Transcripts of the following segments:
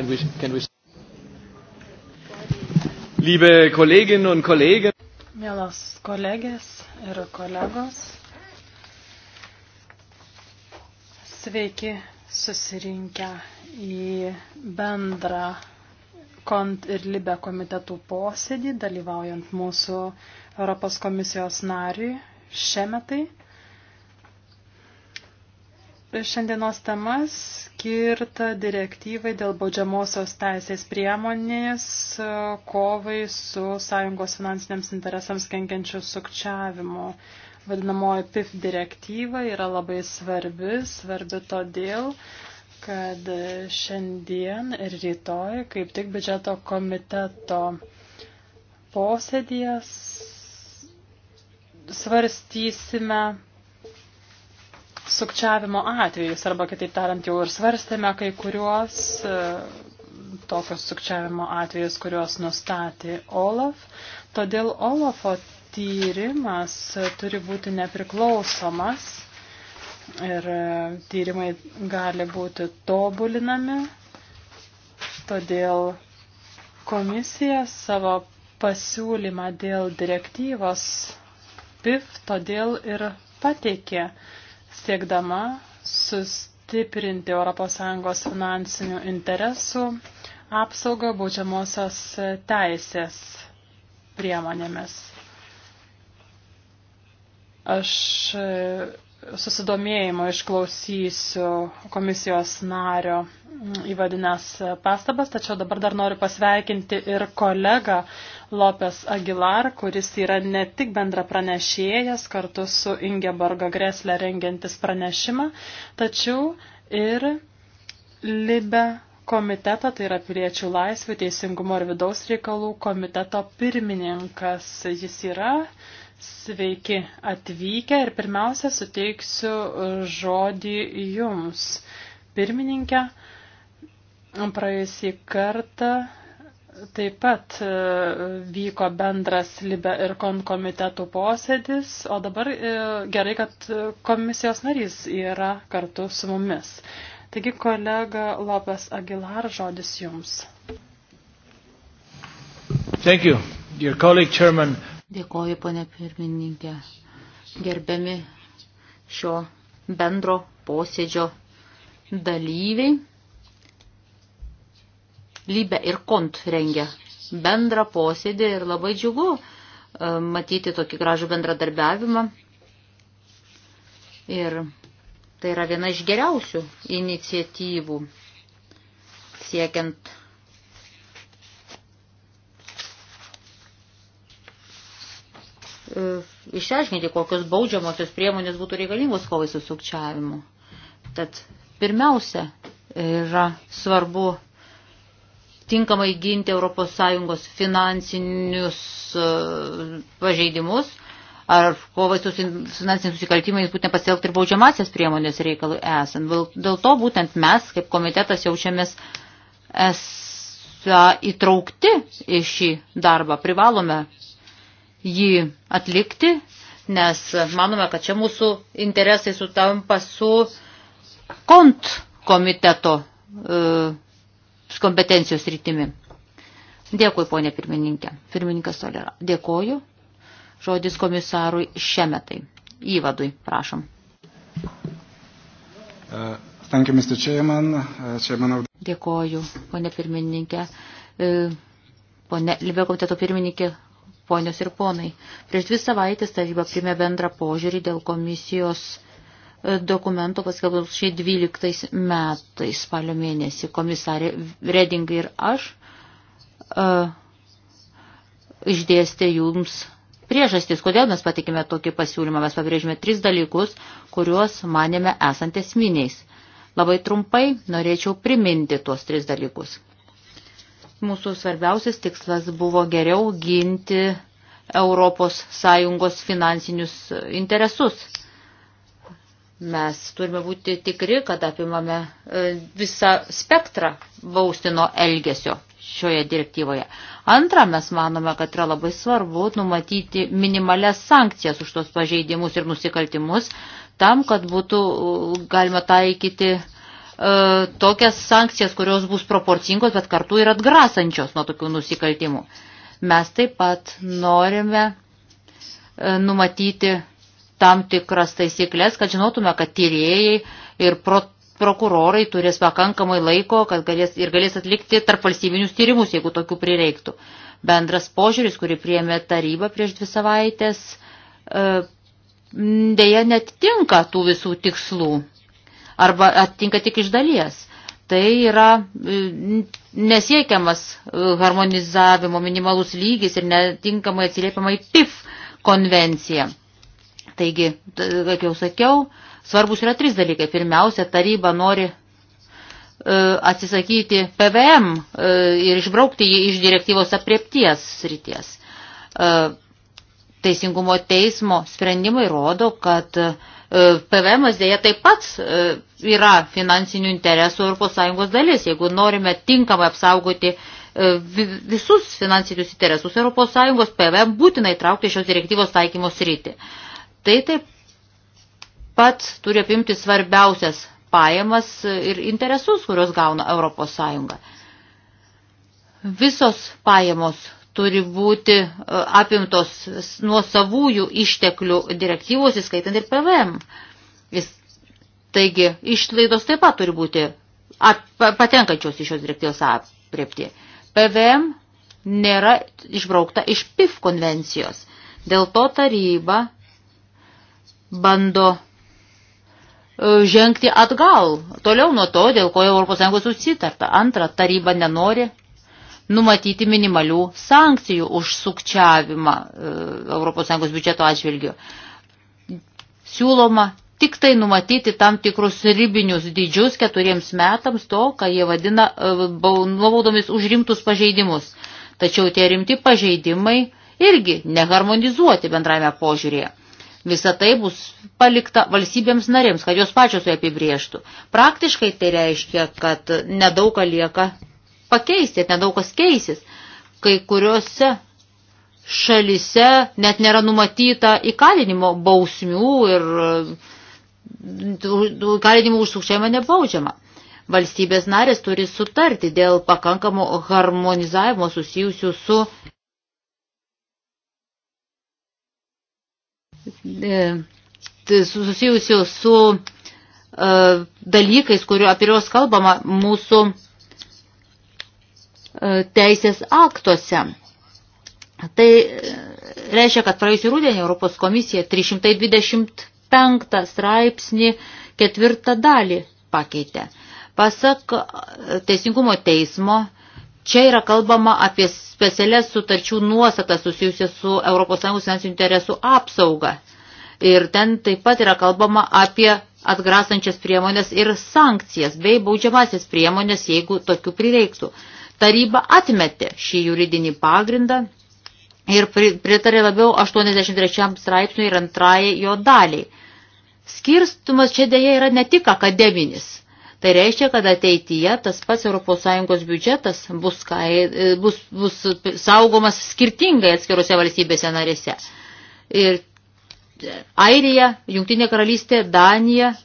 Can we, can we... Liebe Kolleginnen und Kollegen. Mielos kolegės ir kolegos. Sveiki susirinkę į bendrą kont ir libe komitetų posėdį, dalyvaujant mūsų Europos komisijos nariui šiemetai. metai. Šiandienos tema skirta direktyvai dėl baudžiamosios teisės priemonės e, kovai su sąjungos finansiniams interesams kenkiančių sukčiavimu. Vadinamoji PIF direktyva yra labai svarbi, svarbi todėl, kad šiandien ir rytoj, kaip tik biudžeto komiteto posėdės, svarstysime sukčiavimo atvejus, arba kitaip tariant, jau ir svarstėme kai kuriuos e, tokios sukčiavimo atvejus, kuriuos nustatė Olaf. Todėl Olafo tyrimas turi būti nepriklausomas ir e, tyrimai gali būti tobulinami. Todėl komisija savo pasiūlymą dėl direktyvos PIF todėl ir pateikė siekdama sustiprinti ES finansinių interesų apsaugą baudžiamosios teisės priemonėmis. Aš susidomėjimo išklausysiu komisijos nario įvadinės pastabas, tačiau dabar dar noriu pasveikinti ir kolegą Lopes Aguilar, kuris yra ne tik bendra pranešėjas kartu su Ingeborga Greslė rengiantis pranešimą, tačiau ir Libe komiteto, tai yra piliečių laisvių, teisingumo ir vidaus reikalų komiteto pirmininkas. Jis yra Sveiki atvykę ir pirmiausia suteiksiu žodį jums, pirmininkė, Praėjusį kartą taip pat e, vyko bendras Libe ir Kon komitetų posėdis, o dabar e, gerai, kad e, komisijos narys yra kartu su mumis. Taigi, kolega Lopes Aguilar, žodis jums. Thank you, dear colleague chairman. Dėkoju, ponė pirmininkė. Gerbiami šio bendro posėdžio dalyviai. Lybė ir Kont rengia bendrą posėdį ir labai džiugu e, matyti tokį gražų bendradarbiavimą. Ir tai yra viena iš geriausių iniciatyvų siekiant e, išaiškinti, kokios baudžiamosios priemonės būtų reikalingos kovai su sukčiavimu. Tad pirmiausia yra svarbu tinkamai ginti ES finansinius e, pažeidimus ar kovai su finansiniais nusikaltimais būtent pasielgti ir baudžiamasias priemonės reikalui esant. Dėl to būtent mes, kaip komitetas, jaučiamės esą įtraukti į šį darbą. Privalome jį atlikti, nes manome, kad čia mūsų interesai sutampa su kont komiteto e, kompetencijos rytimi. Dėkui, ponė pirmininkė. Pirmininkas Solera. Dėkoju. Žodis komisarui šiemetai. Įvadui, prašom. Uh, thank you, Mr. Chairman. Uh, chairman of... Dėkoju, ponė pirmininkė. Uh, ponė Libė komiteto pirmininkė, ponios ir ponai. Prieš dvi savaitės taryba primė bendrą požiūrį dėl komisijos uh, dokumento paskelbto 2012 metais spalio mėnesį komisarė Redingai ir aš uh, išdėstė jums priežastis, kodėl mes patikime tokį pasiūlymą. Mes pabrėžime tris dalykus, kuriuos manėme esant esminiais. Labai trumpai norėčiau priminti tuos tris dalykus. Mūsų svarbiausias tikslas buvo geriau ginti Europos Sąjungos finansinius interesus Mes turime būti tikri, kad apimame e, visą spektrą baustino elgesio šioje direktyvoje. Antra, mes manome, kad yra labai svarbu numatyti minimalias sankcijas už tos pažeidimus ir nusikaltimus, tam, kad būtų e, galima taikyti e, tokias sankcijas, kurios bus proporcingos, bet kartu ir atgrasančios nuo tokių nusikaltimų. Mes taip pat norime e, numatyti tam tikras taisyklės, kad žinotume, kad tyrėjai ir pro, prokurorai turės pakankamai laiko galės, ir galės atlikti tarp valstybinius tyrimus, jeigu tokių prireiktų. Bendras požiūris, kurį priėmė taryba prieš dvi savaitės, e, dėja netitinka tų visų tikslų arba atitinka tik iš dalies. Tai yra e, nesiekiamas e, harmonizavimo minimalus lygis ir netinkamai atsiliepiama į PIF konvenciją. Taigi, kaip jau sakiau, svarbus yra trys dalykai. Pirmiausia, taryba nori e, atsisakyti PVM e, ir išbraukti jį iš direktyvos apriepties srities. E, Teisingumo teismo sprendimai rodo, kad PVM dėja taip pat yra finansinių interesų ES dalis. Jeigu norime tinkamai apsaugoti visus finansinius interesus ES, PVM būtinai traukti šios direktyvos taikymos rytį. Tai taip pat turi apimti svarbiausias pajamas ir interesus, kurios gauna Europos Sąjunga. Visos pajamos turi būti e, apimtos nuo savųjų išteklių direktyvos, įskaitant ir PVM. Jis, taigi, išlaidos taip pat turi būti at, patenkančios iš šios direktyvos apriepti. PVM nėra išbraukta iš PIF konvencijos. Dėl to taryba bando e, žengti atgal, toliau nuo to, dėl ko ES susitarta. Antra, taryba nenori numatyti minimalių sankcijų už sukčiavimą ES biudžeto atžvilgiu. Siūloma tik tai numatyti tam tikrus ribinius dydžius keturiems metams to, ką jie vadina e, nuobaudomis už rimtus pažeidimus. Tačiau tie rimti pažeidimai irgi neharmonizuoti bendrame požiūrėje. Visa tai bus palikta valstybėms narėms, kad jos pačios tai apibrieštų. Praktiškai tai reiškia, kad nedaug ką lieka pakeisti, nedaug kas keisis. Kai kuriuose šalise net nėra numatyta įkalinimo bausmių ir įkalinimo už sukčiavimą nebaudžiama. Valstybės narės turi sutarti dėl pakankamo harmonizavimo susijusių su susijusių e, su e, dalykais, kuriuo apie juos kalbama mūsų e, teisės aktuose. Tai reiškia, kad praėjusį rūdienį Europos komisija 325 straipsnį ketvirtą dalį pakeitė. Pasak Teisingumo teismo Čia yra kalbama apie specialias sutarčių nuostatas susijusias su ES finansinių interesų apsauga. Ir ten taip pat yra kalbama apie atgrasančias priemonės ir sankcijas bei baudžiamasias priemonės, jeigu tokių prireiktų. Taryba atmetė šį juridinį pagrindą ir pritarė labiau 83 straipsniui ir antrajai jo daliai. Skirstumas čia dėja yra ne tik akademinis. Tai reiškia, kad ateityje tas pats ES biudžetas bus, kai, e, bus, bus saugomas skirtingai atskirose valstybėse narėse. Ir Airija, Jungtinė karalystė, Danija e,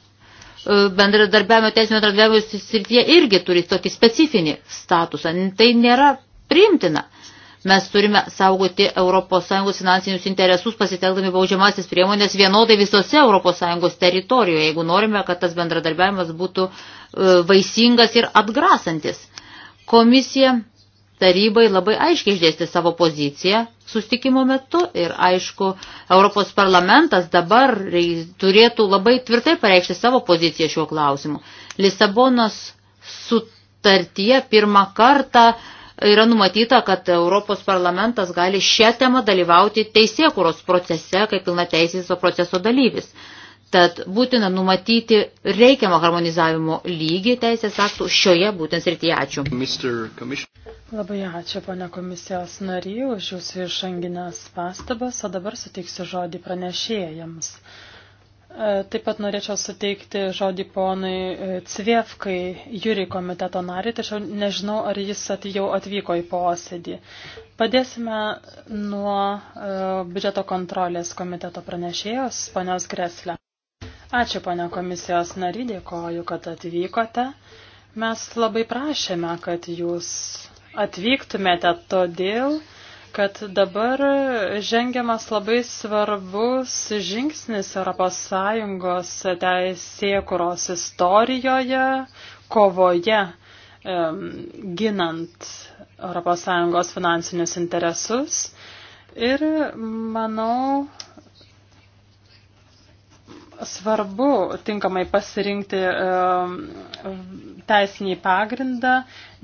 bendradarbiavimo teisinio bendradarbiavimo srityje irgi turi tokį specifinį statusą. Tai nėra priimtina. Uh, Mes turime saugoti ES finansinius interesus pasitelkdami baudžiamasis priemonės vienodai visose ES teritorijoje, jeigu norime, kad tas bendradarbiavimas būtų e, vaisingas ir atgrasantis. Komisija tarybai labai aiškiai išdėsti savo poziciją sustikimo metu ir aišku, Europos parlamentas dabar turėtų labai tvirtai pareikšti savo poziciją šiuo klausimu. Lisabonos sutartyje pirmą kartą yra numatyta, kad Europos parlamentas gali šią temą dalyvauti teisėkuros procese kaip pilnateisės proceso dalyvis. Tad būtina numatyti reikiamą harmonizavimo lygį teisės aktų šioje būtent srityje. Ačiū. Labai ačiū, ponia komisijos nary, už jūsų išanginės pastabas, o dabar suteiksiu žodį pranešėjams. E, taip pat norėčiau suteikti žodį ponui e, Cvievkai, Jūri komiteto nariai, tačiau nežinau, ar jis jau atvyko į posėdį. Padėsime nuo e, biudžeto kontrolės komiteto pranešėjos, ponios Greslė. Ačiū, ponia komisijos nary, dėkoju, kad atvykote. Mes labai prašėme, kad jūs atvyktumėte todėl, kad dabar žengiamas labai svarbus žingsnis ES teisėkuros istorijoje, kovoje ginant ES finansinius interesus. Ir manau, svarbu tinkamai pasirinkti um, teisinį pagrindą,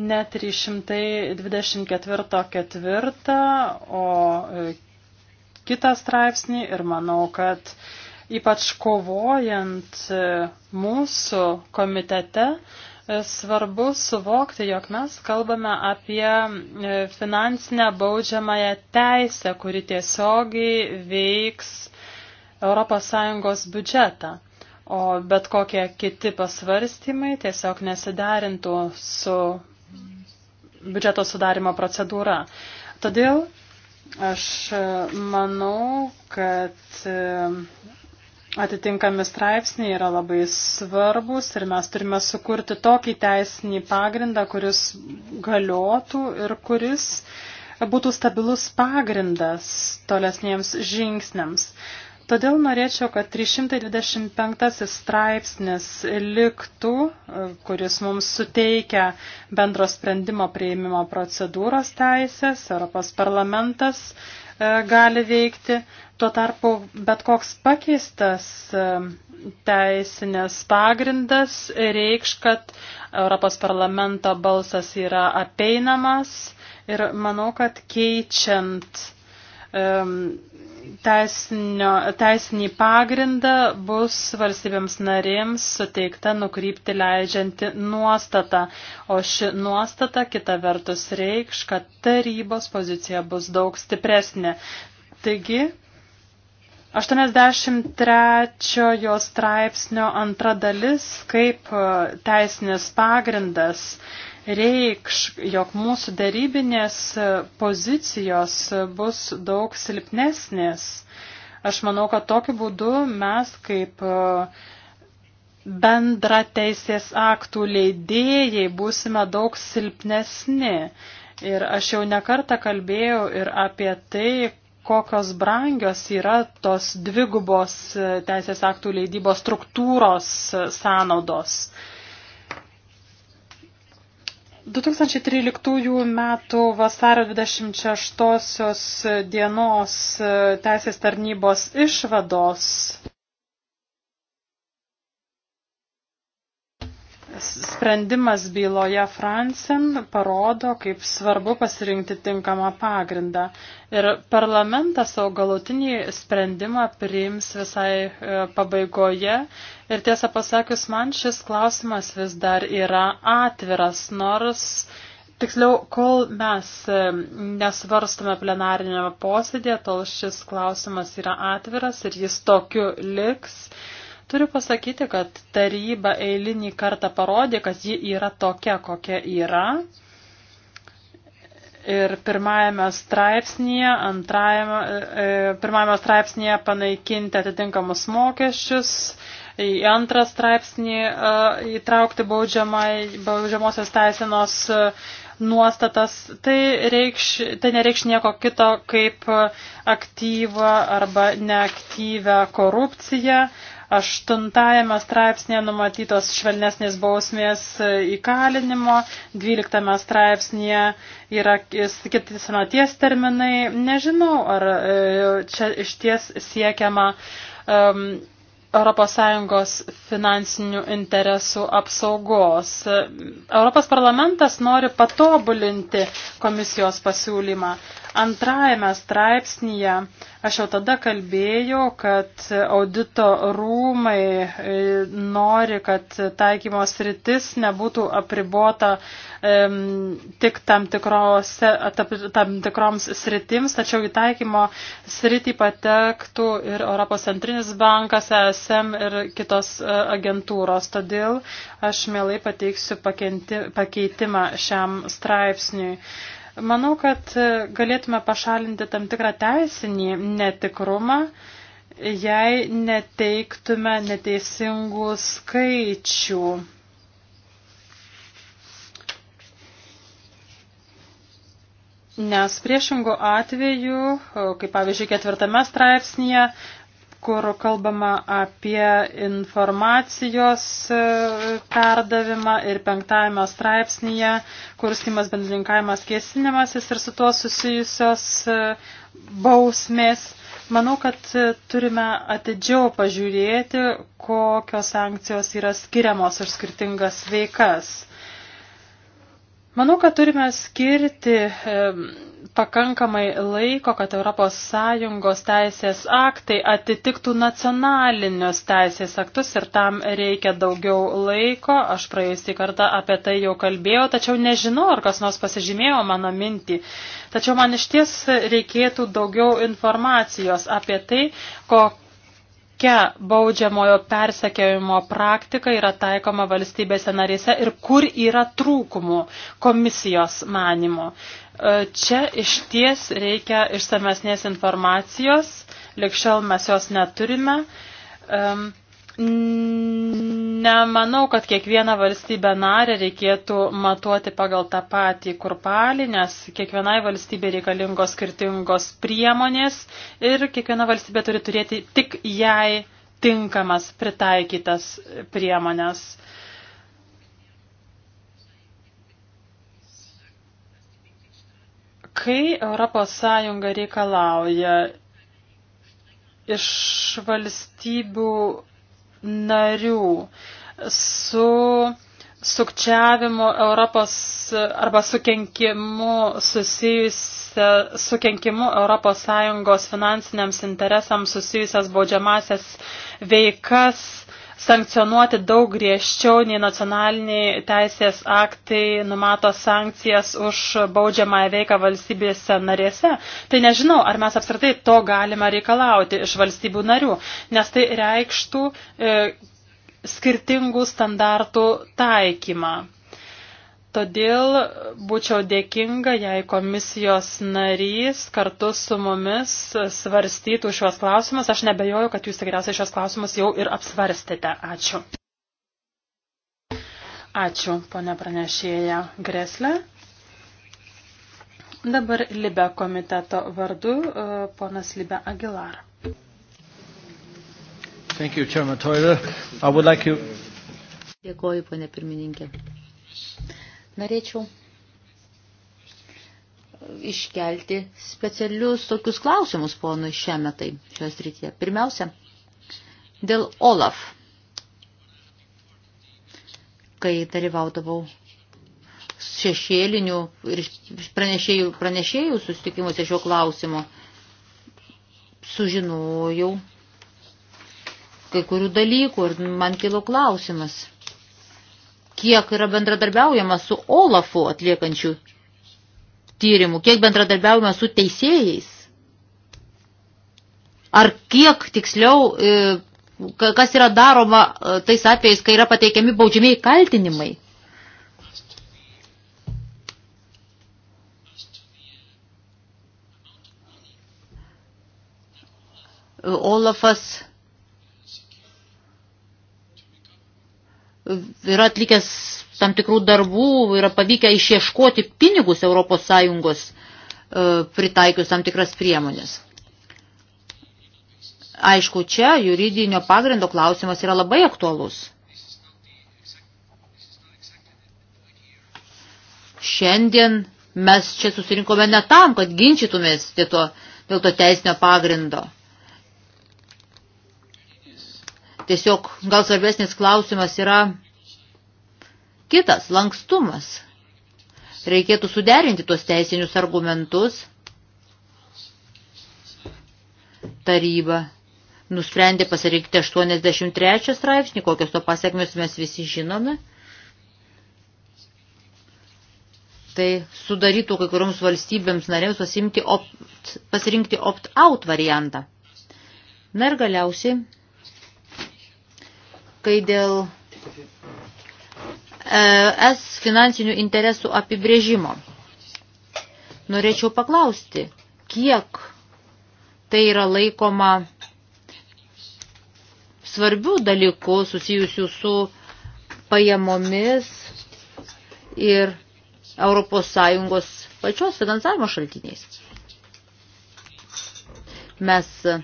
ne 324.4, o e, kitą straipsnį ir manau, kad ypač kovojant e, mūsų komitete, e, Svarbu suvokti, jog mes kalbame apie finansinę baudžiamąją teisę, kuri tiesiogiai veiks ES biudžetą, o bet kokie kiti pasvarstymai tiesiog nesiderintų su biudžeto sudarimo procedūra. Todėl aš manau, kad e, atitinkami straipsniai yra labai svarbus ir mes turime sukurti tokį teisinį pagrindą, kuris galiotų ir kuris būtų stabilus pagrindas tolesniems žingsniams. Todėl norėčiau, kad 325 straipsnis liktų, kuris mums suteikia bendro sprendimo prieimimo procedūros teisės, Europos parlamentas e, gali veikti. Tuo tarpu bet koks pakeistas e, teisinės pagrindas reikš, kad Europos parlamento balsas yra apeinamas ir manau, kad keičiant um, teisinio, teisinį pagrindą bus valstybėms narėms suteikta nukrypti leidžianti nuostata, o ši nuostata kita vertus reikš, kad tarybos pozicija bus daug stipresnė. Taigi, 83 straipsnio antra dalis kaip teisinis pagrindas reikš, jog mūsų darybinės pozicijos bus daug silpnesnės. Aš manau, kad tokiu būdu mes kaip e, bendra teisės aktų leidėjai būsime daug silpnesni. Ir aš jau nekartą kalbėjau ir apie tai, kokios brangios yra tos dvigubos e, teisės aktų leidybos struktūros e, sąnaudos. Uh, 2013 metų vasario 26 dienos e, teisės tarnybos išvados sprendimas byloje Fransen parodo, kaip svarbu pasirinkti tinkamą pagrindą. Ir parlamentas savo galutinį sprendimą priims visai e, pabaigoje. Ir tiesą pasakius, man šis klausimas vis dar yra atviras, nors Tiksliau, kol mes e, nesvarstome plenarinėme posėdėje, tol šis klausimas yra atviras ir jis tokiu liks. Turiu pasakyti, kad taryba eilinį kartą parodė, kad ji yra tokia, kokia yra. Ir pirmajame straipsnėje, antrajame, e, pirmajame straipsnėje panaikinti atitinkamus mokesčius, į antrą straipsnį e, įtraukti baudžiamosios teisinos e, nuostatas, tai, reikš, tai nereikš nieko kito kaip aktyvą arba neaktyvę korupciją Aštuntajame straipsnėje numatytos švelnesnės bausmės e, įkalinimo, dvyliktame straipsnėje yra kiti senaties terminai. Nežinau, ar e, čia iš ties siekiama um, ES finansinių interesų apsaugos. Europos parlamentas nori patobulinti komisijos pasiūlymą. Antrajame straipsnėje aš jau tada kalbėjau, kad audito rūmai e, nori, kad taikymos rytis nebūtų apribota um, tik tam, tikrose, tam tikroms sritims, tačiau į taikymo sritį patektų ir Europos centrinis bankas, ESM ir kitos e, agentūros. Todėl aš mielai pateiksiu pakeitimą šiam straipsniui. Manau, kad galėtume pašalinti tam tikrą teisinį netikrumą, jei neteiktume neteisingų skaičių. Nes priešingų atveju, kaip pavyzdžiui ketvirtame straipsnėje, kur kalbama apie informacijos e, perdavimą ir penktajame straipsnyje, kur skimas bendrinkavimas kėsinimasis ir su tuo susijusios e, bausmės. Manau, kad e, turime atidžiau pažiūrėti, kokios sankcijos yra skiriamos už skirtingas veikas. Manau, kad turime skirti e, pakankamai laiko, kad ES teisės aktai atitiktų nacionalinius teisės aktus ir tam reikia daugiau laiko. Aš praėjusį kartą apie tai jau kalbėjau, tačiau nežinau, ar kas nors pasižymėjo mano mintį. Tačiau man iš ties reikėtų daugiau informacijos apie tai, kokia kokia baudžiamojo persekiojimo praktika yra taikoma valstybėse narėse ir kur yra trūkumų komisijos manimo. E, čia iš ties reikia išsamesnės informacijos, likščiau mes jos neturime. Um, Nemanau, kad kiekvieną valstybę narę reikėtų matuoti pagal tą patį kurpalį, nes kiekvienai valstybė reikalingos skirtingos priemonės ir kiekviena valstybė turi turėti tik jai tinkamas pritaikytas priemonės. Kai ES reikalauja iš valstybių narių su sukčiavimu Europos arba sukenkimu susijusia, sukenkimu Europos Sąjungos finansiniams interesams susijusias baudžiamasias veikas sankcionuoti daug griežčiau nei nacionaliniai teisės aktai numato sankcijas už baudžiamąją veiką valstybėse narėse, tai nežinau, ar mes apskritai to galime reikalauti iš valstybių narių, nes tai reikštų e, skirtingų standartų taikymą. Todėl būčiau dėkinga, jei komisijos narys kartu su mumis svarstytų šios klausimus. Aš nebejoju, kad jūs tikriausiai šios klausimus jau ir apsvarstėte. Ačiū. Ačiū, ponė pranešėja Greslė. Dabar Libe komiteto vardu, e, ponas Libe Aguilar. Thank you, Chairman Toiler. I would like you... Dėkuoju, ponė pirmininkė. Norėčiau iškelti specialius tokius klausimus ponui šiemetai šioje srityje. Pirmiausia, dėl Olaf, kai dalyvaudavau šešėlinių ir pranešėjų, pranešėjų susitikimuose šio klausimo, sužinojau kai kurių dalykų ir man kilo klausimas kiek yra bendradarbiaujama su Olafu atliekančių tyrimų, kiek bendradarbiaujama su teisėjais. Ar kiek tiksliau, e, kas yra daroma e, tais atvejais, kai yra pateikiami baudžiamiai kaltinimai. Olafas yra atlikęs tam tikrų darbų, yra pavykę išieškoti pinigus Europos Sąjungos e, pritaikius tam tikras priemonės. Aišku, čia juridinio pagrindo klausimas yra labai aktualus. Šiandien mes čia susirinkome ne tam, kad ginčytumės dėl to, dėl to teisinio pagrindo. Tiesiog gal svarbesnis klausimas yra kitas – lankstumas. Reikėtų suderinti tuos teisinius argumentus. Taryba nusprendė pasirinkti 83 straipsnį, kokios to pasiekmes mes visi žinome. Tai sudarytų kai kurioms valstybėms narėms opt, pasirinkti opt-out variantą. Na ir galiausiai kai dėl e, ES finansinių interesų apibrėžimo. Norėčiau paklausti, kiek tai yra laikoma svarbių dalykų susijusių su pajamomis ir ES pačios finansavimo šaltiniais. Mes e,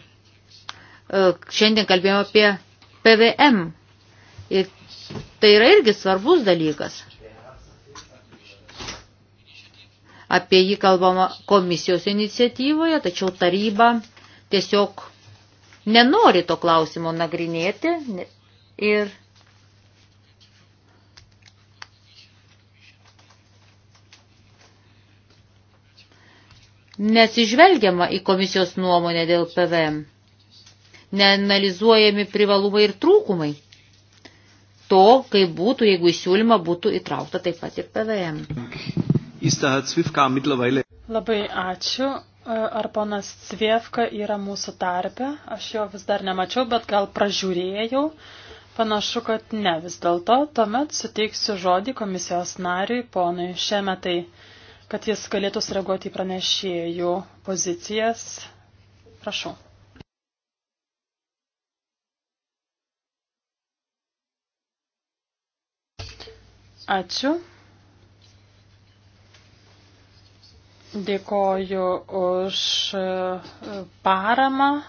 šiandien kalbėjome apie PVM Ir tai yra irgi svarbus dalykas. Apie jį kalbama komisijos iniciatyvoje, tačiau taryba tiesiog nenori to klausimo nagrinėti ir nesižvelgiama į komisijos nuomonę dėl PVM, neanalizuojami privalumai ir trūkumai to, kaip būtų, jeigu į siūlymą būtų įtraukta taip pat ir PVM. Labai ačiū. Ar ponas Cvievka yra mūsų tarpe? Aš jo vis dar nemačiau, bet gal pražiūrėjau. Panašu, kad ne vis dėlto. Tuomet suteiksiu žodį komisijos nariui, ponui Šemetai, kad jis galėtų sureaguoti į pranešėjų pozicijas. Prašau. Ačiū. Dėkoju už e, paramą, e,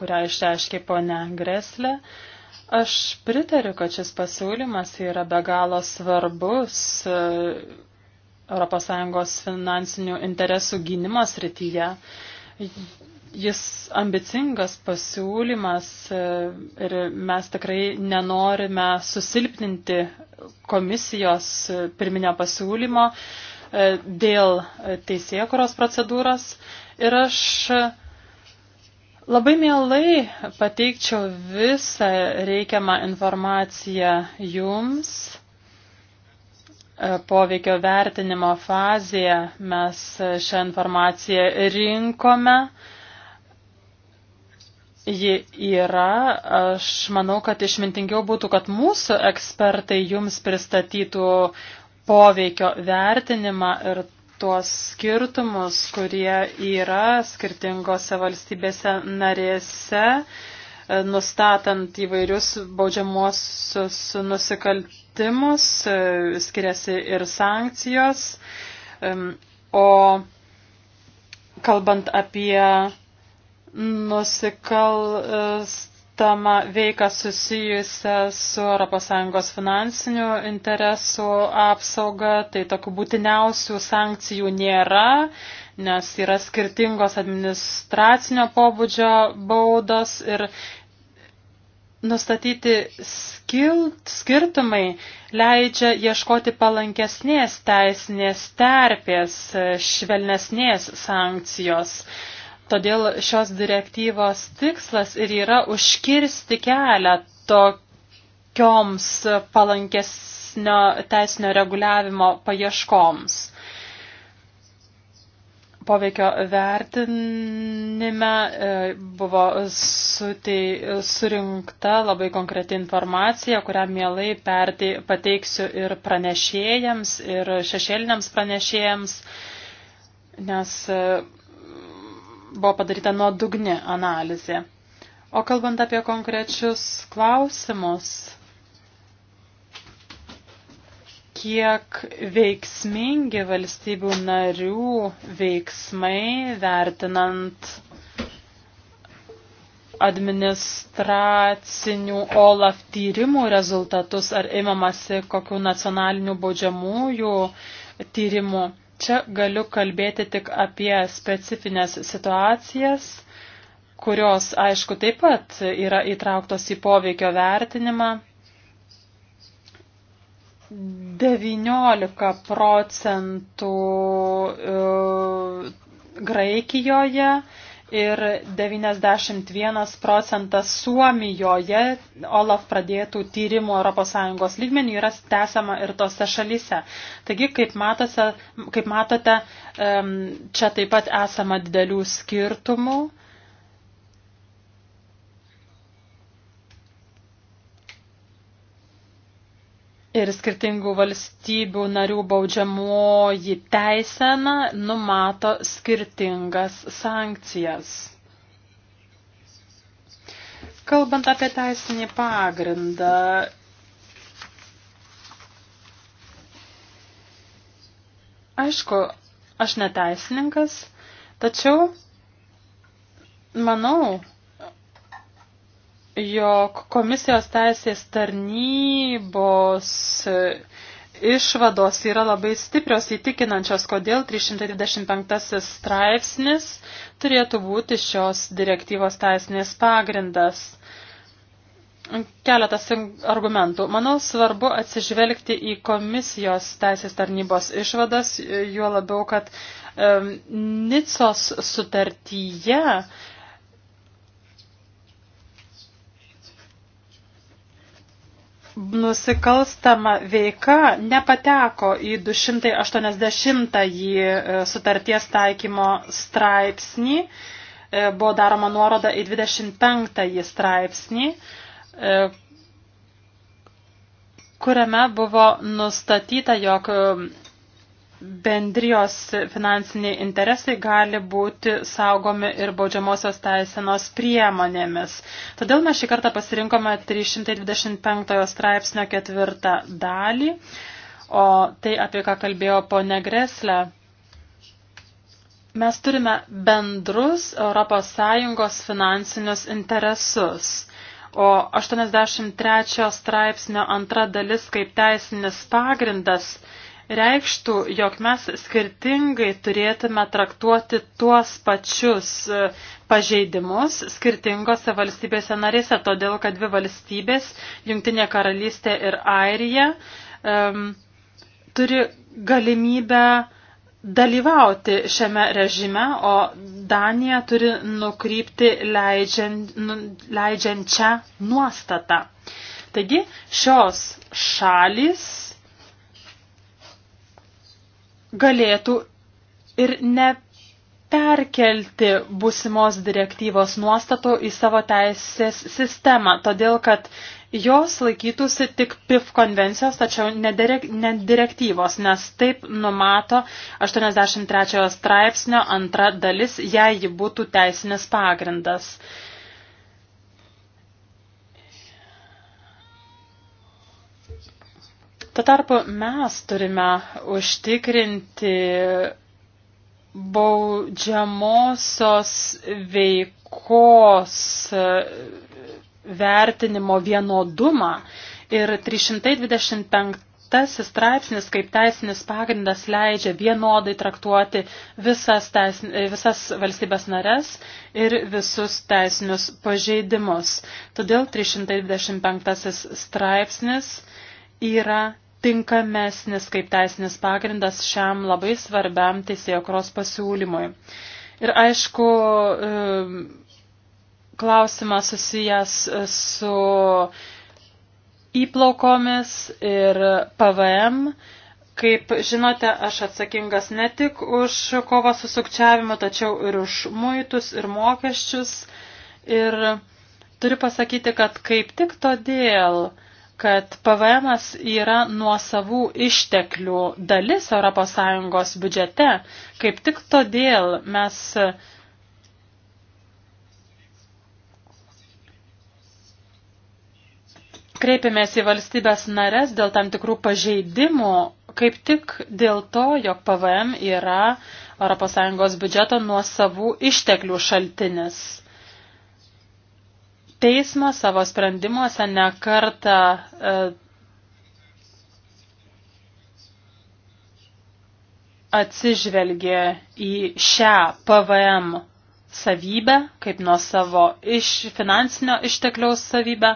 kurią išreiškė ponia Greslė. Aš pritariu, kad šis pasiūlymas yra be galo svarbus ES finansinių interesų gynimas rytyje jis ambicingas pasiūlymas e, ir mes tikrai nenorime susilpninti komisijos e, pirminio pasiūlymo e, dėl teisėkuros procedūros. Ir aš labai mielai pateikčiau visą reikiamą informaciją jums poveikio vertinimo fazėje mes šią informaciją rinkome ji yra, aš manau, kad išmintingiau būtų, kad mūsų ekspertai jums pristatytų poveikio vertinimą ir tuos skirtumus, kurie yra skirtingose valstybėse narėse, nustatant įvairius baudžiamuosius nusikaltimus, skiriasi ir sankcijos. O kalbant apie nusikalstama veika susijusia su ES finansinių interesų apsauga, tai tokių būtiniausių sankcijų nėra, nes yra skirtingos administracinio pobūdžio baudos ir nustatyti skilt, skirtumai leidžia ieškoti palankesnės teisinės terpės, švelnesnės sankcijos. Uh, Todėl šios direktyvos tikslas ir yra užkirsti kelią tokioms palankesnio teisinio reguliavimo paieškoms. Poveikio vertinime e, buvo sutei, surinkta labai konkreti informacija, kurią mielai pertei, pateiksiu ir pranešėjams, ir šešėliniams pranešėjams, nes e, buvo padaryta nuodugni analizė. O kalbant apie konkrečius klausimus, kiek veiksmingi valstybių narių veiksmai vertinant administracinių OLAF tyrimų rezultatus ar imamasi kokių nacionalinių baudžiamųjų tyrimų Čia galiu kalbėti tik apie specifines situacijas, kurios, aišku, taip pat yra įtrauktos į poveikio vertinimą. 19 procentų e, Graikijoje ir 91 procentas Suomijoje Olaf pradėtų tyrimų ES lygmenių yra tęsiama ir tose šalyse. Taigi, kaip, matose, kaip matote, čia taip pat esama didelių skirtumų. ir skirtingų valstybių narių baudžiamoji teisena numato skirtingas sankcijas. Kalbant apie teisinį pagrindą, aišku, aš neteisininkas, tačiau manau, jog komisijos teisės tarnybos išvados yra labai stiprios įtikinančios, kodėl 325 straipsnis turėtų būti šios direktyvos teisinės pagrindas. Keletas argumentų. Manau, svarbu atsižvelgti į komisijos teisės tarnybos išvadas, juo labiau, kad um, Nicos sutartyje nusikalstama veika nepateko į 280-ąjį e, sutarties taikymo straipsnį, e, buvo daroma nuoroda į 25-ąjį straipsnį, e, kuriame buvo nustatyta, jog bendrijos finansiniai interesai gali būti saugomi ir baudžiamosios teisenos priemonėmis. Todėl mes šį kartą pasirinkome 325 straipsnio ketvirtą dalį, o tai, apie ką kalbėjo ponė Greslė, mes turime bendrus ES finansinius interesus. O 83 straipsnio antra dalis kaip teisinis pagrindas reikštų, jog mes skirtingai turėtume traktuoti tuos pačius e, pažeidimus skirtingose valstybėse narėse, todėl kad dvi valstybės, Junktinė karalystė ir Airija, um, turi galimybę dalyvauti šiame režime, o Danija turi nukrypti leidžiant, nu, leidžiančią nuostatą. Taigi šios šalys galėtų ir neperkelti busimos direktyvos nuostatų į savo teisės sistemą, todėl kad jos laikytųsi tik PIF konvencijos, tačiau ne direktyvos, nes taip numato 83 straipsnio antra dalis, jei ji būtų teisinis pagrindas. Tuo tarpu mes turime užtikrinti baudžiamosios veikos vertinimo vienodumą ir 325 tasis straipsnis kaip teisinis pagrindas leidžia vienodai traktuoti visas, teisin, visas valstybės nares ir visus teisinius pažeidimus. Todėl 325 straipsnis yra tinkamesnis kaip teisinis pagrindas šiam labai svarbiam teisėkros pasiūlymui. Ir aišku, um, klausimas susijęs uh, su įplaukomis ir PVM. Kaip žinote, aš atsakingas ne tik už kovą su sukčiavimu, tačiau ir už muitus ir mokesčius. Ir turiu pasakyti, kad kaip tik todėl, uh, kad PVM yra nuo savų išteklių dalis ES biudžete. Kaip tik todėl mes kreipėmės į valstybės nares dėl tam tikrų pažeidimų, kaip tik dėl to, jog PVM yra ES biudžeto nuo savų išteklių šaltinis. Teismas savo sprendimuose nekarta e, atsižvelgė į šią PVM savybę, kaip nuo savo iš finansinio ištekliaus savybę.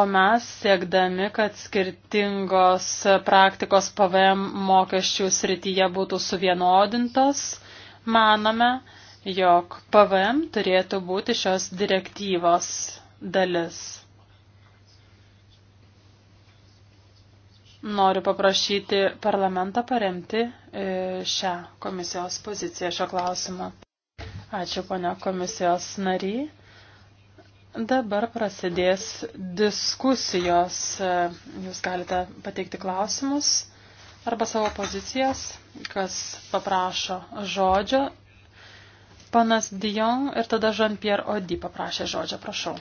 O mes siekdami, kad skirtingos praktikos PVM mokesčių srityje būtų suvienodintos, manome, jog PVM turėtų būti šios direktyvos dalis. Noriu paprašyti parlamentą paremti e, šią komisijos poziciją šio klausimo. Ačiū, ponia komisijos nary. Dabar prasidės diskusijos. E, jūs galite pateikti klausimus arba savo pozicijas, kas paprašo žodžio. Panas Dion ir tada Jean-Pierre Odi paprašė žodžio, prašau.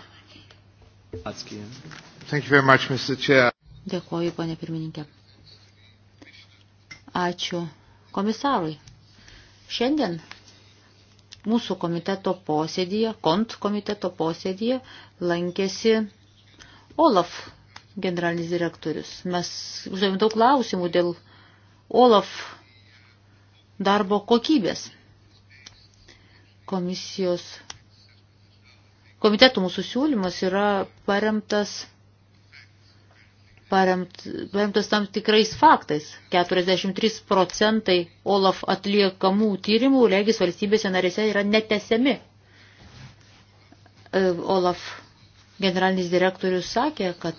Much, Dėkuoju, ponė pirmininkė. Ačiū komisarui. Šiandien mūsų komiteto posėdėje, kont komiteto posėdėje, lankėsi Olaf generalinis direktorius. Mes uždavėm daug klausimų dėl Olaf darbo kokybės. Komisijos komitetų mūsų siūlymas yra paremtas, paremt, paremtas tam tikrais faktais. 43 procentai Olaf atliekamų tyrimų regis valstybėse narėse yra netesiami. E, Olaf generalinis direktorius sakė, kad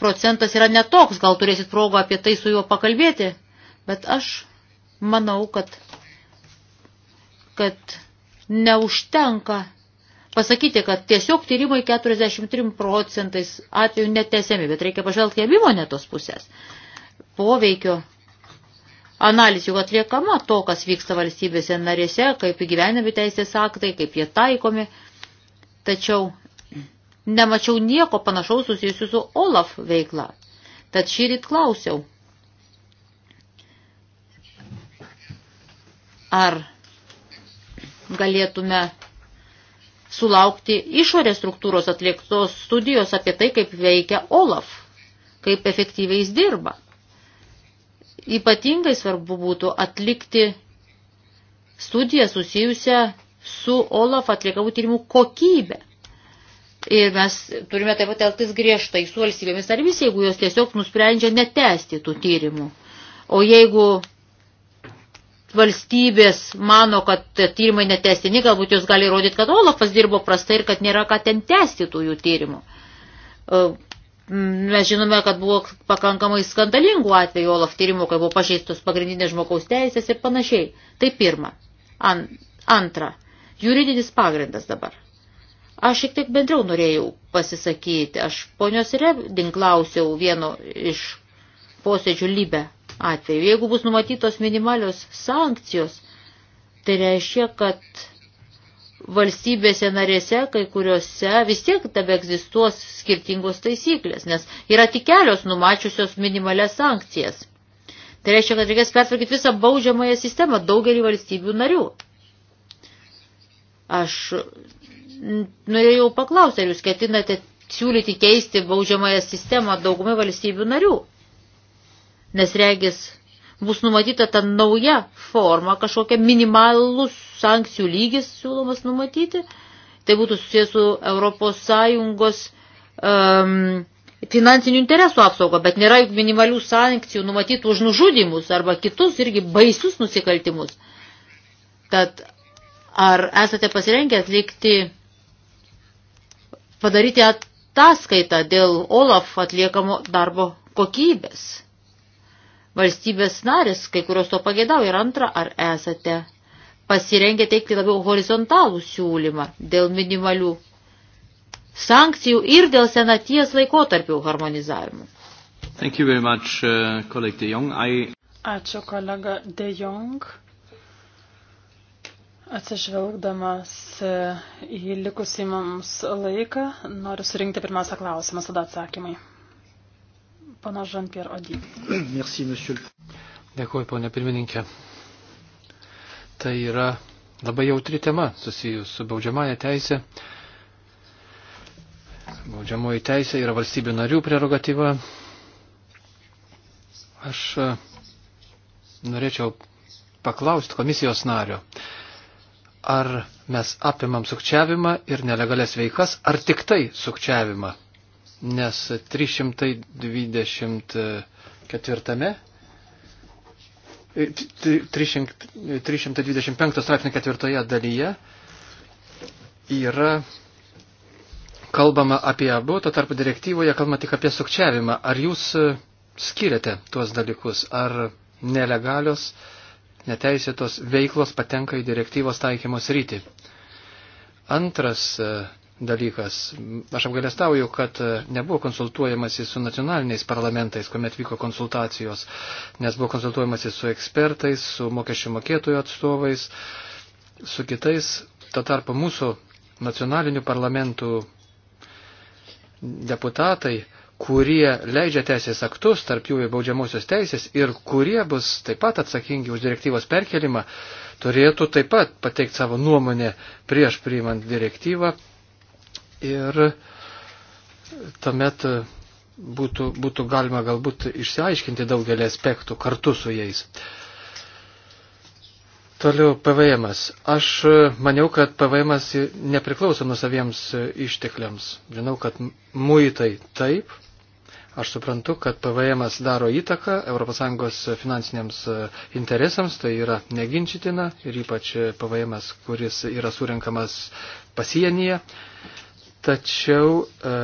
procentas yra netoks, gal turėsit progą apie tai su juo pakalbėti, bet aš manau, kad, kad neužtenka pasakyti, kad tiesiog tyrimai 43 procentais atveju netesiami, bet reikia pažvelgti abi monetos pusės. Poveikio analizė jau atliekama to, kas vyksta valstybėse narėse, kaip įgyvenami teisės aktai, kaip jie taikomi. Tačiau nemačiau nieko panašaus susijusiu su Olaf veikla. Tad šį ryt klausiau. Ar galėtume sulaukti išorės struktūros atliktos studijos apie tai, kaip veikia Olaf, kaip efektyviai jis dirba. Ypatingai svarbu būtų atlikti studiją susijusią su Olaf atliekamų tyrimų kokybė. Ir mes turime taip pat elgtis griežtai su valstybėmis tarvis, jeigu jos tiesiog nusprendžia netesti tų tyrimų. O jeigu valstybės mano, kad tyrimai netestini, galbūt jos gali rodyti, kad Olafas dirbo prastai ir kad nėra ką ten tęsti tų jų tyrimų. Mm, mes žinome, kad buvo pakankamai skandalingų atvejų Olaf tyrimų, kai buvo pažeistos pagrindinės žmogaus teisės ir panašiai. Tai pirma. An, antra. Juridinis pagrindas dabar. Aš šiek tiek bendriau norėjau pasisakyti. Aš ponios Reding klausiau vieno iš posėdžių lybę atveju. Jeigu bus numatytos minimalios sankcijos, tai reiškia, kad valstybėse narėse, kai kuriuose vis tiek tebe egzistuos skirtingos taisyklės, nes yra tik kelios numačiusios minimalias sankcijas. Tai reiškia, kad reikės pertvarkyti visą baudžiamąją sistemą daugelį valstybių narių. Aš norėjau paklausti, ar jūs ketinate siūlyti keisti baudžiamąją sistemą daugumai valstybių narių? Nes regis bus numatyta ta nauja forma, kažkokia minimalus sankcijų lygis siūlomas numatyti. Tai būtų susijęs su Europos Sąjungos um, finansinių interesų apsauga, bet nėra juk minimalių sankcijų numatytų už nužudimus arba kitus irgi baisius nusikaltimus. Tad ar esate pasirengę atlikti padaryti ataskaitą dėl OLAF atliekamo darbo kokybės. Valstybės narės, kai kurios to pageidavo ir antra, ar esate pasirengę teikti labiau horizontalų siūlymą dėl minimalių sankcijų ir dėl senaties laikotarpių harmonizavimų. Thank you very much, uh, colleague De Jong. I... Ačiū kolega De Jong. Atsižvelgdamas į likusį mums laiką, noriu surinkti pirmiausia klausimą, tada atsakymai. Pana Žanpier Odį. Merci, monsieur. Dėkuoju, ponė pirmininkė. Tai yra labai jautri tema susijus su baudžiamąją teisę. Baudžiamoji teisė yra valstybių narių prerogatyva. Aš e, norėčiau paklausti komisijos nario ar mes apimam sukčiavimą ir nelegalias veikas, ar tik tai sukčiavimą. Nes 324. 325 straipsnio ketvirtoje dalyje yra kalbama apie abu, tuo tarpu direktyvoje kalbama tik apie sukčiavimą. Ar jūs skiriate tuos dalykus, ar nelegalios uh, neteisėtos veiklos patenka į direktyvos taikymos rytį. Antras e, dalykas. Aš apgalėstauju, kad e, nebuvo konsultuojamasi su nacionaliniais parlamentais, kuomet vyko konsultacijos, nes buvo konsultuojamasi su ekspertais, su mokesčių mokėtojų atstovais, su kitais. Tuo tarpu mūsų nacionalinių parlamentų deputatai kurie leidžia teisės aktus, tarp jų ir baudžiamosios teisės, ir kurie bus taip pat atsakingi už direktyvos perkelimą, turėtų taip pat pateikti savo nuomonę prieš priimant direktyvą. Ir tuomet būtų, būtų galima galbūt išsiaiškinti daugelį aspektų kartu su jais. Toliau PVM. -as. Aš maniau, kad PVM nepriklauso nusaviems ištekliams. Žinau, kad muitai taip, Aš suprantu, kad PVM daro įtaką ES finansiniams e, interesams, tai yra neginčitina ir ypač PVM, kuris yra surinkamas pasienyje. Tačiau e,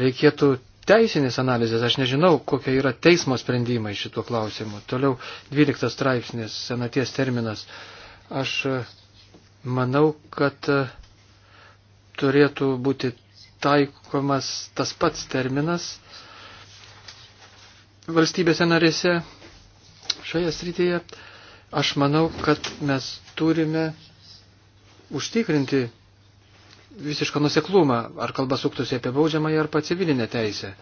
reikėtų teisinės analizės, aš nežinau, kokie yra teismo sprendimai šituo klausimu. Toliau 12 straipsnis, senaties terminas. Aš e, manau, kad e, turėtų būti taikomas tas pats terminas valstybėse narėse šioje srityje, aš manau, kad mes turime užtikrinti visišką nuseklumą, ar kalba suktųsi apie baudžiamąją ar civilinę teisę.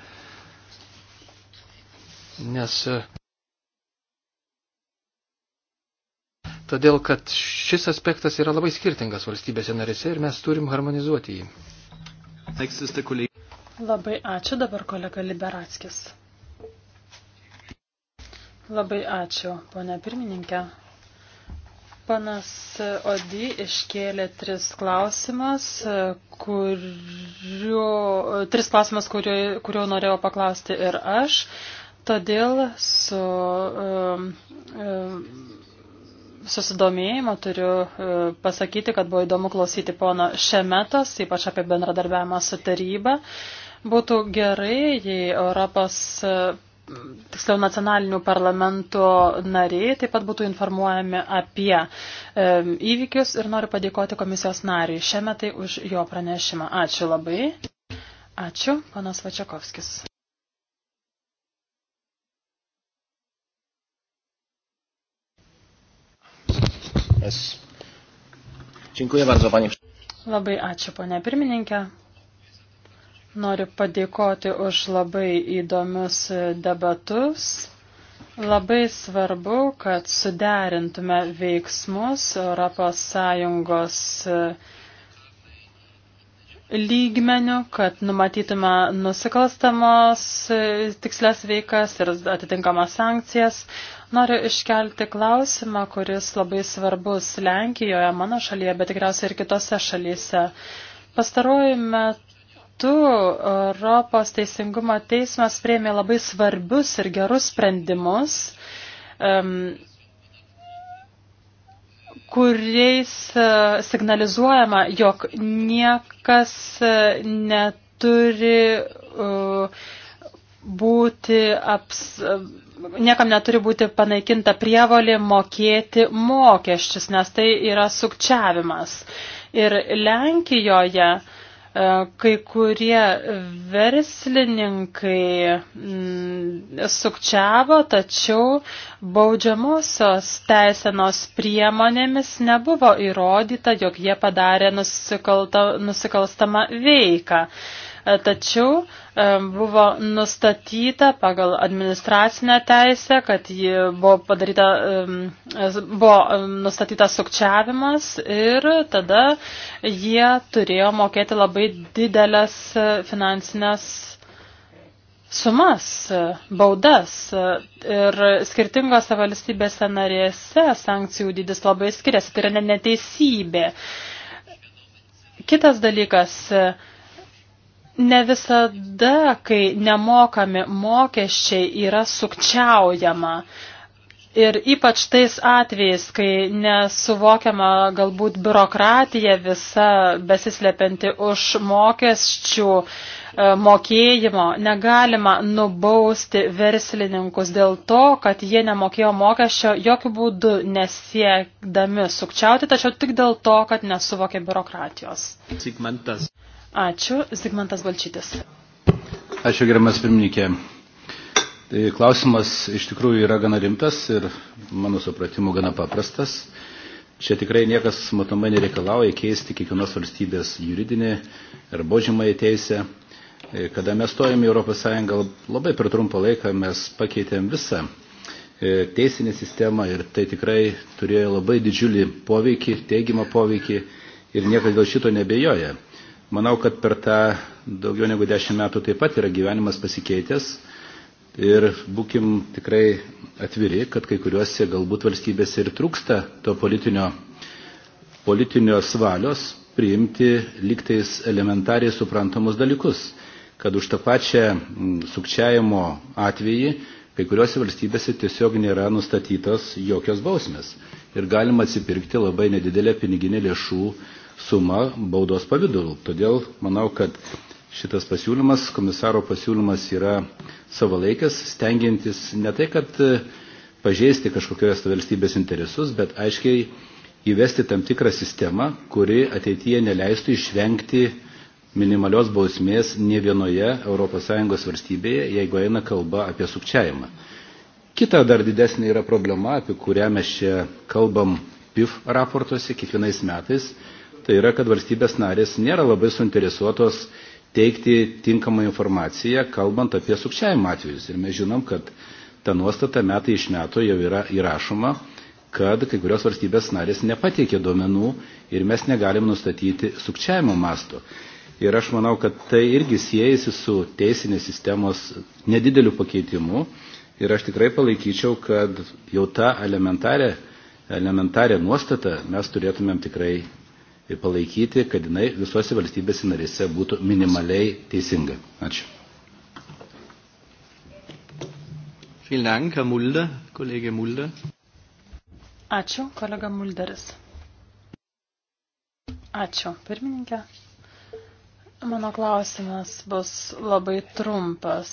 Nes todėl, kad šis aspektas yra labai skirtingas valstybėse narėse ir mes turim harmonizuoti jį. Labai ačiū dabar kolega Liberatskis. Labai ačiū, ponia pirmininkė. Panas Odi iškėlė tris klausimas, kurio, tris klausimas, kurio, kurio norėjau paklausti ir aš. Todėl su um, um, susidomėjimo turiu um, pasakyti, kad buvo įdomu klausyti pono Šemetos, ypač apie bendradarbiavimą su taryba. Būtų gerai, jei Europos tiksliau nacionalinių parlamentų nariai taip pat būtų informuojami apie e, įvykius ir noriu padėkoti komisijos nariui šiame tai už jo pranešimą. Ačiū labai. Ačiū, panas Vačiakovskis. Yes. Dziękuję bardzo, panie. Labai ačiū, ponia pirmininkė. Noriu padėkoti už labai įdomius debatus. Labai svarbu, kad suderintume veiksmus ES e, lygmenių, kad numatytume nusikalstamos e, tikslės veikas ir atitinkamas sankcijas. Noriu iškelti klausimą, kuris labai svarbus Lenkijoje, mano šalyje, bet tikriausiai ir kitose šalyse. Pastaruoju metu metu Europos teisingumo teismas prieimė labai svarbius ir gerus sprendimus, kuriais e, signalizuojama, jog niekas e, neturi e, būti aps, niekam neturi būti panaikinta prievolė mokėti mokesčius, nes tai yra sukčiavimas. Ir Lenkijoje uh, E, kai kurie verslininkai mm, sukčiavo, tačiau baudžiamosios teisenos priemonėmis nebuvo įrodyta, jog jie padarė nusikalstamą veiką. E, tačiau e, buvo nustatyta pagal administracinę teisę, kad ji buvo padaryta, e, buvo nustatytas sukčiavimas ir tada jie turėjo mokėti labai didelės finansinės sumas, baudas ir skirtingose valstybėse narėse sankcijų dydis labai skiriasi, tai yra neteisybė. Kitas dalykas, Ne visada, kai nemokami mokesčiai yra sukčiaujama. Ir ypač tais atvejais, kai nesuvokiama galbūt biurokratija visa besislepianti už mokesčių e, mokėjimo, negalima nubausti verslininkus dėl to, kad jie nemokėjo mokesčio jokių būdų nesiekdami sukčiauti, tačiau tik dėl to, kad nesuvokė biurokratijos. Sigmantas. Ačiū. Zigmantas Balčytis. Ačiū, gerbiamas pirmininkė. Tai klausimas iš tikrųjų yra gana rimtas ir mano supratimu gana paprastas. Čia tikrai niekas matomai nereikalauja keisti kiekvienos valstybės juridinį ar baudžiamąją teisę. Kada mes stojame į ES, labai per trumpą laiką mes pakeitėm visą e, teisinę sistemą ir tai tikrai turėjo labai didžiulį poveikį, teigiamą poveikį ir niekas dėl šito nebejoja. Manau, kad per tą daugiau negu dešimt metų taip pat yra gyvenimas pasikeitęs ir būkim tikrai atviri, kad kai kuriuose galbūt valstybėse ir trūksta to politinio, politinio svalios priimti liktais elementariai suprantamus dalykus, kad už tą pačią mm, sukčiajimo atvejį kai kuriuose valstybėse tiesiog nėra nustatytos jokios bausmės ir galima atsipirkti labai nedidelę piniginę lėšų suma baudos pavydalu. Todėl manau, kad šitas pasiūlymas, komisaro pasiūlymas yra savalaikis, stengiantis ne tai, kad e, pažeisti kažkokios valstybės interesus, bet aiškiai įvesti tam tikrą sistemą, kuri ateityje neleistų išvengti minimalios bausmės ne vienoje ES valstybėje, jeigu eina kalba apie sukčiavimą. Kita dar didesnė yra problema, apie kurią mes čia kalbam PIF raportuose kiekvienais metais, tai yra, kad valstybės narės nėra labai suinteresuotos teikti tinkamą informaciją, kalbant apie sukčiavimo atvejus. Ir mes žinom, kad ta nuostata metai iš metų jau yra įrašoma, kad kai kurios valstybės narės nepateikė duomenų ir mes negalim nustatyti sukčiavimo masto. Ir aš manau, kad tai irgi siejasi su teisinės sistemos nedideliu pakeitimu. Ir aš tikrai palaikyčiau, kad jau tą elementarę, elementarę nuostatą mes turėtumėm tikrai palaikyti, kad jinai visose valstybėse narėse būtų minimaliai teisinga. Ačiū. Ačiū, kolega Mulderis. Ačiū, pirmininkė. Mano klausimas bus labai trumpas.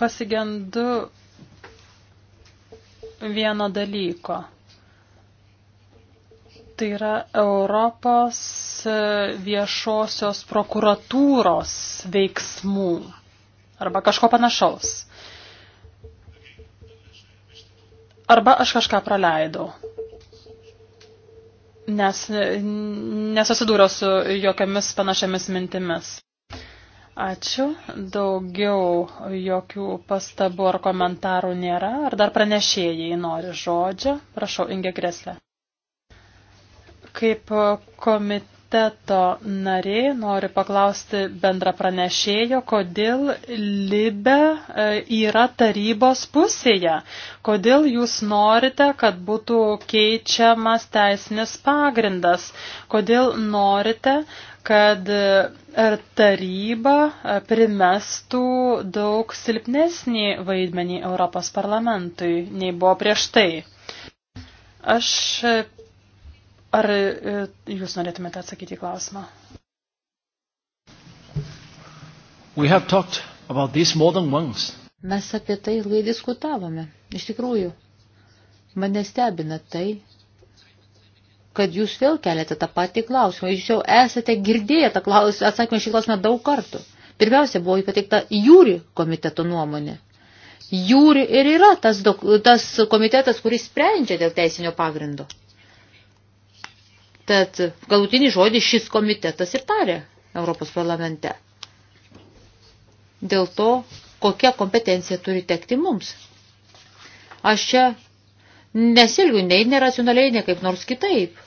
Pasigendu vieno dalyko tai yra Europos e, viešosios prokuratūros veiksmų arba kažko panašaus. Arba aš kažką praleidau, nes e, nesusidūriau su jokiamis panašiamis mintimis. Ačiū. Daugiau jokių pastabų ar komentarų nėra. Ar dar pranešėjai nori žodžio? Prašau, Inge Greslė. Kaip e, komiteto narė noriu paklausti bendra pranešėjo, kodėl Libe e, yra tarybos pusėje, kodėl jūs norite, kad būtų keičiamas teisinis pagrindas, kodėl norite, kad ir e, taryba primestų daug silpnesnį vaidmenį Europos parlamentui, nei buvo prieš tai. Aš Ar e, jūs norėtumėte atsakyti į klausimą? We have talked about this more than once. Mes apie tai ilgai diskutavome. Iš tikrųjų, mane stebina tai, kad jūs vėl keliate tą patį klausimą. Jūs jau esate girdėję tą klausimą, atsakymą šį klausimą daug kartų. Pirmiausia, buvo pateikta jūri komiteto nuomonė. Jūri ir yra tas, tas komitetas, kuris sprendžia dėl teisinio pagrindo. Tad galutinį žodį šis komitetas ir tarė Europos parlamente. Dėl to, kokia kompetencija turi tekti mums. Aš čia nesilgiu nei neracionaliai, nei kaip nors kitaip.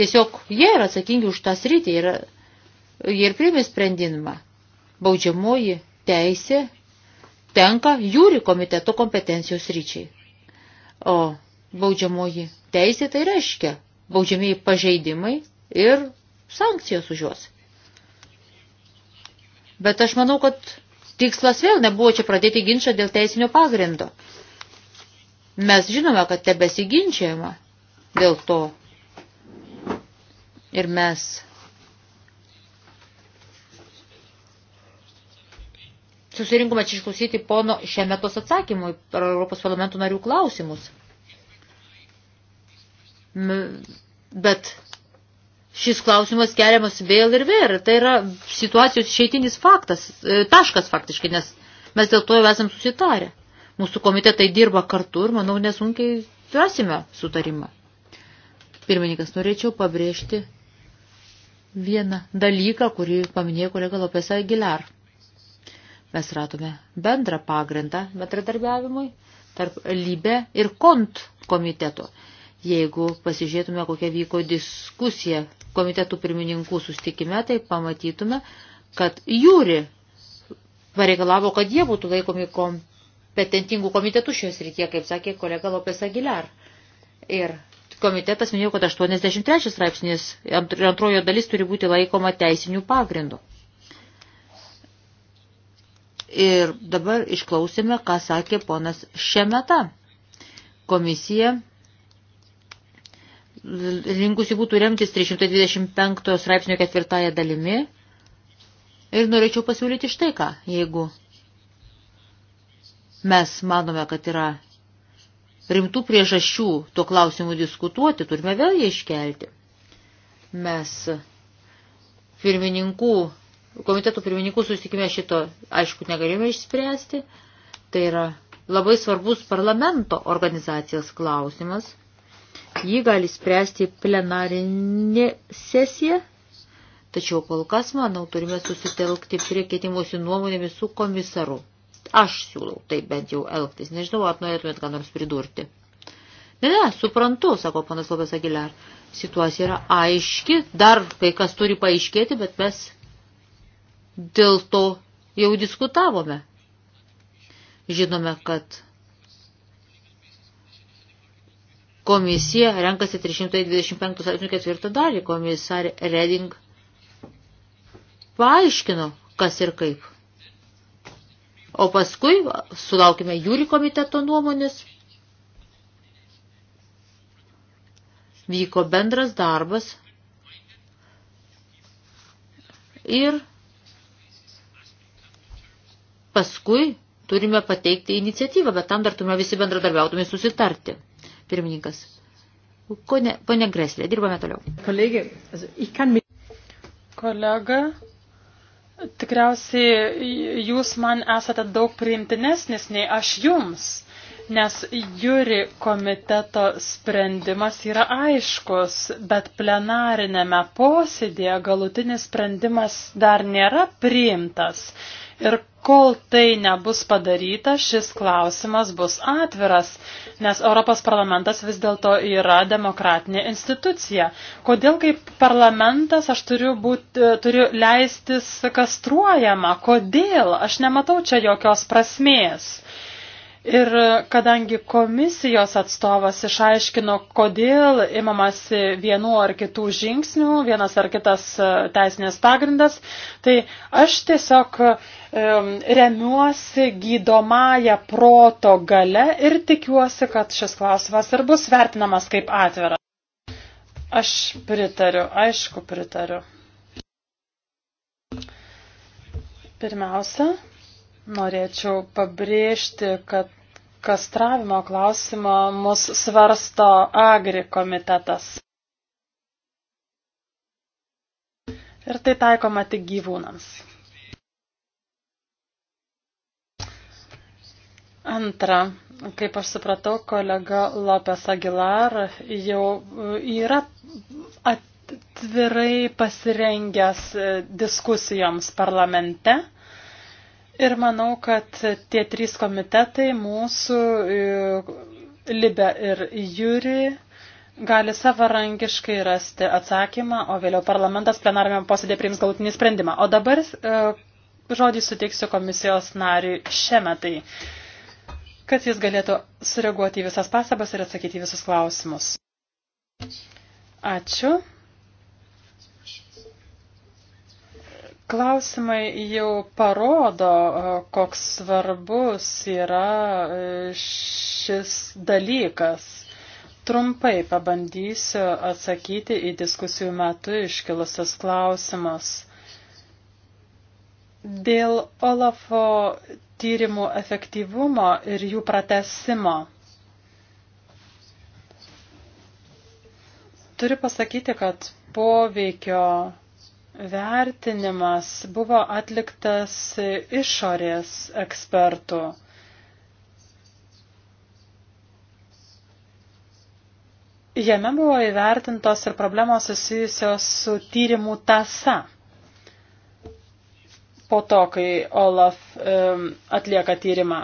Tiesiog jie yra atsakingi už tą sritį ir, ir priimė sprendinimą. Baudžiamoji teisė tenka jūri komiteto kompetencijos ryčiai. O baudžiamoji teisė tai reiškia baudžiamiai pažeidimai ir sankcijos už juos. Bet aš manau, kad tikslas vėl nebuvo čia pradėti ginčą dėl teisinio pagrindo. Mes žinome, kad tebesiginčiama dėl to. Ir mes susirinkome čia išklausyti pono Šemetos atsakymui per Europos parlamento narių klausimus. Bet šis klausimas keliamas vėl ir vėl. Tai yra situacijos išeitinis faktas, e, taškas faktiškai, nes mes dėl to jau esam susitarę. Mūsų komitetai dirba kartu ir, manau, nesunkiai rasime sutarimą. Pirmininkas, norėčiau pabrėžti vieną dalyką, kurį paminėjo kolega Lopesa Aguilar. Mes ratome bendrą pagrindą bendradarbiavimui tarp Lybe ir Kont komiteto. Jeigu pasižiūrėtume, kokia vyko diskusija komitetų pirmininkų sustikime, tai pamatytume, kad jūri pareikalavo, kad jie būtų laikomi kompetentingų komitetų šioje srityje, kaip sakė kolega Lopes Aguilar. Ir komitetas minėjo, kad 83 straipsnis antrojo dalis turi būti laikoma teisinių pagrindų. Ir dabar išklausėme, ką sakė ponas Šemeta. Komisija linkusi būtų remtis 325 straipsnio ketvirtąją dalimi ir norėčiau pasiūlyti štai ką, jeigu mes manome, kad yra rimtų priežasčių tuo klausimu diskutuoti, turime vėl jį iškelti. Mes pirmininkų, komitetų pirmininkų susitikime šito, aišku, negalime išspręsti. Tai yra labai svarbus parlamento organizacijos klausimas – Jį gali spręsti plenarinė sesija, tačiau kol kas, manau, turime susitelkti prie keitimuosi nuomonėmis su komisaru. Aš siūlau taip bent jau elgtis. Nežinau, ar norėtumėt ką nors pridurti. Ne, ne, suprantu, sako panas Lopes Aguilar. Situacija yra aiški, dar kai kas turi paaiškėti, bet mes dėl to jau diskutavome. Žinome, kad Komisija renkasi 325 straipsnių ketvirtą dalį. Komisarė Reding paaiškino, kas ir kaip. O paskui sulaukime jūri komiteto nuomonės. Vyko bendras darbas. Ir paskui turime pateikti iniciatyvą, bet tam dar turime visi bendradarbiautumai susitarti. Pirmininkas. Kone, pone Greslė, dirbame toliau. Kolegė, ich kann mit... Kolega, tikriausiai jūs man esate daug priimtinesnis nei aš jums, nes jūri komiteto sprendimas yra aiškus, bet plenarinėme posėdėje galutinis sprendimas dar nėra priimtas. Ir kol tai nebus padaryta, šis klausimas bus atviras, nes Europos parlamentas vis dėlto yra demokratinė institucija. Kodėl kaip parlamentas aš turiu, būt, e, turiu leistis kastruojama? Kodėl? Aš nematau čia jokios prasmės. Ir kadangi komisijos atstovas išaiškino, kodėl imamasi vienu ar kitų žingsnių, vienas ar kitas e, teisinės pagrindas, tai aš tiesiog e, remiuosi gydomąją proto gale ir tikiuosi, kad šis klausimas ir bus vertinamas kaip atvira. Aš pritariu, aišku pritariu. Pirmiausia, Norėčiau pabrėžti, kad kastravimo klausimą mus svarsto Agri komitetas. Ir tai taikoma tik gyvūnams. Antra, kaip aš supratau, kolega Lopes Aguilar jau yra atvirai pasirengęs diskusijoms parlamente. Ir manau, kad tie trys komitetai mūsų e, Libe ir Jūri gali savarankiškai rasti atsakymą, o vėliau parlamentas plenarame posėdė priims galutinį sprendimą. O dabar e, žodį suteiksiu komisijos nariui šiemetai, kad jis galėtų sureaguoti į visas pastabas ir atsakyti į visus klausimus. Ačiū. Klausimai jau parodo, e, koks svarbus yra e, šis dalykas. Trumpai pabandysiu atsakyti į diskusijų metu iškilusios klausimus. Dėl Olafo tyrimų efektyvumo ir jų pratesimo. Turiu pasakyti, kad poveikio vertinimas buvo atliktas išorės ekspertų. Jame buvo įvertintos ir problemos susijusios su tyrimų tasa. Po to, kai Olaf um, atlieka tyrimą.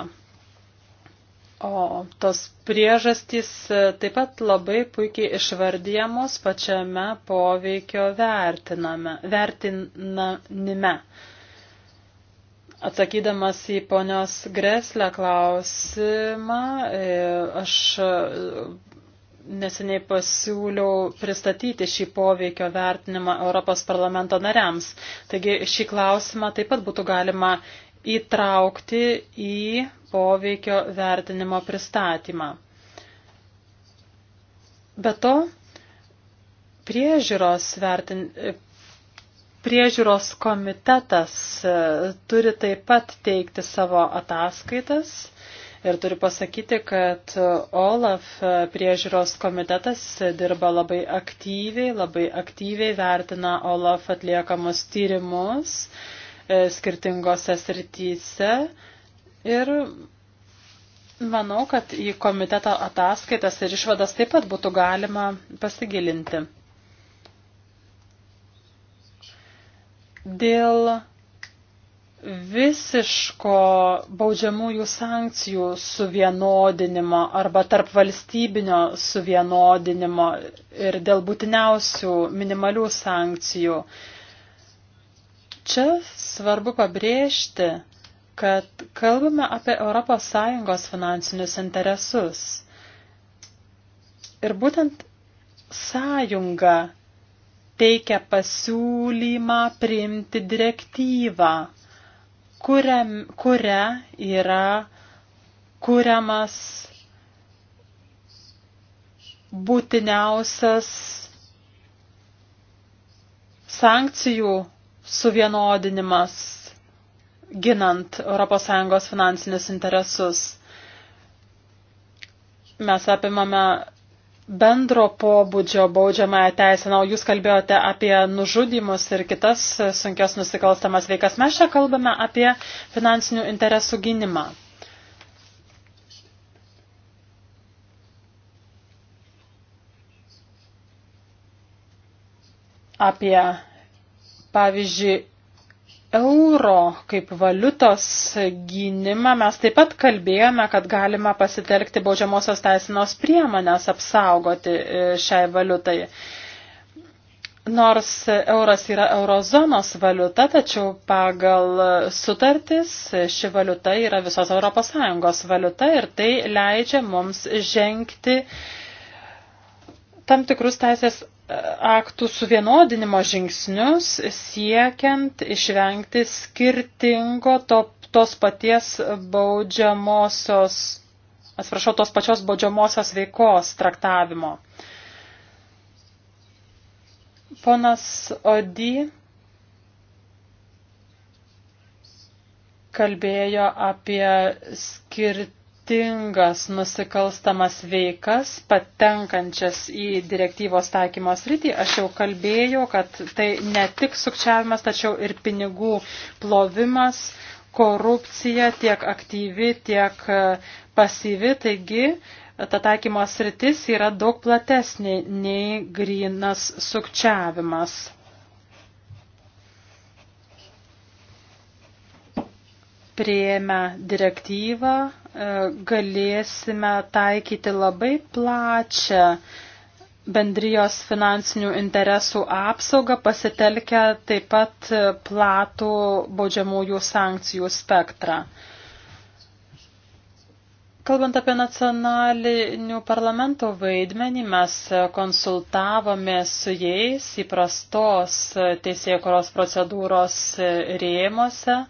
O tos priežastys e, taip pat labai puikiai išvardyjamos pačiame poveikio vertinime. Atsakydamas į ponios Greslę klausimą, e, aš e, neseniai pasiūliau pristatyti šį poveikio vertinimą Europos parlamento nariams. Taigi šį klausimą taip pat būtų galima įtraukti į poveikio vertinimo pristatymą. Be to, priežiūros, vertin, priežiūros komitetas e, turi taip pat teikti savo ataskaitas ir turiu pasakyti, kad OLAF priežiūros komitetas dirba labai aktyviai, labai aktyviai vertina OLAF atliekamus tyrimus. E, skirtingose srityse ir manau, kad į komiteto ataskaitas ir išvadas taip pat būtų galima pasigilinti. Dėl visiško baudžiamųjų sankcijų suvienodinimo arba tarp valstybinio suvienodinimo ir dėl būtiniausių minimalių sankcijų. Čia svarbu pabrėžti, kad kalbame apie ES finansinius interesus. Ir būtent sąjunga teikia pasiūlymą priimti direktyvą, kuria, kuria yra kuriamas būtiniausias sankcijų suvienodinimas, ginant ES finansinius interesus. Mes apimame bendro pobūdžio baudžiamąją teisę. Na, jūs kalbėjote apie nužudimus ir kitas sunkias nusikalstamas veikas. Mes čia kalbame apie finansinių interesų gynimą. Apie Pavyzdžiui, euro kaip valiutos gynimą mes taip pat kalbėjome, kad galima pasitelkti baudžiamosios teisinos priemonės apsaugoti e, šiai valiutai. Nors euras yra eurozonos valiuta, tačiau pagal sutartis ši valiuta yra visos ES valiuta ir tai leidžia mums žengti tam tikrus teisės aktų suvienodinimo žingsnius siekiant išvengti skirtingo to, tos paties baudžiamosios, atsiprašau, tos pačios baudžiamosios veikos traktavimo. Ponas Odi kalbėjo apie skirtingą sudėtingas nusikalstamas veikas, patenkančias į direktyvos taikymo sritį. Aš jau kalbėjau, kad tai ne tik sukčiavimas, tačiau ir pinigų plovimas, korupcija tiek aktyvi, tiek e, pasyvi. Taigi, ta taikymo sritis yra daug platesnė nei grinas sukčiavimas. prieėmę direktyvą E, galėsime taikyti labai plačią bendrijos finansinių interesų apsaugą, pasitelkę taip pat platų baudžiamųjų sankcijų spektrą. Kalbant apie nacionalinių parlamento vaidmenį, mes konsultavome su jais įprastos teisėkuros procedūros rėmose.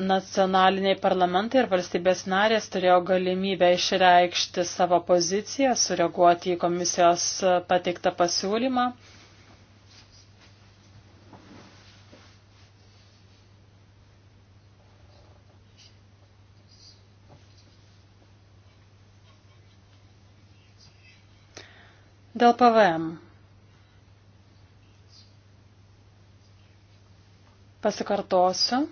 nacionaliniai parlamentai ir valstybės narės turėjo galimybę išreikšti savo poziciją, sureaguoti į komisijos pateiktą pasiūlymą. Dėl PVM. Pasikartosiu.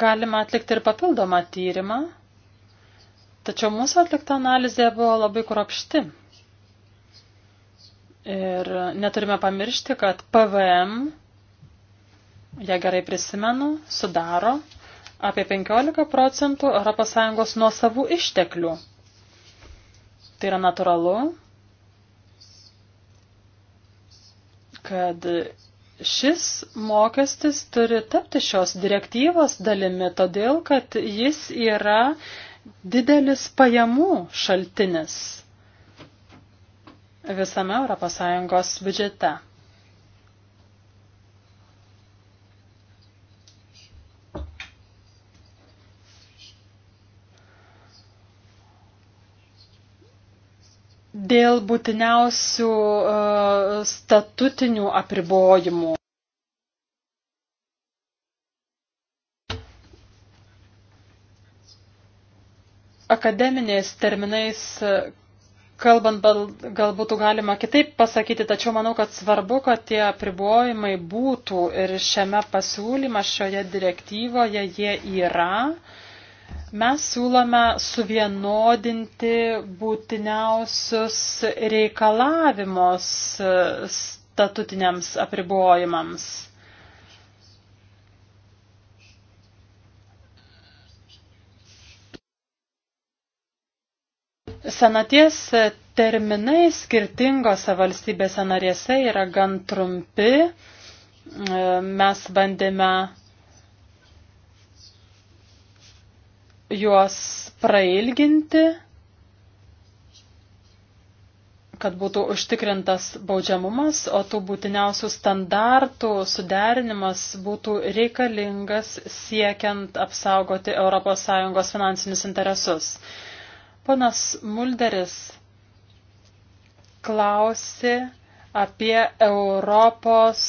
Galima atlikti ir papildomą tyrimą, tačiau mūsų atlikta analizė buvo labai kruopšti. Ir neturime pamiršti, kad PVM, jei gerai prisimenu, sudaro apie 15 procentų ES nuosavų išteklių. Tai yra natūralu, kad Šis mokestis turi tapti šios direktyvos dalimi, todėl kad jis yra didelis pajamų šaltinis visame ES biudžete. dėl būtiniausių e, statutinių apribojimų. Akademiniais terminais e, kalbant, gal būtų galima kitaip pasakyti, tačiau manau, kad svarbu, kad tie apribojimai būtų ir šiame pasiūlyme, šioje direktyvoje jie yra. Uh, Mes siūlome suvienodinti būtiniausius reikalavimus statutiniams apribojimams. Senaties terminai skirtingose valstybėse narėse yra gan trumpi. Mes bandėme juos prailginti, kad būtų užtikrintas baudžiamumas, o tų būtiniausių standartų suderinimas būtų reikalingas siekiant apsaugoti ES finansinius interesus. Ponas Mulderis klausė apie Europos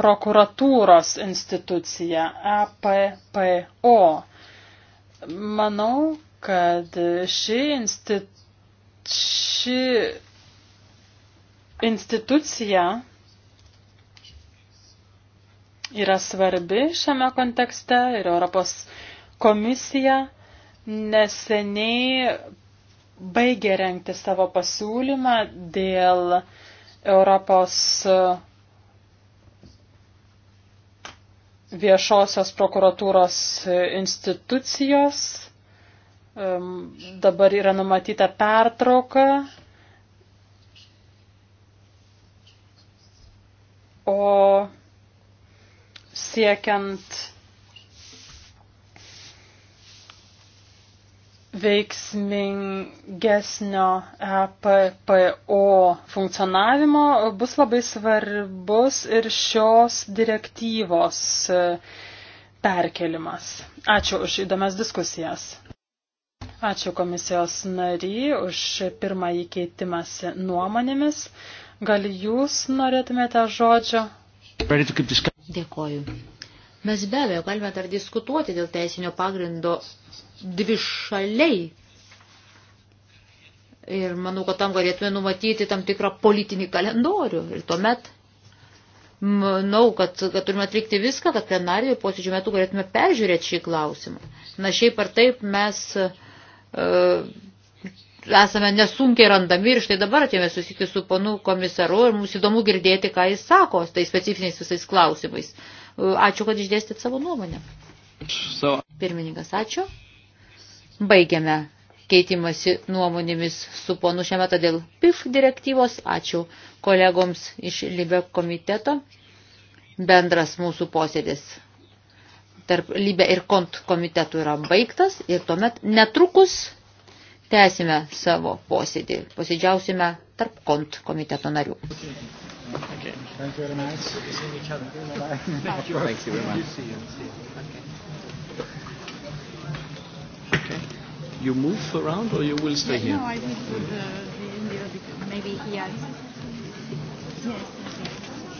prokuratūros institucija EPPO. Manau, kad ši, insti ši institucija yra svarbi šiame kontekste ir Europos komisija neseniai baigė renkti savo pasiūlymą dėl Europos viešosios prokuratūros institucijos. Dabar yra numatyta pertrauka. O siekiant veiksmingesnio EPPO funkcionavimo bus labai svarbus ir šios direktyvos e, perkelimas. Ačiū už įdomias diskusijas. Ačiū komisijos nary už pirmąjį keitimąsi nuomonėmis. Gal jūs norėtumėte žodžio? Dėkoju. Mes be abejo galime dar diskutuoti dėl teisinio pagrindo dvišaliai. Ir manau, kad tam galėtume numatyti tam tikrą politinį kalendorių. Ir tuomet manau, kad, kad turime atlikti viską, kad plenarijoje posėdžių metu galėtume peržiūrėti šį klausimą. Na šiaip ar taip mes uh, esame nesunkiai randami ir štai dabar atėjome susitikti su panu komisaru ir mums įdomu girdėti, ką jis sako tais specifiniais visais klausimais. Uh, Ačiū, kad išdėstėt savo nuomonę. So. Pirmininkas, ačiū. Baigiame keitimasi nuomonėmis su ponu Šemeta dėl PIF direktyvos. Ačiū kolegoms iš Libė komiteto. Bendras mūsų posėdis tarp Libė ir Kont komitetų yra baigtas ir tuomet netrukus tęsime savo posėdį. Posėdžiausime tarp Kont komiteto narių. Okay. Thank you very much. We've seen each other. Bye. Thank you. Thank you very much. You see you. See you. Okay. Okay. You move around or you will stay yeah, here? No, I will do the, the India because maybe he has. Yes,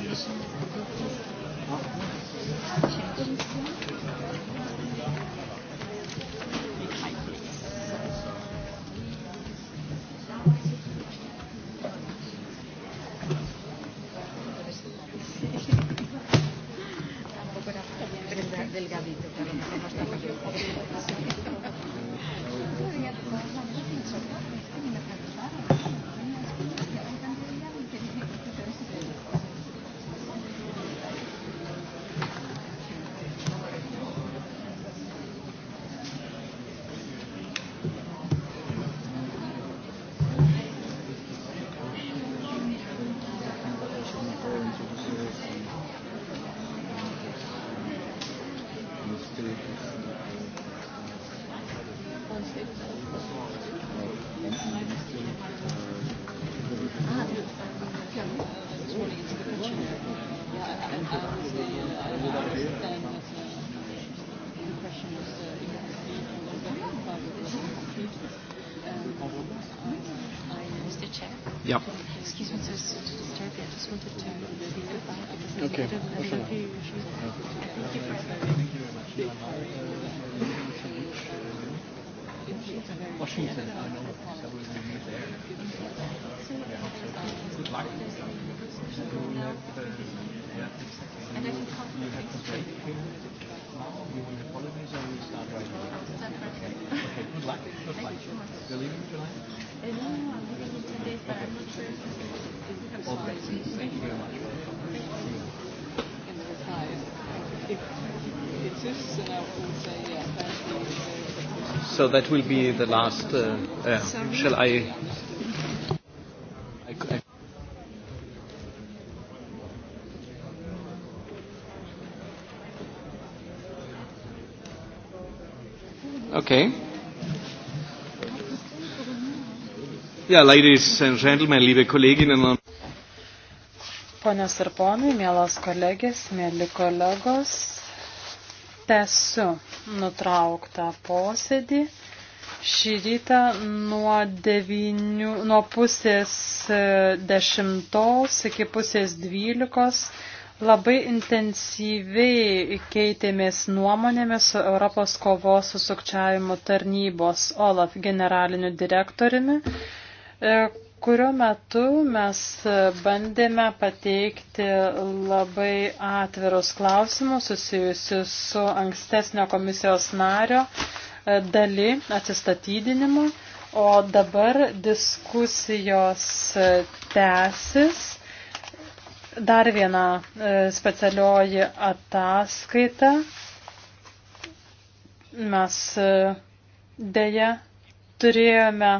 yes, yes. yes. so that will be the last. Uh, uh, shall I? I, I Okay. Yeah, ladies and gentlemen, liebe Kolleginnen und Ponios ir ponai, mielos kolegės, mėly kolegos, Tesu nutrauktą posėdį. Šį rytą nuo, devinių, nuo pusės e, dešimtos iki pusės dvylikos labai intensyviai keitėmės nuomonėmis su Europos kovos su sukčiavimu tarnybos OLAF generaliniu direktoriumi e, kurio metu mes bandėme pateikti labai atvirus klausimus susijusius su ankstesnio komisijos nario e, dali atsistatydinimu, o dabar diskusijos e, tęsis. Dar viena e, specialioji ataskaita. Mes dėja turėjome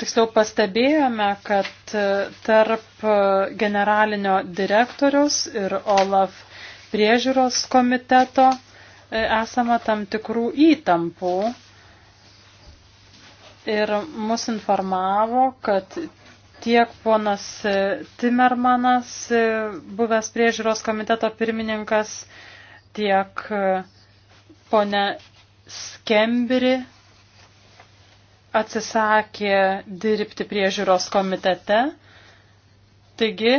tiksliau pastebėjome, kad e, tarp e, generalinio direktoriaus ir OLAF priežiūros komiteto e, esama tam tikrų įtampų. Ir mus informavo, kad tiek ponas Timermanas, buvęs priežiūros komiteto pirmininkas, tiek ponė Skembri atsisakė dirbti priežiūros komitete. Taigi,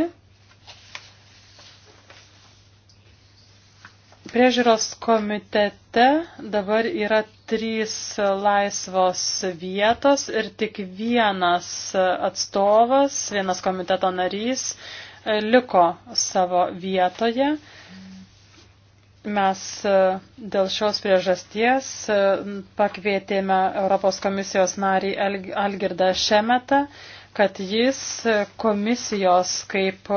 priežiūros komitete dabar yra trys laisvos vietos ir tik vienas atstovas, vienas komiteto narys liko savo vietoje. Mm. Mes e, dėl šios priežasties e, pakvietėme Europos komisijos narį Algirdą Šemetą, kad jis e, komisijos kaip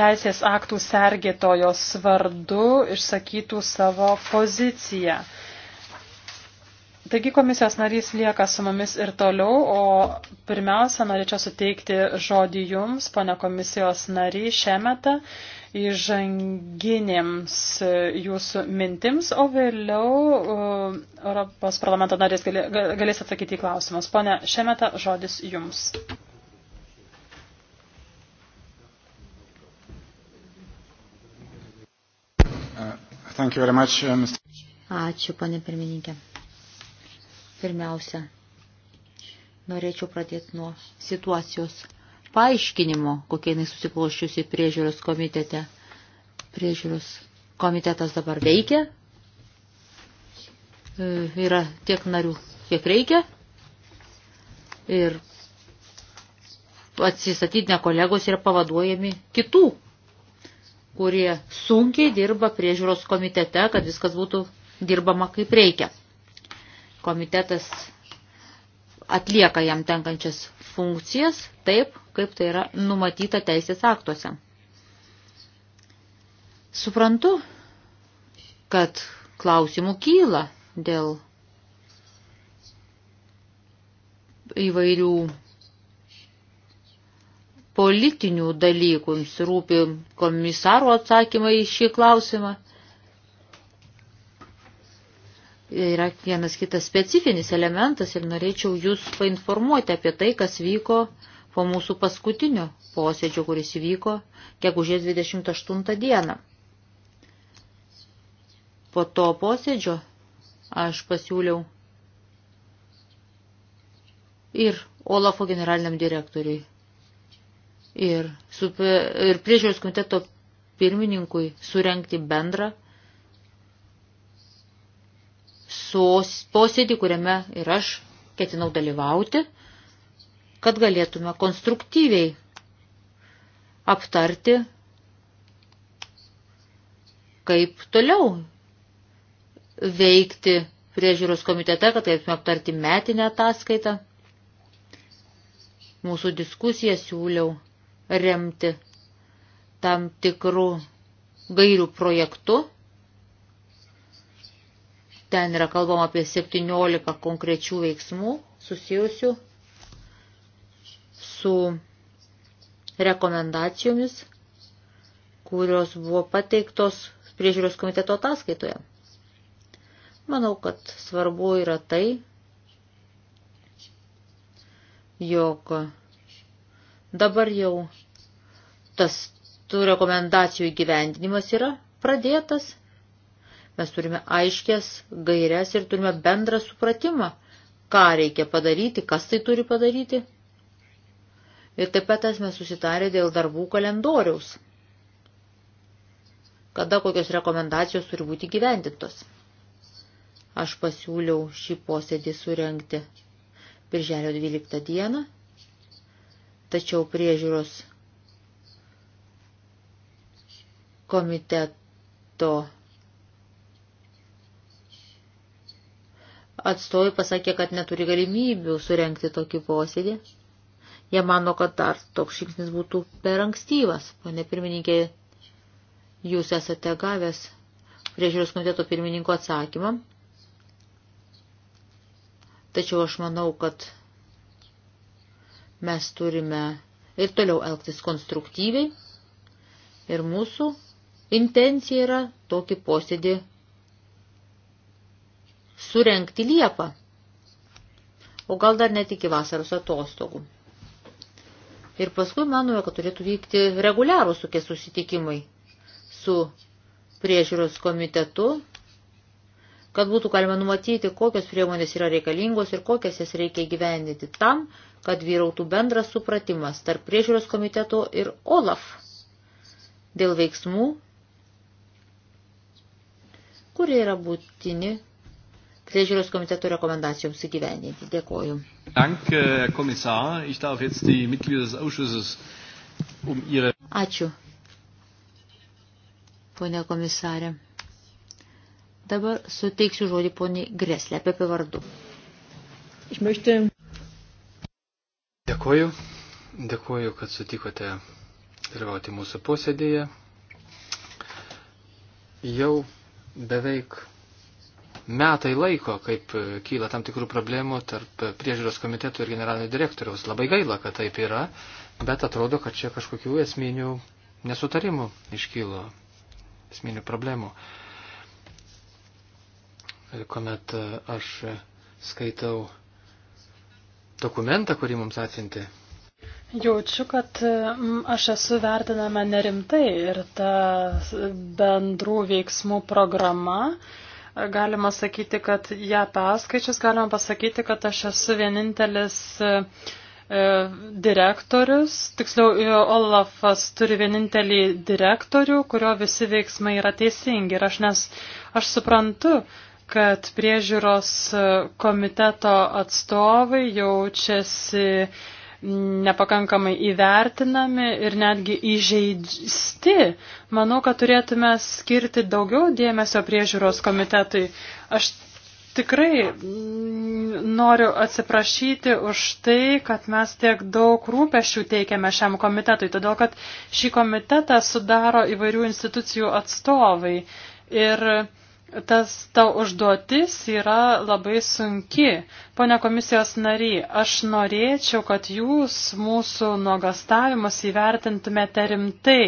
teisės aktų sergėtojos vardu išsakytų savo poziciją. Taigi komisijos narys lieka su mumis ir toliau, o pirmiausia, norėčiau suteikti žodį jums, ponia komisijos nary, šiemetą įžanginėms e, jūsų mintims, o vėliau e, Europos parlamento narys galės atsakyti į klausimus. Pone šiemetą, žodis jums. Uh, uh, Ačiū, ponė pirmininkė. Pirmiausia, norėčiau pradėti nuo situacijos paaiškinimo, kokie jinai susikloščiusi priežiūros komitete. Priežiūros komitetas dabar veikia, e, yra tiek narių, kiek reikia. Ir atsistatydinę kolegos yra pavaduojami kitų, kurie sunkiai dirba priežiūros komitete, kad viskas būtų dirbama kaip reikia komitetas atlieka jam tenkančias funkcijas taip, kaip tai yra numatyta teisės aktuose. Suprantu, kad klausimų kyla dėl įvairių politinių dalykų. Jums rūpi komisarų atsakymai į šį klausimą yra vienas kitas specifinis elementas ir norėčiau jūs painformuoti apie tai, kas vyko po mūsų paskutinio posėdžio, kuris vyko gegužės 28 dieną. Po to posėdžio aš pasiūliau ir Olafo generaliniam direktoriui, ir, super, ir priežiūros komiteto pirmininkui surenkti bendrą posėdį, kuriame ir aš ketinau dalyvauti, kad galėtume konstruktyviai aptarti, kaip toliau veikti priežiūros komitete, kad galėtume aptarti metinę ataskaitą. Mūsų diskusiją siūliau remti tam tikrų gairių projektu Ten yra kalbama apie 17 konkrečių veiksmų susijusių su rekomendacijomis, kurios buvo pateiktos priežiūros komiteto ataskaitoje. Manau, kad svarbu yra tai, jog dabar jau tas tų rekomendacijų įgyvendinimas yra pradėtas Mes turime aiškės gairias ir turime bendrą supratimą, ką reikia padaryti, kas tai turi padaryti. Ir taip pat esame susitarę dėl darbų kalendoriaus, kada kokios rekomendacijos turi būti gyvendintos. Aš pasiūliau šį posėdį surenkti birželio 12 dieną, tačiau priežiūros komiteto atstovai pasakė, kad neturi galimybių surenkti tokį posėdį. Jie mano, kad dar toks žingsnis būtų per ankstyvas. Pane pirmininkė, jūs esate gavęs priežiūros komiteto pirmininko atsakymą. Tačiau aš manau, kad mes turime ir toliau elgtis konstruktyviai. Ir mūsų intencija yra tokį posėdį surenkti Liepą. O gal dar net iki vasaros atostogų. Ir paskui manome, kad turėtų vykti reguliarūs tokie susitikimai su priežiūros komitetu, kad būtų galima numatyti, kokios priemonės yra reikalingos ir kokias jas reikia gyvendinti tam, kad vyrautų bendras supratimas tarp priežiūros komiteto ir OLAF dėl veiksmų, kurie yra būtini priežiūros komiteto rekomendacijoms įgyvendinti. Dėkoju. Dank, komisar. Ich darf jetzt die Mitglieder des Ausschusses um ihre... Ačiū, ponia komisarė. Dabar suteiksiu žodį poniai Greslė apie pavardų. Ich möchte... Dėkoju. Dėkuoju, kad sutikote dalyvauti mūsų posėdėje. Jau beveik metai laiko, kaip e, kyla tam tikrų problemų tarp e, priežiūros komitetų ir generalinio direktoriaus. Labai gaila, kad taip yra, bet atrodo, kad čia kažkokių esminių nesutarimų iškylo, esminių problemų. E, Komet aš skaitau dokumentą, kurį mums atsinti. Jaučiu, kad aš esu vertinama nerimtai ir ta bendrų veiksmų programa galima sakyti, kad ją ja, perskaičius, galima pasakyti, kad aš esu vienintelis e, e, direktorius, tiksliau e, Olafas turi vienintelį direktorių, kurio visi veiksmai yra teisingi. Ir aš, nes, aš suprantu, kad priežiūros komiteto atstovai jaučiasi nepakankamai įvertinami ir netgi įžeisti. Manau, kad turėtume skirti daugiau dėmesio priežiūros komitetui. Aš tikrai noriu atsiprašyti už tai, kad mes tiek daug rūpešių teikiame šiam komitetui, todėl kad šį komitetą sudaro įvairių institucijų atstovai. Ir tas ta užduotis yra labai sunki. Pone komisijos nary, aš norėčiau, kad jūs mūsų nuogastavimus įvertintumėte rimtai.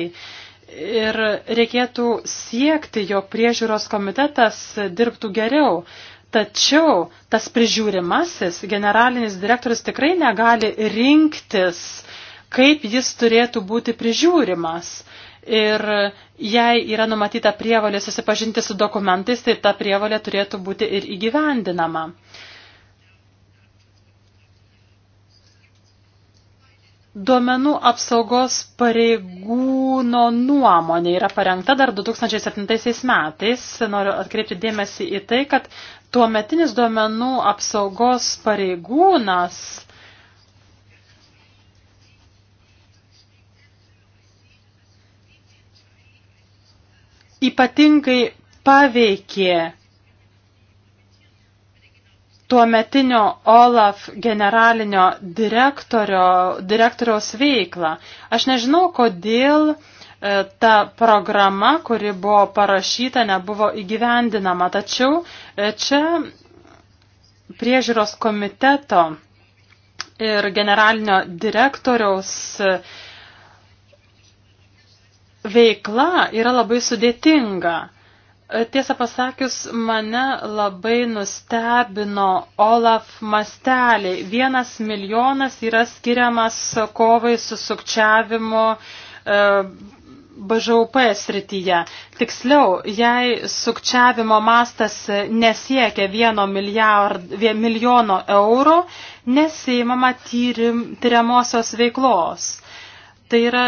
Ir reikėtų siekti, jog priežiūros komitetas dirbtų geriau. Tačiau tas prižiūrimasis generalinis direktorius tikrai negali rinktis, kaip jis turėtų būti prižiūrimas ir jei yra numatyta prievalė susipažinti su dokumentais, tai ta prievalė turėtų būti ir įgyvendinama. Duomenų apsaugos pareigūno nuomonė yra parengta dar 2007 metais. Noriu atkreipti dėmesį į tai, kad tuometinis duomenų apsaugos pareigūnas ypatingai paveikė tuometinio OLAF generalinio direktoriaus veiklą. Aš nežinau, kodėl e, ta programa, kuri buvo parašyta, nebuvo įgyvendinama, tačiau e, čia priežiūros komiteto ir generalinio direktoriaus uh, veikla yra labai sudėtinga. E, tiesą pasakius, mane labai nustebino Olaf masteliai. Vienas milijonas yra skiriamas kovai su sukčiavimu e, BŽUP srityje. Tiksliau, jei sukčiavimo mastas nesiekia vieno milijard, vien milijono eurų, nesėimama tyrim, tyriamosios veiklos. Tai yra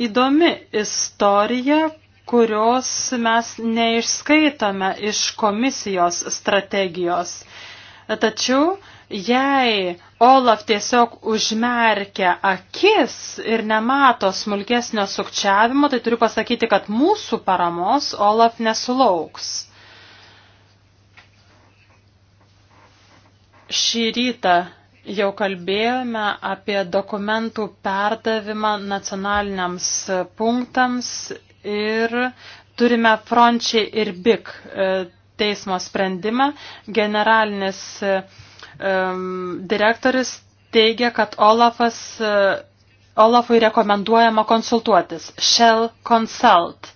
įdomi istorija, kurios mes neišskaitome iš komisijos strategijos. Tačiau, jei Olaf tiesiog užmerkia akis ir nemato smulkesnio sukčiavimo, tai turiu pasakyti, kad mūsų paramos Olaf nesulauks. Šį rytą jau kalbėjome apie dokumentų perdavimą nacionaliniams punktams ir turime Frončiai ir BIK e, teismo sprendimą. Generalinis um, direktorius teigia, kad Olafas, e, Olafui rekomenduojama konsultuotis. Shell Consult.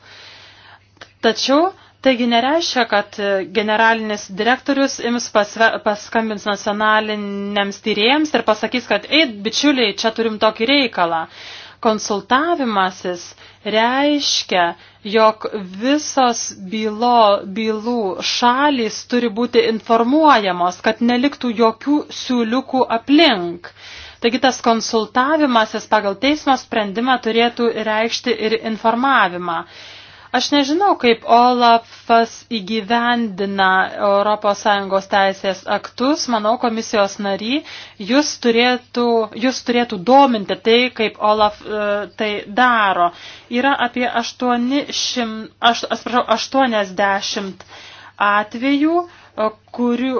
Tačiau Taigi nereiškia, kad generalinis direktorius ims pasve, paskambins nacionaliniams tyrėjams ir pasakys, kad eit, bičiuliai, čia turim tokį reikalą. Konsultavimasis reiškia, jog visos bylo, bylų šalys turi būti informuojamos, kad neliktų jokių siūliukų aplink. Taigi tas konsultavimasis pagal teismo sprendimą turėtų reikšti ir informavimą. Aš nežinau, kaip Olafas įgyvendina ES teisės aktus. Manau, komisijos nary, jūs turėtų, jūs turėtų dominti tai, kaip Olaf e, tai daro. Yra apie 800, aš, asprašau, 80 atvejų, e, kurių,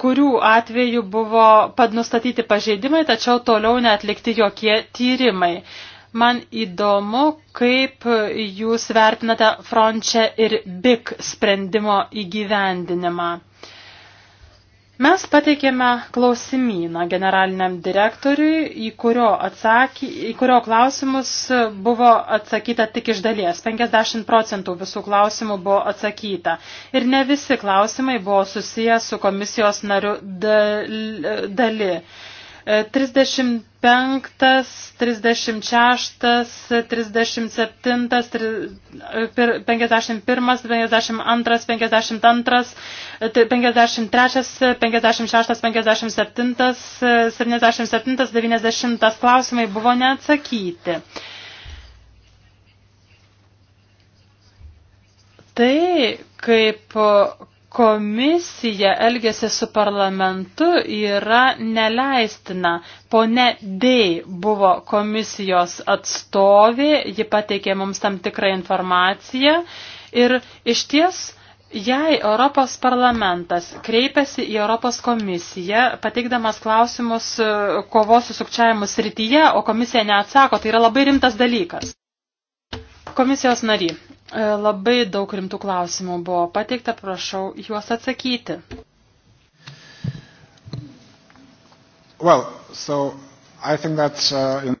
kurių atveju buvo nustatyti pažeidimai, tačiau toliau neatlikti jokie tyrimai. Man įdomu, kaip jūs vertinate Frončia ir BIC sprendimo įgyvendinimą. Mes pateikėme klausimyną generaliniam direktoriui, į kurio, atsaky, į kurio klausimus buvo atsakyta tik iš dalies. 50 procentų visų klausimų buvo atsakyta. Ir ne visi klausimai buvo susiję su komisijos nariu dali. 35, 36, 37, 51, 52, 52, 53, 56, 57, 77, 90 klausimai buvo neatsakyti. Tai kaip komisija elgėsi su parlamentu yra neleistina. Pone D buvo komisijos atstovė, ji pateikė mums tam tikrą informaciją ir iš ties Jei Europos parlamentas kreipiasi į Europos komisiją, pateikdamas klausimus e, kovos su sukčiavimu srityje, o komisija neatsako, tai yra labai rimtas dalykas. Komisijos nary, E, labai daug rimtų klausimų buvo pateikta, prašau juos atsakyti. Well, so I think that, uh, in...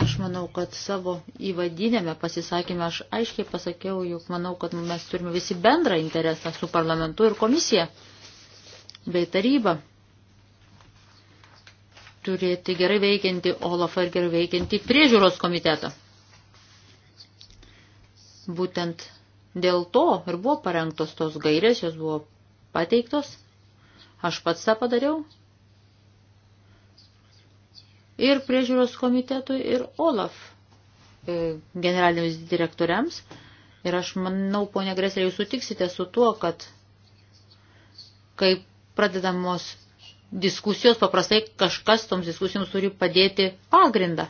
Aš manau, kad savo įvadinėme pasisakymę aš aiškiai pasakiau, juk manau, kad mes turime visi bendrą interesą su parlamentu ir komisija bei taryba turėti gerai veikianti Olafą ir gerai veikianti priežiūros komitetą. Būtent dėl to ir buvo parengtos tos gairės, jos buvo pateiktos. Aš pats tą padariau. Ir priežiūros komitetui, ir OLAF e, generaliniams direktoriams. Ir aš manau, ponia Greslė, jūs sutiksite su tuo, kad kai pradedamos diskusijos, paprastai kažkas toms diskusijoms turi padėti pagrindą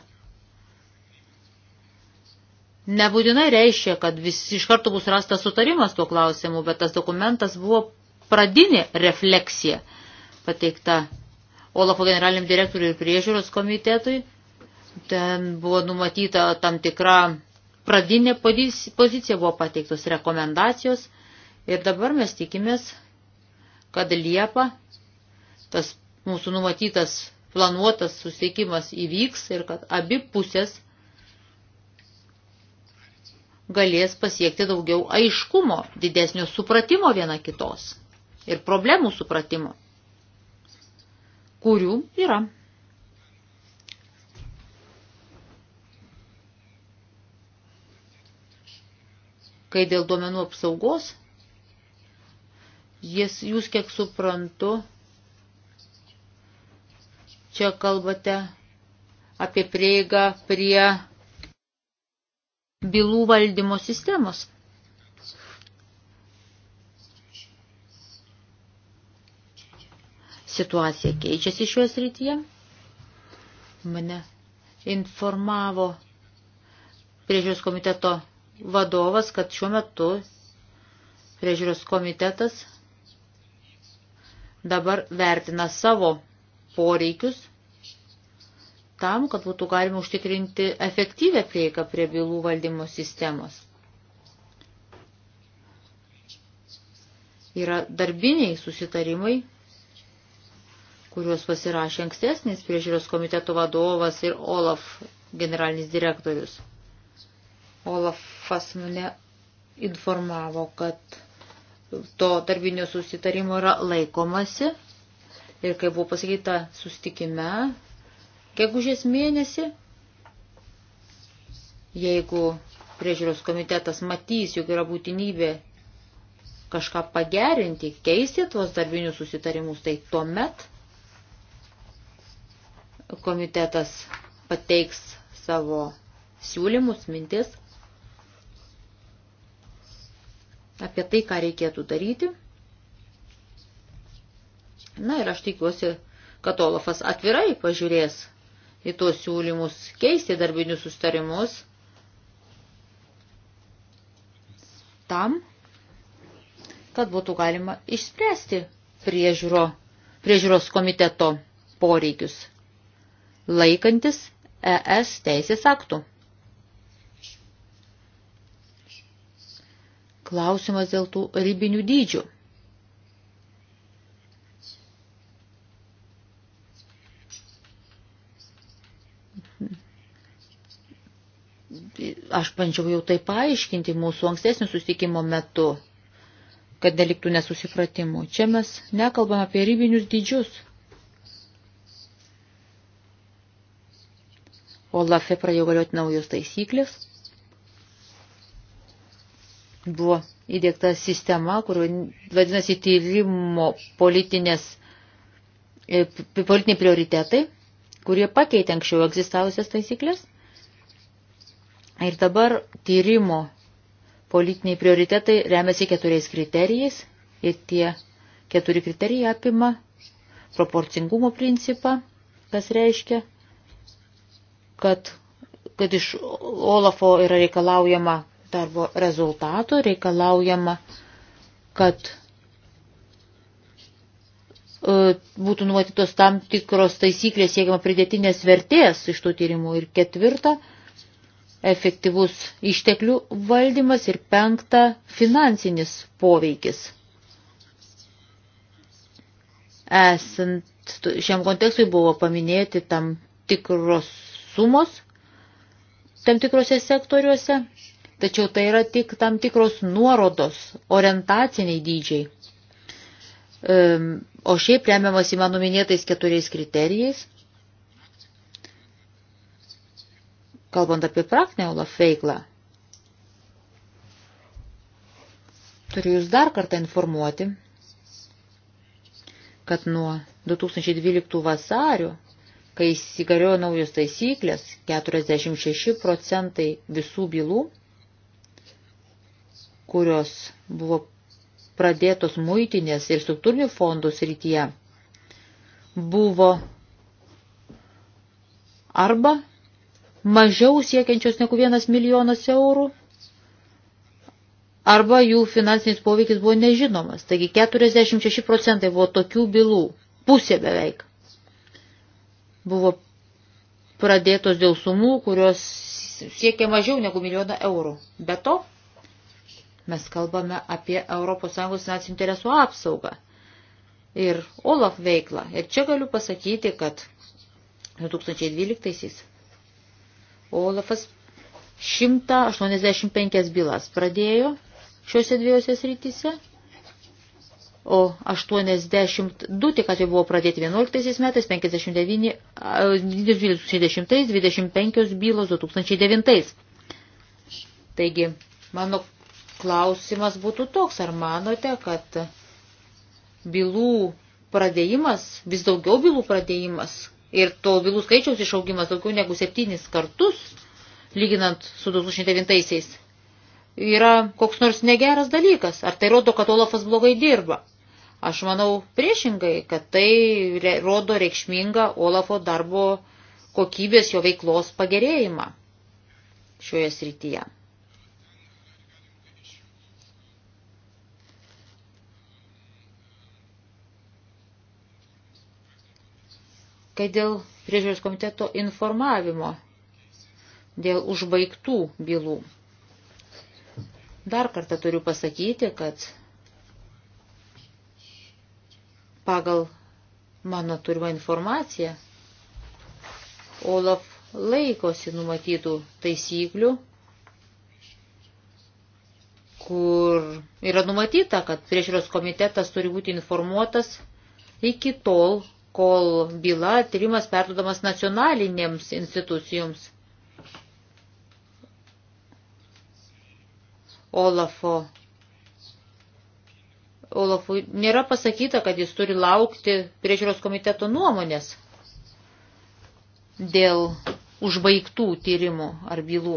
nebūtinai reiškia, kad vis iš karto bus rastas sutarimas tuo klausimu, bet tas dokumentas buvo pradinė refleksija pateikta Olafo generaliniam direktoriui ir priežiūros komitetui. Ten buvo numatyta tam tikra pradinė pozicija, buvo pateiktos rekomendacijos ir dabar mes tikimės, kad Liepa tas mūsų numatytas planuotas susiekimas įvyks ir kad abi pusės – galės pasiekti daugiau aiškumo, didesnio supratimo viena kitos ir problemų supratimo, kurių yra. Kai dėl duomenų apsaugos, jis, jūs kiek suprantu, čia kalbate apie prieigą prie bylų valdymo sistemos. Situacija keičiasi šioje srityje. Mane informavo priežiūros komiteto vadovas, kad šiuo metu priežiūros komitetas dabar vertina savo poreikius tam, kad būtų galima užtikrinti efektyvę prieigą prie bylų valdymo sistemos. Yra darbiniai susitarimai, kuriuos pasirašė ankstesnis priežiūros komiteto vadovas ir Olaf generalinis direktorius. Olafas mane informavo, kad to darbinio susitarimo yra laikomasi ir kaip buvo pasakyta sustikime, Gegužės mėnesį, jeigu priežiūros komitetas matys, jog yra būtinybė kažką pagerinti, keisti tuos darbinius susitarimus, tai tuomet komitetas pateiks savo siūlymus, mintis apie tai, ką reikėtų daryti. Na ir aš tikiuosi, kad Olafas atvirai pažiūrės į tuos siūlymus keisti darbinius sustarimus tam, kad būtų galima išspręsti priežiūro, priežiūros komiteto poreikius, laikantis ES teisės aktų. Klausimas dėl tų ribinių dydžių. Aš bandžiau jau tai paaiškinti mūsų ankstesnių susitikimo metu, kad neliktų nesusipratimų. Čia mes nekalbam apie ribinius dydžius. Olafe pradėjo galioti naujos taisyklės. Buvo įdėkta sistema, kur vadinasi tyrimo politinės, e, politiniai prioritetai, kurie pakeitė anksčiau egzistavusias taisyklės. Ir dabar tyrimo politiniai prioritetai remiasi keturiais kriterijais ir tie keturi kriterijai apima proporcingumo principą, kas reiškia, kad, kad iš Olafo yra reikalaujama darbo rezultato, reikalaujama, kad e, būtų numatytos tam tikros taisyklės siekiama pridėtinės vertės iš tų tyrimų. Ir ketvirta, efektyvus išteklių valdymas ir penkta finansinis poveikis. Esant šiam kontekstui buvo paminėti tam tikros sumos tam tikrose sektoriuose, tačiau tai yra tik tam tikros nuorodos, orientaciniai dydžiai. Ehm, o šiaip remiamas į mano minėtais keturiais kriterijais – Kalbant apie praktinę Olaf veiklą, turiu Jūs dar kartą informuoti, kad nuo 2012 vasario, kai įsigaliojo naujos taisyklės, 46 procentai visų bylų, kurios buvo pradėtos muitinės ir struktūrinių fondų srityje, buvo arba mažiau siekiančios negu vienas milijonas eurų, arba jų finansinis poveikis buvo nežinomas. Taigi 46 procentai buvo tokių bylų, pusė beveik. Buvo pradėtos dėl sumų, kurios siekia mažiau negu milijoną eurų. Be to, mes kalbame apie ES finansinių interesų apsaugą ir OLAF veiklą. Ir čia galiu pasakyti, kad 2012 Olafas 185 bylas pradėjo šiuose dviejose srityse, o 82 tik atveju buvo pradėti 11 metais, 59, 2010, 25 bylos 2009. Taigi, mano klausimas būtų toks, ar manote, kad bylų pradėjimas, vis daugiau bylų pradėjimas Ir to bylų skaičiaus išaugimas daugiau negu septynis kartus, lyginant su 2009-aisiais, yra koks nors negeras dalykas. Ar tai rodo, kad Olafas blogai dirba? Aš manau priešingai, kad tai rodo reikšmingą Olafo darbo kokybės jo veiklos pagerėjimą šioje srityje. kai dėl priežiūros komiteto informavimo, dėl užbaigtų bylų. Dar kartą turiu pasakyti, kad pagal mano turimą informaciją Olaf laikosi numatytų taisyklių, kur yra numatyta, kad priežiūros komitetas turi būti informuotas iki tol, kol byla tyrimas perdodamas nacionalinėms institucijoms. Olafo. Olafui nėra pasakyta, kad jis turi laukti priežiūros komiteto nuomonės dėl užbaigtų tyrimų ar bylų.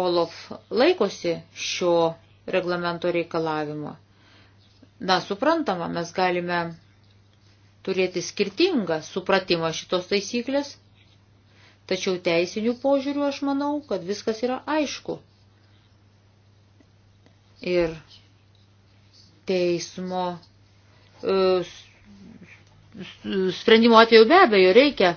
Olaf laikosi šio reglamento reikalavimo. Na, suprantama, mes galime turėti skirtingą supratimą šitos taisyklės, tačiau teisinių požiūrių aš manau, kad viskas yra aišku. Ir teismo e, sprendimo atveju be abejo reikia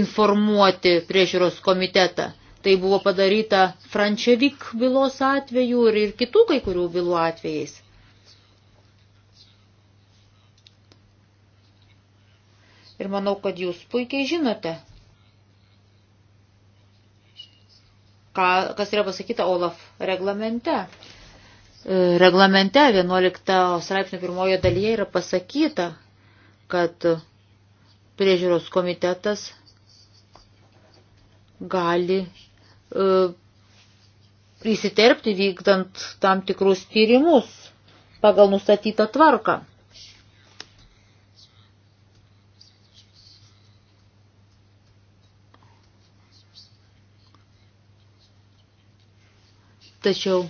informuoti priežiūros komitetą. Tai buvo padaryta Frančevik bylos atveju ir, ir kitų kai kurių bylų atvejais. Ir manau, kad jūs puikiai žinote, ką, kas yra pasakyta Olaf reglamente. E, reglamente 11 straipsnio pirmojo dalyje yra pasakyta, kad priežiūros komitetas gali uh, įsiterpti vykdant tam tikrus tyrimus pagal nustatytą tvarką. Tačiau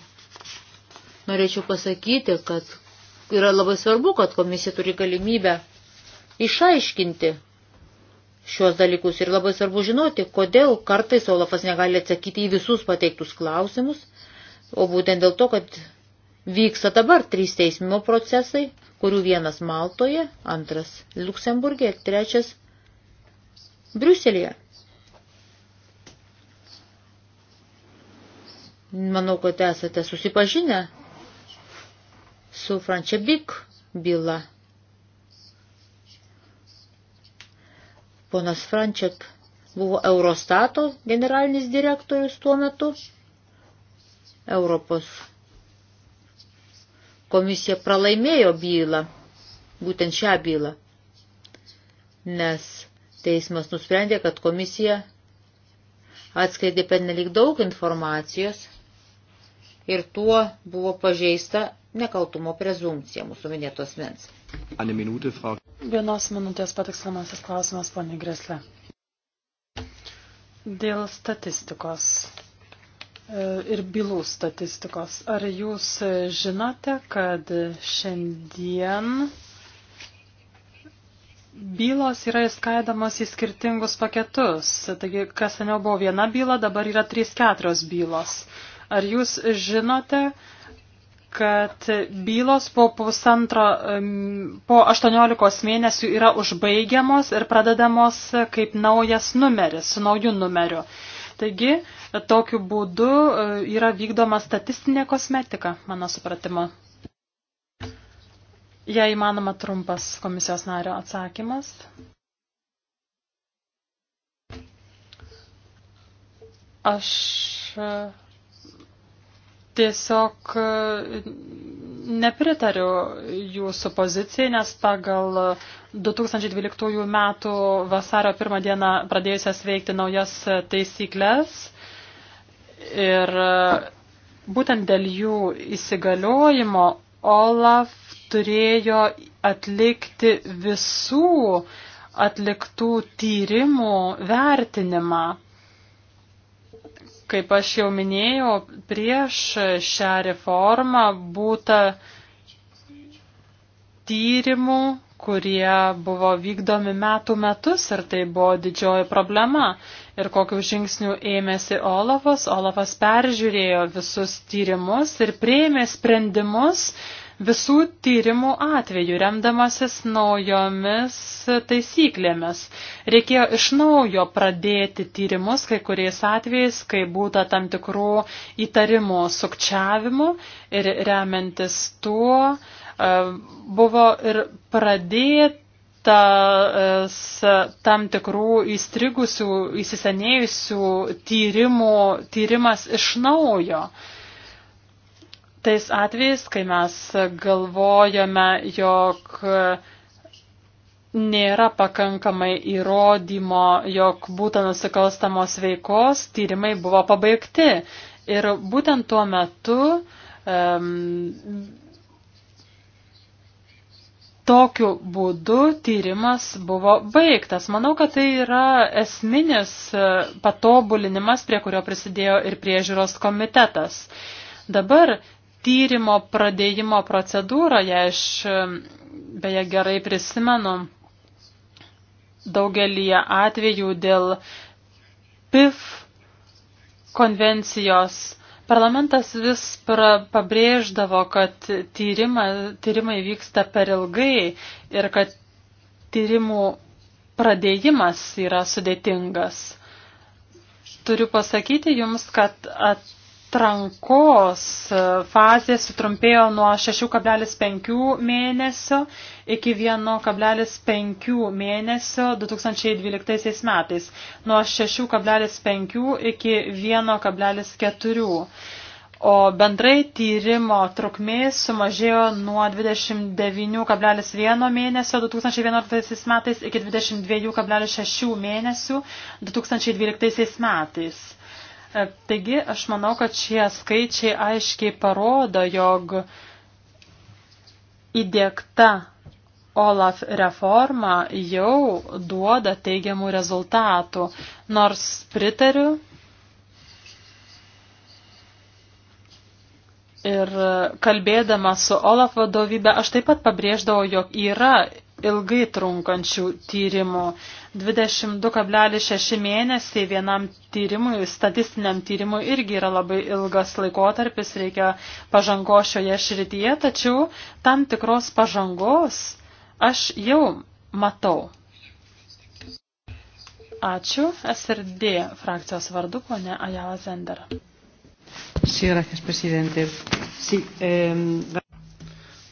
norėčiau pasakyti, kad yra labai svarbu, kad komisija turi galimybę išaiškinti šios dalykus ir labai svarbu žinoti, kodėl kartais Olafas negali atsakyti į visus pateiktus klausimus, o būtent dėl to, kad vyksta dabar trys teismimo procesai, kurių vienas Maltoje, antras Luksemburgė ir trečias Briuselėje. Manau, kad esate susipažinę su Frančiabik byla. Ponas Frančiak buvo Eurostato generalinis direktorius tuo metu. Europos komisija pralaimėjo bylą, būtent šią bylą, nes teismas nusprendė, kad komisija atskleidė per nelik daug informacijos ir tuo buvo pažeista nekaltumo prezumcija mūsų minėtos mens. Vienos minutės patikslamasis klausimas, ponė Greslė. Dėl statistikos e, ir bylų statistikos. Ar jūs žinote, kad šiandien bylos yra įskaidamos į skirtingus paketus? Taigi, kas seniau buvo viena byla, dabar yra 3-4 bylos. Ar jūs žinote, kad bylos po pusantro, po 18 mėnesių yra užbaigiamos ir pradedamos kaip naujas numeris, su nauju numeriu. Taigi, tokiu būdu e, yra vykdoma statistinė kosmetika, mano supratimo. Jei įmanoma trumpas komisijos nario atsakymas. Aš tiesiog e, nepritariu jūsų pozicijai, nes pagal 2012 metų vasario pirmą dieną pradėjusias veikti naujas taisyklės ir e, būtent dėl jų įsigaliojimo Olaf turėjo atlikti visų atliktų tyrimų vertinimą. Kaip aš jau minėjau, prieš šią reformą būta tyrimų, kurie buvo vykdomi metų metus ir tai buvo didžioji problema. Ir kokių žingsnių ėmėsi Olafas. Olafas peržiūrėjo visus tyrimus ir prieėmė sprendimus, uh, visų tyrimų atveju, remdamasis naujomis taisyklėmis. Reikėjo iš naujo pradėti tyrimus kai kuriais atvejais, kai būta tam tikrų įtarimų sukčiavimu ir remiantis tuo e, buvo ir pradėti tas e, tam tikrų įstrigusių, įsisenėjusių tyrimų tyrimas iš naujo. Uh, tais atvejais, kai mes galvojame, jog nėra pakankamai įrodymo, jog būtų nusikalstamos veikos, tyrimai buvo pabaigti. Ir būtent tuo metu um, tokiu būdu tyrimas buvo baigtas. Manau, kad tai yra esminis e, patobulinimas, prie kurio prisidėjo ir priežiūros komitetas. Dabar tyrimo pradėjimo procedūrą, ją aš beje gerai prisimenu, daugelį atvejų dėl PIF konvencijos Parlamentas vis pra, pabrėždavo, kad tyrima, tyrimai vyksta per ilgai ir kad tyrimų pradėjimas yra sudėtingas. Turiu pasakyti Jums, kad at, atrankos fazė sutrumpėjo nuo 6,5 mėnesio iki 1,5 mėnesio 2012 metais, nuo 6,5 iki 1,4. O bendrai tyrimo trukmė sumažėjo nuo 29,1 mėnesio 2011 metais iki 22,6 mėnesių 2012 metais. E, taigi aš manau, kad šie skaičiai aiškiai parodo, jog įdėkta OLAF reforma jau duoda teigiamų rezultatų, nors pritariu ir kalbėdama su OLAF vadovybė aš taip pat pabrėždavau, jog yra ilgai trunkančių tyrimų. 22,6 mėnesiai vienam tyrimui, statistiniam tyrimui irgi yra labai ilgas laikotarpis, reikia pažango šioje šrityje, tačiau tam tikros pažangos aš jau matau. Ačiū. SRD frakcijos vardu, ponė Ajala Zender. Sí, gracias, presidente. Sí, eh...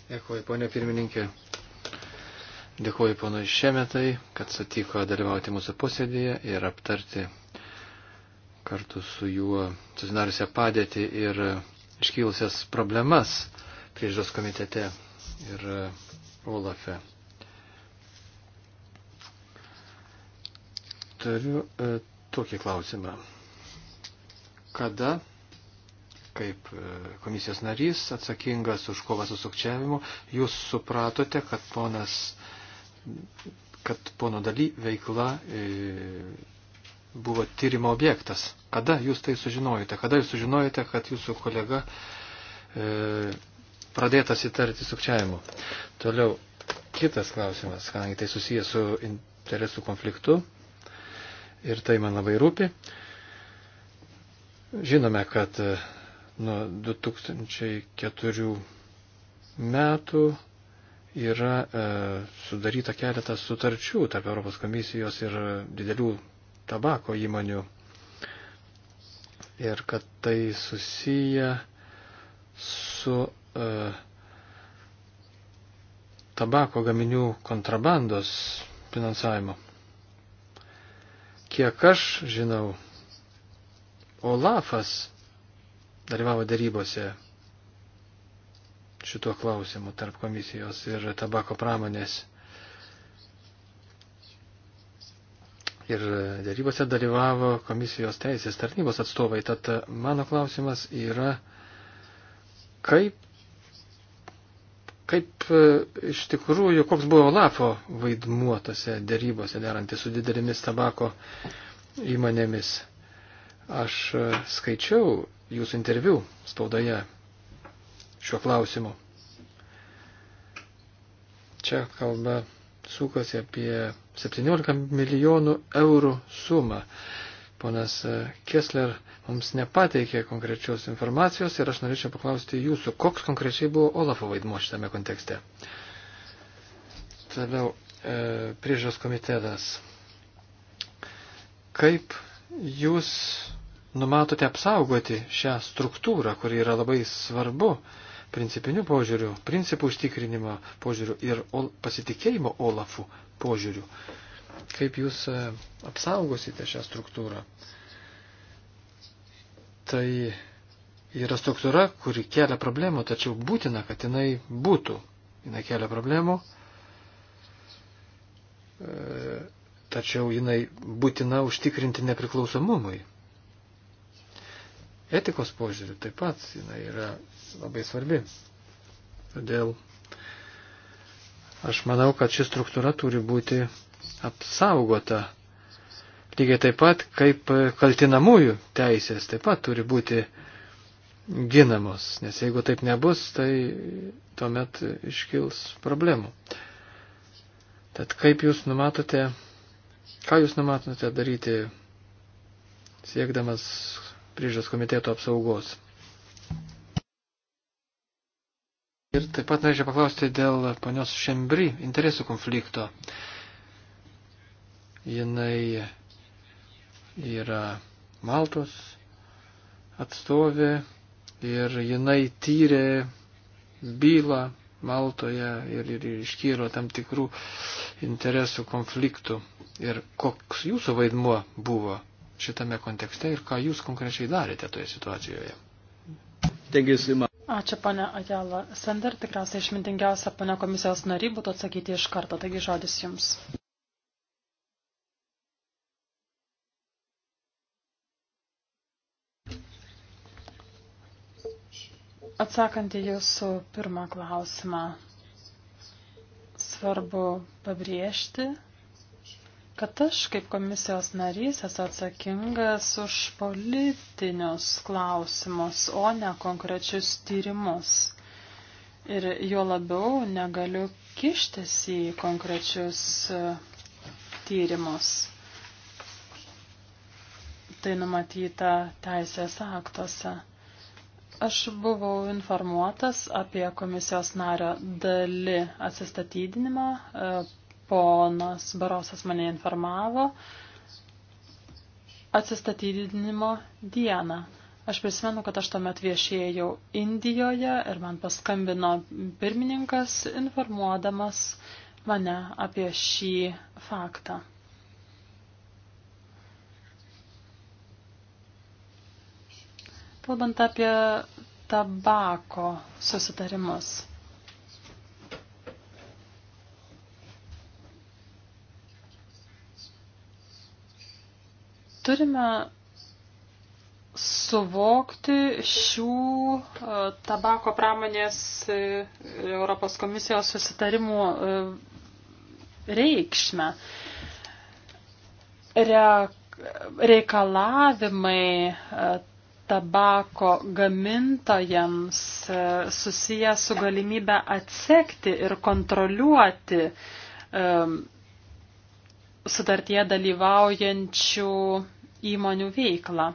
Dėkui, ponė pirmininkė. Dėkuoju ponui Šemetai, kad sutiko dalyvauti mūsų posėdėje ir aptarti kartu su juo susidariusią padėtį ir iškilusias problemas priežiūros komitete ir uh, Olafe. Turiu e, tokį klausimą. Kada, kaip e, komisijos narys atsakingas už kovą su sukčiavimu, jūs supratote, kad ponas kad pono daly veikla e, buvo tyrimo objektas. Kada jūs tai sužinojote? Kada jūs sužinojote, kad jūsų kolega e, pradėtas įtarti sukčiavimu? Toliau, kitas klausimas, kadangi tai susijęs su interesų konfliktu ir tai man labai rūpi. Žinome, kad e, nuo 2004 metų yra e, sudaryta keletas sutarčių tarp Europos komisijos ir didelių tabako įmonių. Ir kad tai susiję su e, tabako gaminių kontrabandos finansavimo. Kiek aš žinau, Olafas dalyvavo darybose šituo klausimu tarp komisijos ir tabako pramonės. Ir dėrybose dalyvavo komisijos teisės tarnybos atstovai. Tad mano klausimas yra, kaip, kaip e, iš tikrųjų, koks buvo Olafo vaidmuotose dėrybose derantys su didelėmis tabako įmonėmis. Aš skaičiau jūsų interviu spaudoje šiuo klausimu. Čia kalba sukosi apie 17 milijonų eurų sumą. Ponas Kessler mums nepateikė konkrečios informacijos ir aš norėčiau paklausti jūsų, koks konkrečiai buvo Olafo vaidmo šitame kontekste. Toliau e, priežas komitetas. Kaip jūs numatote apsaugoti šią struktūrą, kuri yra labai svarbu e, principinių požiūrių, principų užtikrinimo požiūrių ir pasitikėjimo Olafu požiūrių. Kaip jūs e, apsaugosite šią struktūrą? Tai yra struktūra, kuri kelia problemų, tačiau būtina, kad jinai būtų. Jinai kelia problemų, e, tačiau jinai būtina užtikrinti nepriklausomumui etikos požiūrių taip pat jinai yra labai svarbi. Todėl aš manau, kad ši struktūra turi būti apsaugota. Lygiai taip pat, kaip kaltinamųjų teisės taip pat turi būti ginamos, nes jeigu taip nebus, tai tuomet iškils problemų. Tad kaip jūs numatote, ką jūs numatote daryti, siekdamas priežas komiteto apsaugos. Ir taip pat norėčiau paklausti dėl panios Šembri interesų konflikto. Jinai yra Maltos atstovė ir jinai tyrė bylą Maltoje ir, ir, ir iškyro tam tikrų interesų konfliktų. Ir koks jūsų vaidmuo buvo šitame kontekste ir ką jūs konkrečiai darėte toje situacijoje. Ačiū, pane Ajala. Sender, tikriausiai išmintingiausia, pane komisijos nariai, būtų atsakyti iš karto, taigi žodis jums. Atsakant į jūsų pirmą klausimą, svarbu pabrėžti, kad aš kaip komisijos narys esu atsakingas už politinius klausimus, o ne konkrečius tyrimus. Ir jo labiau negaliu kištis į konkrečius e, tyrimus. Tai numatyta teisės aktuose. Aš buvau informuotas apie komisijos nario dali atsistatydinimą e, ponas Barosas mane informavo atsistatydinimo dieną. Aš prisimenu, kad aš tuomet viešėjau Indijoje ir man paskambino pirmininkas informuodamas mane apie šį faktą. Kalbant apie tabako susitarimus. Turime suvokti šių e, tabako pramonės e, Europos komisijos susitarimų e, reikšmę. Re, reikalavimai tabako gamintojams susiję su galimybę atsekti ir kontroliuoti sutartie dalyvaujančių įmonių veiklą.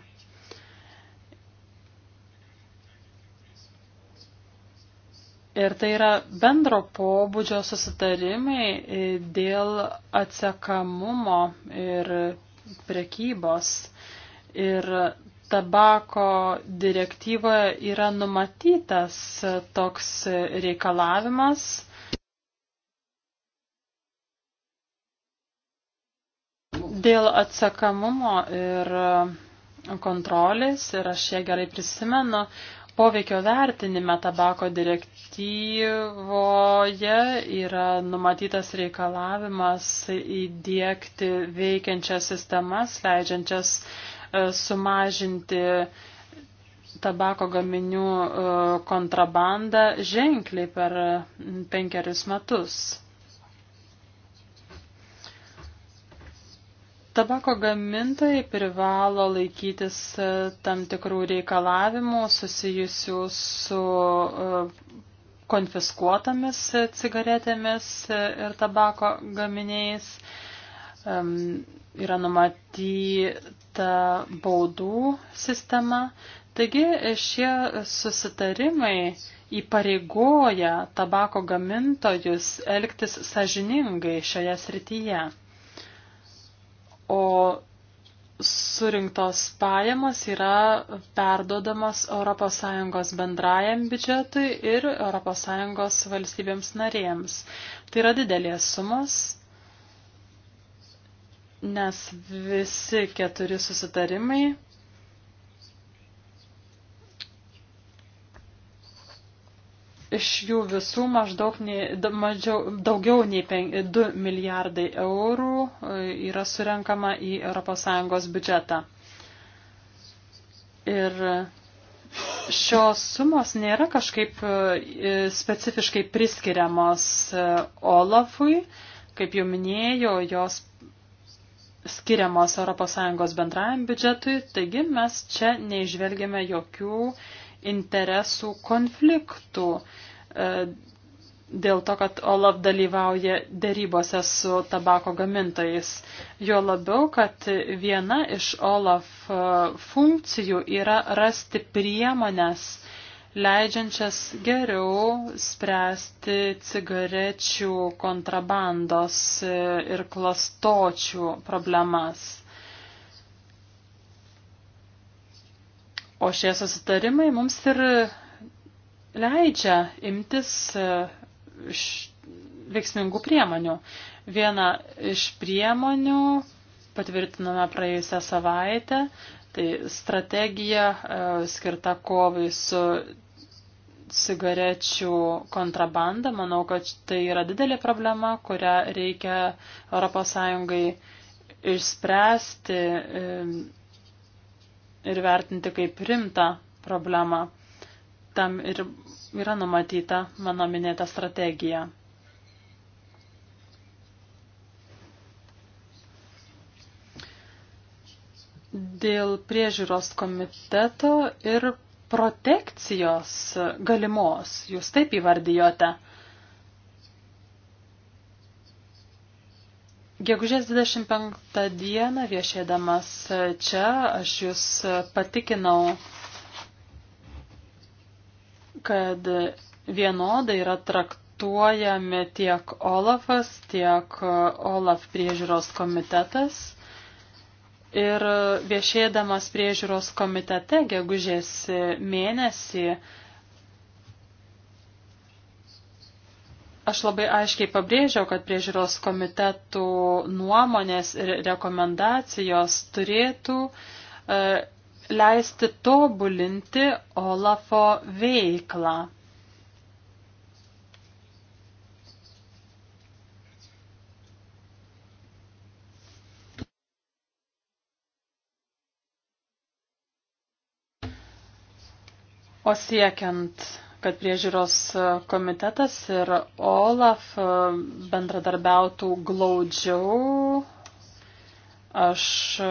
Ir tai yra bendro pobūdžio susitarimai e, dėl atsekamumo ir prekybos. Ir tabako direktyvoje yra numatytas toks reikalavimas Dėl atsakamumo ir kontrolės, ir aš jie gerai prisimenu, poveikio vertinime tabako direktyvoje yra numatytas reikalavimas įdėkti veikiančias sistemas, leidžiančias e, sumažinti tabako gaminių e, kontrabandą ženkliai per penkerius metus. Tabako gamintojai privalo laikytis e, tam tikrų reikalavimų susijusių su e, konfiskuotomis cigaretėmis e, ir tabako gaminiais. Yra numatyta baudų sistema. Taigi šie susitarimai įpareigoja tabako gamintojus elgtis sažiningai šioje srityje o surinktos pajamos yra perdodamas ES bendrajam biudžetui ir ES valstybėms narėms. Tai yra didelės sumos, nes visi keturi susitarimai iš jų visų maždaug nei, mažiau, daugiau nei 2 milijardai eurų e, yra surenkama į ES biudžetą. Ir šios sumos nėra kažkaip e, e, specifiškai priskiriamos Olafui, kaip jau minėjau, jos skiriamos ES bendrajam biudžetui, taigi mes čia neižvelgiame jokių uh, interesų konfliktų e, dėl to, kad OLAF dalyvauja dėrybose su tabako gamintojais. Jo labiau, kad viena iš OLAF e, funkcijų yra rasti priemonės, leidžiančias geriau spręsti cigarečių kontrabandos e, ir klastočių problemas. O šie susitarimai mums ir leidžia imtis e, veiksmingų priemonių. Viena iš priemonių patvirtiname praėjusią savaitę, tai strategija e, skirta kovai su cigarečių kontrabanda. Manau, kad tai yra didelė problema, kurią reikia ES išspręsti e, ir vertinti kaip rimtą problemą. Tam ir yra numatyta mano minėta strategija. Dėl priežiūros komiteto ir protekcijos galimos, jūs taip įvardijote. Gegužės 25 dieną viešėdamas čia aš jūs patikinau, kad vienodai yra traktuojami tiek Olafas, tiek Olaf priežiūros komitetas. Ir viešėdamas priežiūros komitete gegužės mėnesį Aš labai aiškiai pabrėžiau, kad priežiūros komitetų nuomonės ir rekomendacijos turėtų e, leisti tobulinti Olafo veiklą. O siekiant kad priežiūros komitetas ir OLAF e, bendradarbiautų glaudžiau. Aš e,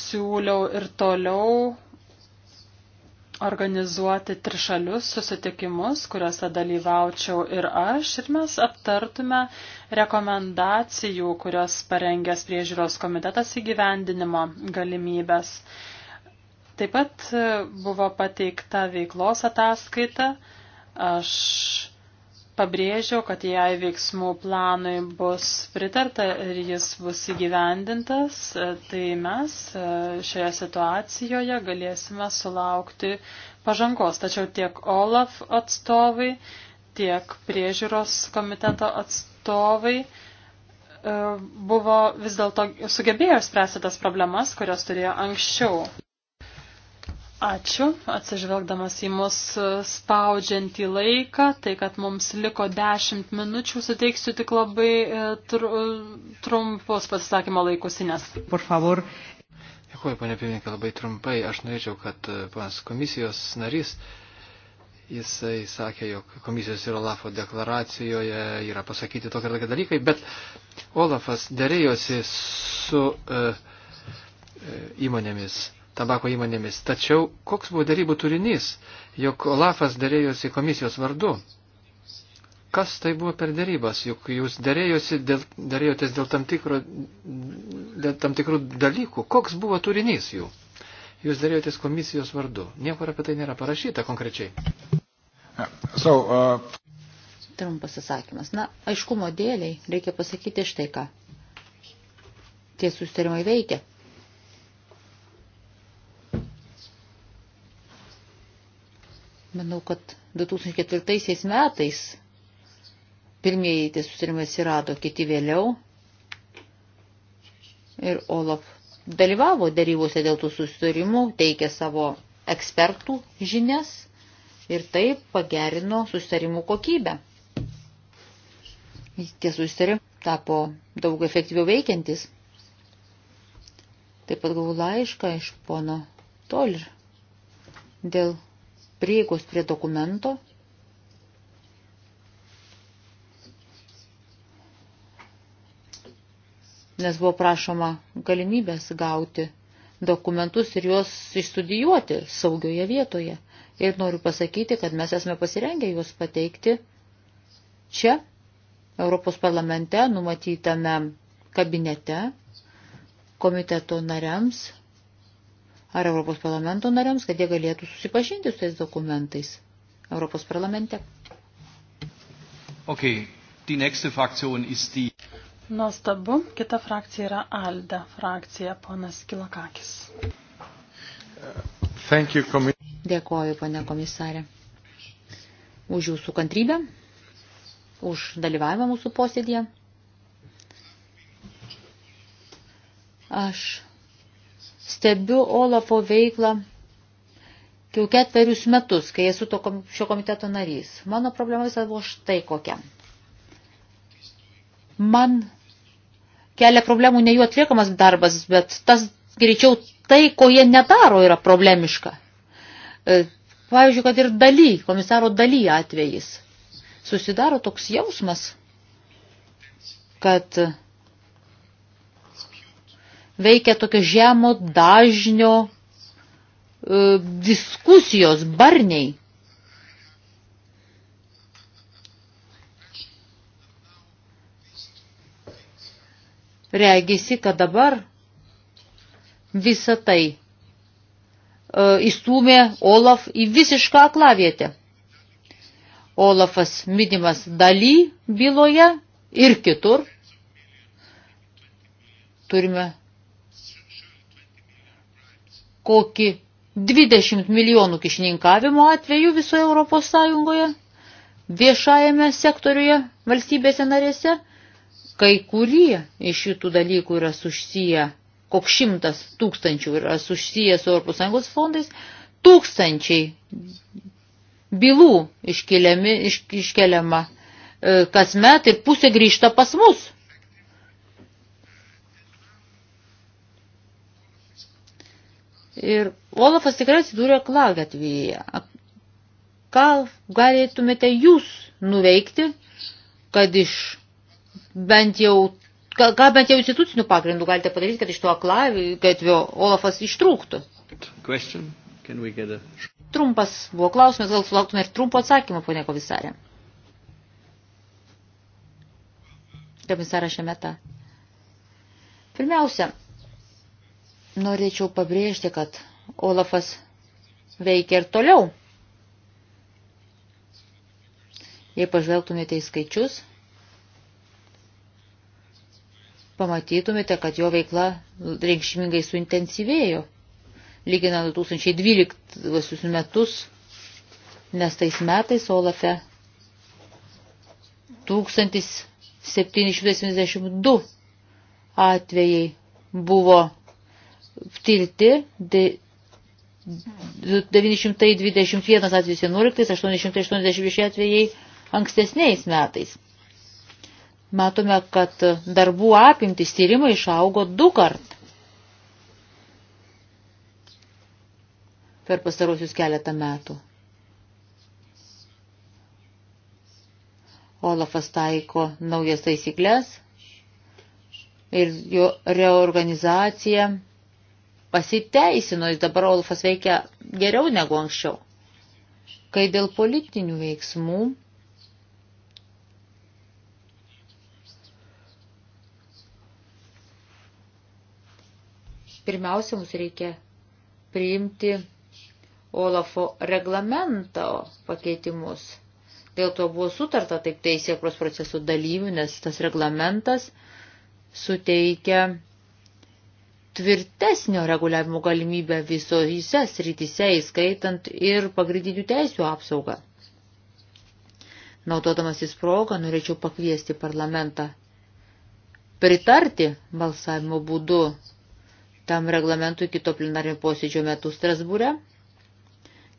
siūliau ir toliau organizuoti trišalius susitikimus, kuriuose dalyvaučiau ir aš, ir mes aptartume rekomendacijų, kurios parengęs priežiūros komitetas įgyvendinimo galimybės. Taip pat e, buvo pateikta veiklos ataskaita. Aš pabrėžiau, kad jei veiksmų planui bus pritarta ir jis bus įgyvendintas, e, tai mes e, šioje situacijoje galėsime sulaukti pažangos. Tačiau tiek OLAF atstovai, tiek priežiūros komiteto atstovai buvo vis dėlto sugebėjo spręsti tas problemas, kurias turėjo anksčiau. Ačiū, atsižvelgdamas į mus spaudžiantį laiką, tai kad mums liko dešimt minučių, suteiksiu tik labai e, tr trumpus pasisakymo laikusinės. Por favor. Dėkuoju, ponė Pirinkė, labai trumpai. Aš norėčiau, kad e, panas komisijos narys, jisai sakė, jog komisijos ir Olafo deklaracijoje yra pasakyti tokie tokie dalykai, bet Olafas dėrėjosi su uh, įmonėmis tabako įmonėmis. Tačiau koks buvo darybų turinys, jog Olafas dėrėjosi komisijos vardu? Kas tai buvo per darybas, juk jūs dėl, dėrėjotės dėl tam, tikro, dėl tam tikrų dalykų? Koks buvo turinys jų? Jūs dėrėjotės komisijos vardu. Niekur apie tai nėra parašyta konkrečiai. So, uh... Trumpas atsakymas. Na, aiškumo dėliai reikia pasakyti štai ką. Tie susitarimai veikia. Manau, kad 2004 metais pirmieji tie susitarimai atsirado, kiti vėliau. Ir Olaf dalyvavo darybose dėl tų susitarimų, teikė savo ekspertų žinias ir taip pagerino susitarimų kokybę. Tie susitarimai tapo daug efektyviau veikiantis. Taip pat gavau laišką iš pono Tolir dėl prieigos prie dokumento. Nes buvo prašoma galimybės gauti dokumentus ir juos išstudijuoti saugioje vietoje. Ir noriu pasakyti, kad mes esame pasirengę juos pateikti čia, Europos parlamente, numatytame kabinete, komiteto nariams ar Europos parlamento nariams, kad jie galėtų susipažinti su tais dokumentais Europos parlamente. Okay. Die nächste Fraktion ist die. Nuostabu, kita frakcija yra ALDE frakcija, ponas Kilakakis. Thank you, komis... Dėkoju, pane komisarė, už jūsų kantrybę, už dalyvavimą mūsų posėdėje. Aš stebiu Olafo veiklą jau ketverius metus, kai esu to, šio komiteto narys. Mano problema visą buvo štai kokia. Man kelia problemų ne jų atliekamas darbas, bet tas greičiau tai, ko jie nedaro, yra problemiška. E, pavyzdžiui, kad ir daly, komisaro daly atvejis. Susidaro toks jausmas, kad veikia tokio žemo dažnio e, diskusijos barniai. Regisi, kad dabar visą tai e, įstūmė Olaf į visišką aklavietę. Olafas minimas daly byloje ir kitur. Turime kokį 20 milijonų kišininkavimo atvejų visoje Europos Sąjungoje, viešajame sektoriuje, valstybėse narėse. Kai kurie iš šitų dalykų yra susiję, koks šimtas tūkstančių yra susiję su Europos Sąjungos fondais, tūkstančiai bylų iškeliami, iš, iškeliama e, kasmet ir pusė grįžta pas mus. Ir Olafas tikrai atsidūrė klagatvėje. Ką galėtumėte jūs nuveikti, kad iš bent jau, ką, ką bent jau institucinių pagrindų galite padaryti, kad iš to aklavigatvio Olafas ištrūktų? Question. Can we get a... Trumpas buvo klausimas, gal sulauktume ir trumpo atsakymą, ponė komisarė. Komisarė Šemeta. Pirmiausia, Norėčiau pabrėžti, kad Olafas veikia ir toliau. Jei pažvelgtumėte į skaičius, pamatytumėte, kad jo veikla reikšmingai suintensyvėjo, lyginant 2012 metus, nes tais metais Olafe 1772 atvejai buvo tilti 921 atvejais 11, 886 atvejai ankstesniais metais. Matome, kad darbų apimtis tyrimai išaugo du kart per pastarosius keletą metų. Olafas taiko naujas taisyklės ir jo reorganizacija pasiteisino, jis dabar Olafas veikia geriau negu anksčiau. Kai dėl politinių veiksmų pirmiausia, mums reikia priimti Olafo reglamento pakeitimus. Dėl to buvo sutarta taip teisėkros procesų dalyvių, nes tas reglamentas suteikia tvirtesnio reguliavimo galimybę visose srityse, įskaitant ir pagrindinių teisių apsaugą. Naudodamas į sprogą, norėčiau pakviesti parlamentą pritarti balsavimo būdu tam reglamentui kito plenarinio posėdžio metu Strasbūre,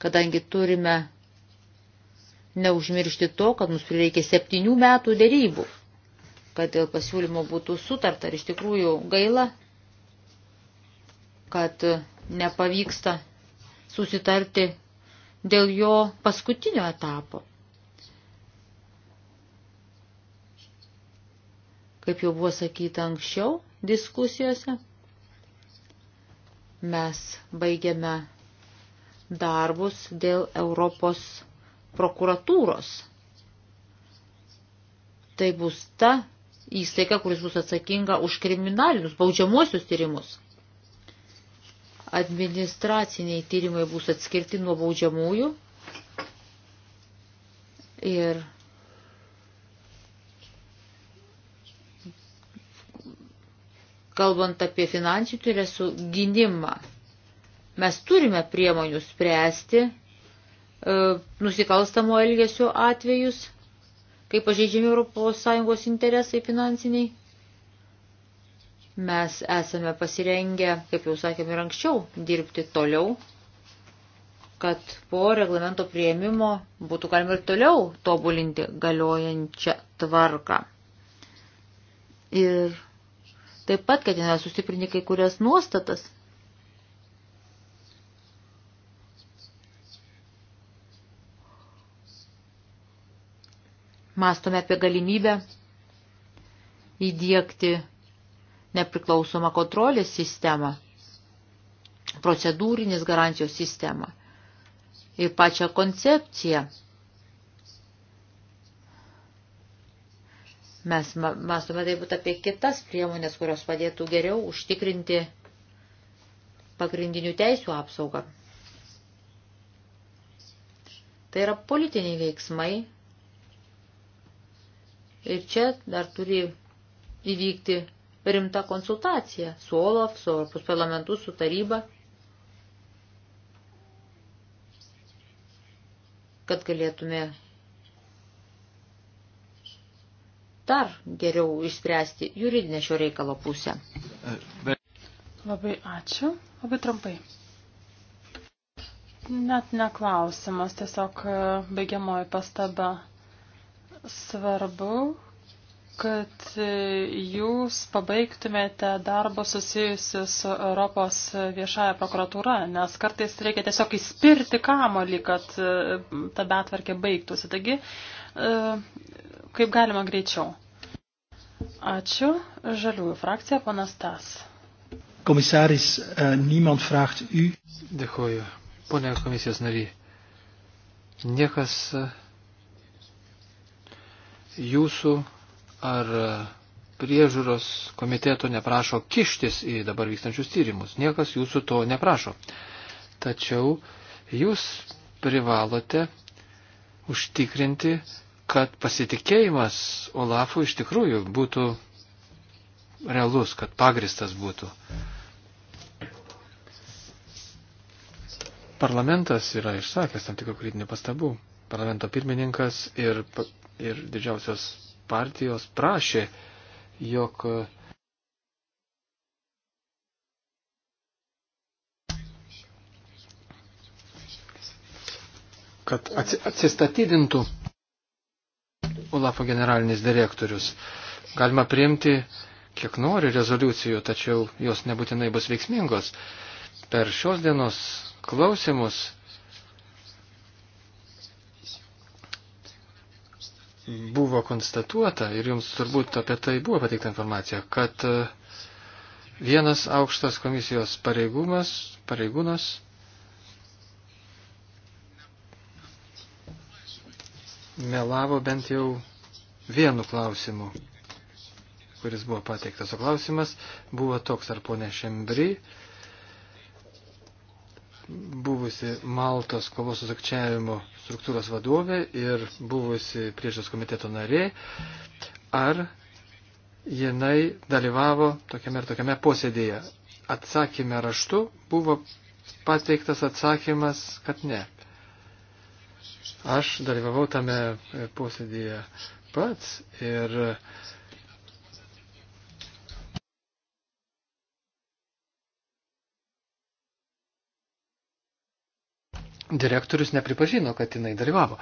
kadangi turime neužmiršti to, kad mums prireikė septynių metų dėrybų, kad dėl pasiūlymo būtų sutarta ir iš tikrųjų gaila, kad nepavyksta susitarti dėl jo paskutinio etapo. Kaip jau buvo sakyta anksčiau diskusijose, mes baigiame darbus dėl Europos prokuratūros. Tai bus ta įstaiga, kuris bus atsakinga už kriminalinius, baudžiamuosius tyrimus administraciniai tyrimai bus atskirti nuo baudžiamųjų ir kalbant apie finansinių interesų tai gynimą, mes turime priemonių spręsti e, nusikalstamo elgesio atvejus, kai pažeidžiami ES interesai finansiniai. Mes esame pasirengę, kaip jau sakėme ir anksčiau, dirbti toliau, kad po reglamento prieimimo būtų galima ir toliau tobulinti galiojančią tvarką. Ir taip pat, kad jie sustiprinti kai kurias nuostatas, mastome apie galimybę įdėkti nepriklausomą kontrolės sistemą, procedūrinės garantijos sistemą ir pačią koncepciją. Mes mąstome taip pat apie kitas priemonės, kurios padėtų geriau užtikrinti pagrindinių teisų apsaugą. Tai yra politiniai veiksmai. Ir čia dar turi įvykti rimta konsultacija su OLAF, su Europos parlamentu, su taryba, kad galėtume dar geriau išspręsti juridinę šio reikalo pusę. Labai ačiū, labai trumpai. Net neklausimas, tiesiog baigiamoji pastaba. Svarbu, kad jūs pabaigtumėte darbą susijusiu su Europos viešaja prokuratūra, nes kartais reikia tiesiog įspirti kamolį, kad e, ta betvarkė baigtųsi. Taigi, e, kaip galima greičiau. Ačiū. Žaliųjų frakcija, panas Tas. Komisaris, e, niemand vraagt u. Dėkuoju. Pone komisijos nariai, niekas jūsų ar priežiūros komiteto neprašo kištis į dabar vykstančius tyrimus. Niekas jūsų to neprašo. Tačiau jūs privalote užtikrinti, kad pasitikėjimas Olafu iš tikrųjų būtų realus, kad pagristas būtų. Parlamentas yra išsakęs tam tikrų kritinių pastabų. Parlamento pirmininkas ir, ir didžiausios partijos prašė, jog kad atsistatydintų Olafo generalinis direktorius. Galima priimti kiek nori rezoliucijų, tačiau jos nebūtinai bus veiksmingos. Per šios dienos klausimus buvo konstatuota, ir jums turbūt apie tai buvo pateikta informacija, kad e, vienas aukštas komisijos pareigūnas, pareigūnas melavo bent jau vienu klausimu, kuris buvo pateiktas. O klausimas buvo toks, ar ponė Šembri, buvusi Maltos kovos su zakčiavimu struktūros vadovė ir buvusi priežas komiteto narė, ar jinai dalyvavo tokiame ir tokiame posėdėje. Atsakymė raštu buvo pateiktas atsakymas, kad ne. Aš dalyvavau tame posėdėje pats ir uh, direktorius nepripažino, kad jinai dalyvavo.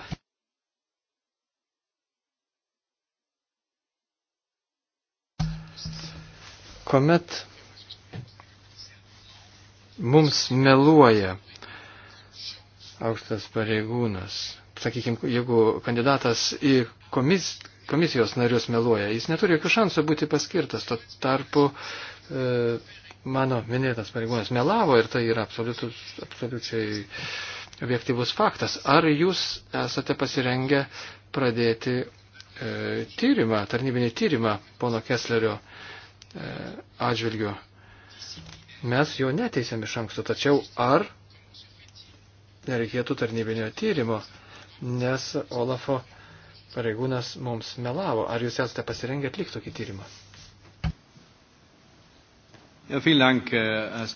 Komet mums meluoja aukštas pareigūnas, sakykime, jeigu kandidatas į komis, komisijos narius meluoja, jis neturi jokių šansų būti paskirtas. Tuo tarpu e, mano minėtas pareigūnas melavo ir tai yra absoliučiai objektivus faktas. Ar jūs esate pasirengę pradėti e, tyrimą, tarnybinį tyrimą pono Kesslerio e, atžvilgiu? Mes jo neteisėm iš anksto, tačiau ar nereikėtų tarnybinio tyrimo, nes Olafo pareigūnas mums melavo. Ar jūs esate pasirengę atlikti tokį tyrimą? Äh,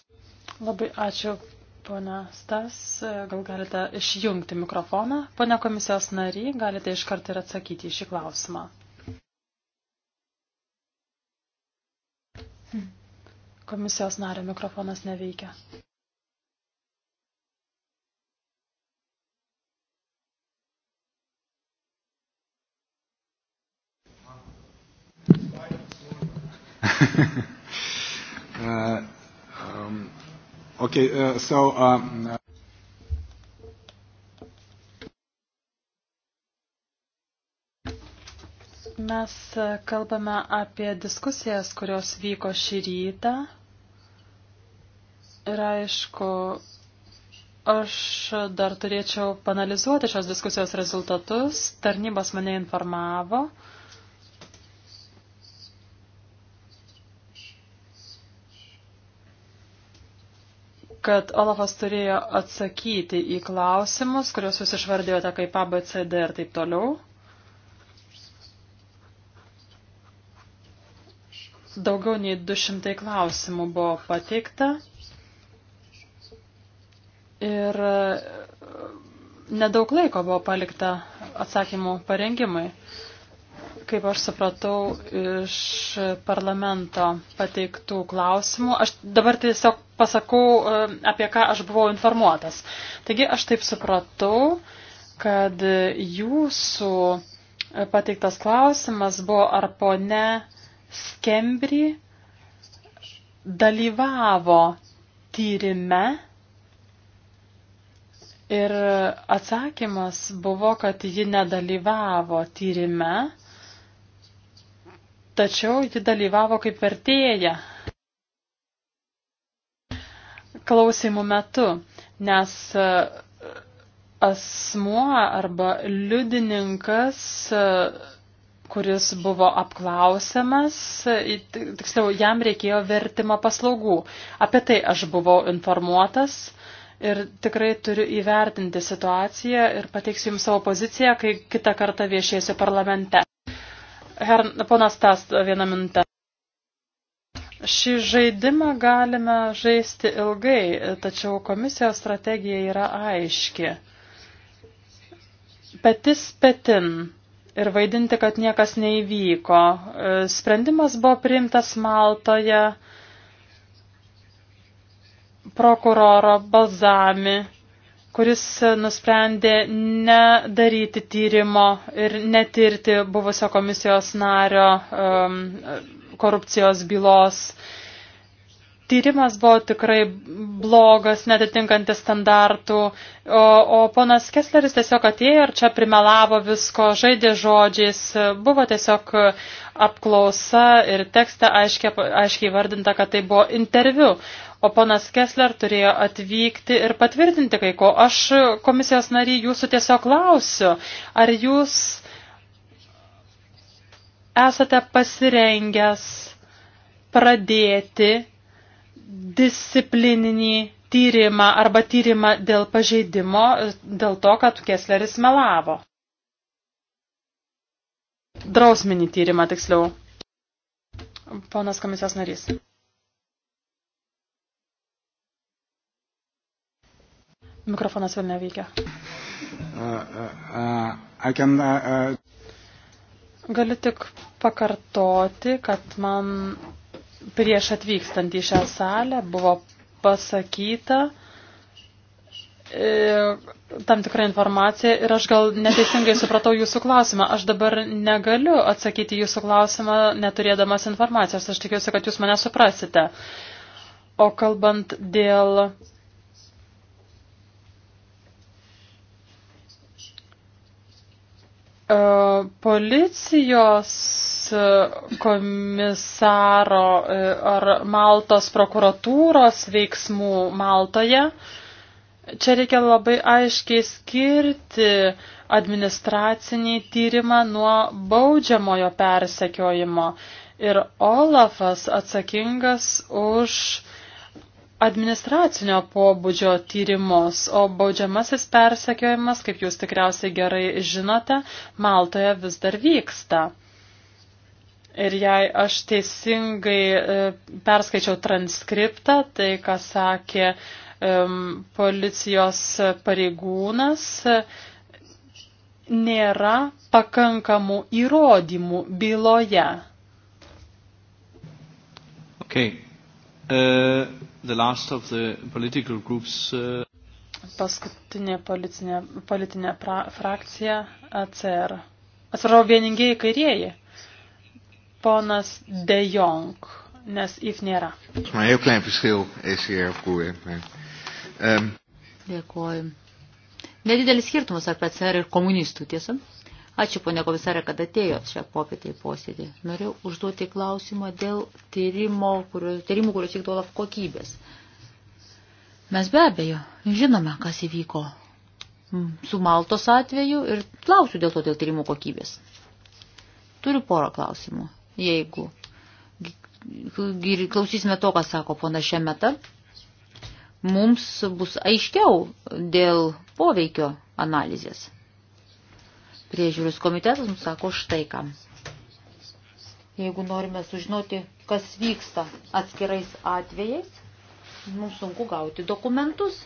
Labai ačiū Pone Stas, gal galite išjungti mikrofoną? Pone komisijos nary, galite iškart ir atsakyti į šį klausimą. Hmm. Komisijos nario mikrofonas neveikia. uh, Okay, uh, so, um, Mes uh, kalbame apie diskusijas, kurios vyko šį rytą. Ir aišku, aš dar turėčiau panalizuoti šios diskusijos rezultatus. Tarnybos mane informavo. Uh, kad Olafas turėjo atsakyti į klausimus, kuriuos jūs išvardėjote kaip ABCD ir taip toliau. Daugiau nei 200 klausimų buvo pateikta. Ir e, nedaug laiko buvo palikta atsakymų parengimui kaip aš supratau, iš parlamento pateiktų klausimų. Aš dabar tiesiog pasakau, e, apie ką aš buvau informuotas. Taigi aš taip supratau, kad jūsų pateiktas klausimas buvo, ar pone Skembri dalyvavo tyrime ir atsakymas buvo, kad ji nedalyvavo tyrime tačiau ji dalyvavo kaip vertėja klausimų metu, nes e, asmuo arba liudininkas, e, kuris buvo apklausiamas, e, tiksliau, jam reikėjo vertimo paslaugų. Apie tai aš buvau informuotas ir tikrai turiu įvertinti situaciją ir pateiksiu jums savo poziciją, kai kitą kartą viešėsiu parlamente. Her, ponas Tas, vieną minutę. Šį žaidimą galime žaisti ilgai, tačiau komisijos strategija yra aiški. Petis petin ir vaidinti, kad niekas neįvyko. Sprendimas buvo priimtas Maltoje prokuroro Balzami kuris e, nusprendė nedaryti tyrimo ir netirti buvusio komisijos nario um, korupcijos bylos. Tyrimas buvo tikrai blogas, netitinkantis standartų, o, o ponas Kessleris tiesiog atėjo ir čia primelavo visko, žaidė žodžiais, buvo tiesiog apklausa ir tekste aiškiai, aiškiai vardinta, kad tai buvo interviu. O ponas Kessler turėjo atvykti ir patvirtinti kai ko. Aš komisijos nary jūsų tiesiog klausiu, ar jūs esate pasirengęs pradėti disciplininį tyrimą arba tyrimą dėl pažeidimo, dėl to, kad Kessleris melavo. Drausminį tyrimą tiksliau. Ponas komisijos narys. Mikrofonas vėl neveikia. Uh, uh, can, uh, Galiu tik pakartoti, kad man prieš atvykstant į šią salę buvo pasakyta e, tam tikrą informaciją ir aš gal neteisingai supratau jūsų klausimą. Aš dabar negaliu atsakyti jūsų klausimą neturėdamas informacijos. Aš tikiuosi, kad jūs mane suprasite. O kalbant dėl E, policijos e, komisaro e, ar Maltos prokuratūros veiksmų Maltoje. Čia reikia labai aiškiai skirti administracinį tyrimą nuo baudžiamojo persekiojimo. Ir Olafas atsakingas už administracinio pobūdžio tyrimus, o baudžiamasis persekiojimas, kaip jūs tikriausiai gerai žinote, Maltoje vis dar vyksta. Ir jei aš teisingai e, perskaičiau transkriptą, tai ką sakė um, policijos pareigūnas, nėra pakankamų įrodymų byloje. Okay. Uh, the last of the political groups. Uh... Paskutinė politinė, politinė pra, frakcija ACR. Atsirau vieningieji kairieji. Ponas De Jong, nes IF nėra. Maar heel klein verschil ECR of GUE. Um. Ehm. Dėkuoju. Nedidelis skirtumas apie ACR ir komunistų, tiesa? Ačiū, ponė komisarė, kad atėjot šią popietę į posėdį. Norėjau užduoti klausimą dėl tyrimo, kurio, tyrimų, kurios vykdo lab kokybės. Mes be abejo žinome, kas įvyko su Maltos atveju ir klausiu dėl to dėl tyrimų kokybės. Turiu porą klausimų, jeigu klausysime to, ką sako pona Šemeta, mums bus aiškiau dėl poveikio analizės. Priežiūros komitetas mums sako štai kam. Jeigu norime sužinoti, kas vyksta atskirais atvejais, mums sunku gauti dokumentus.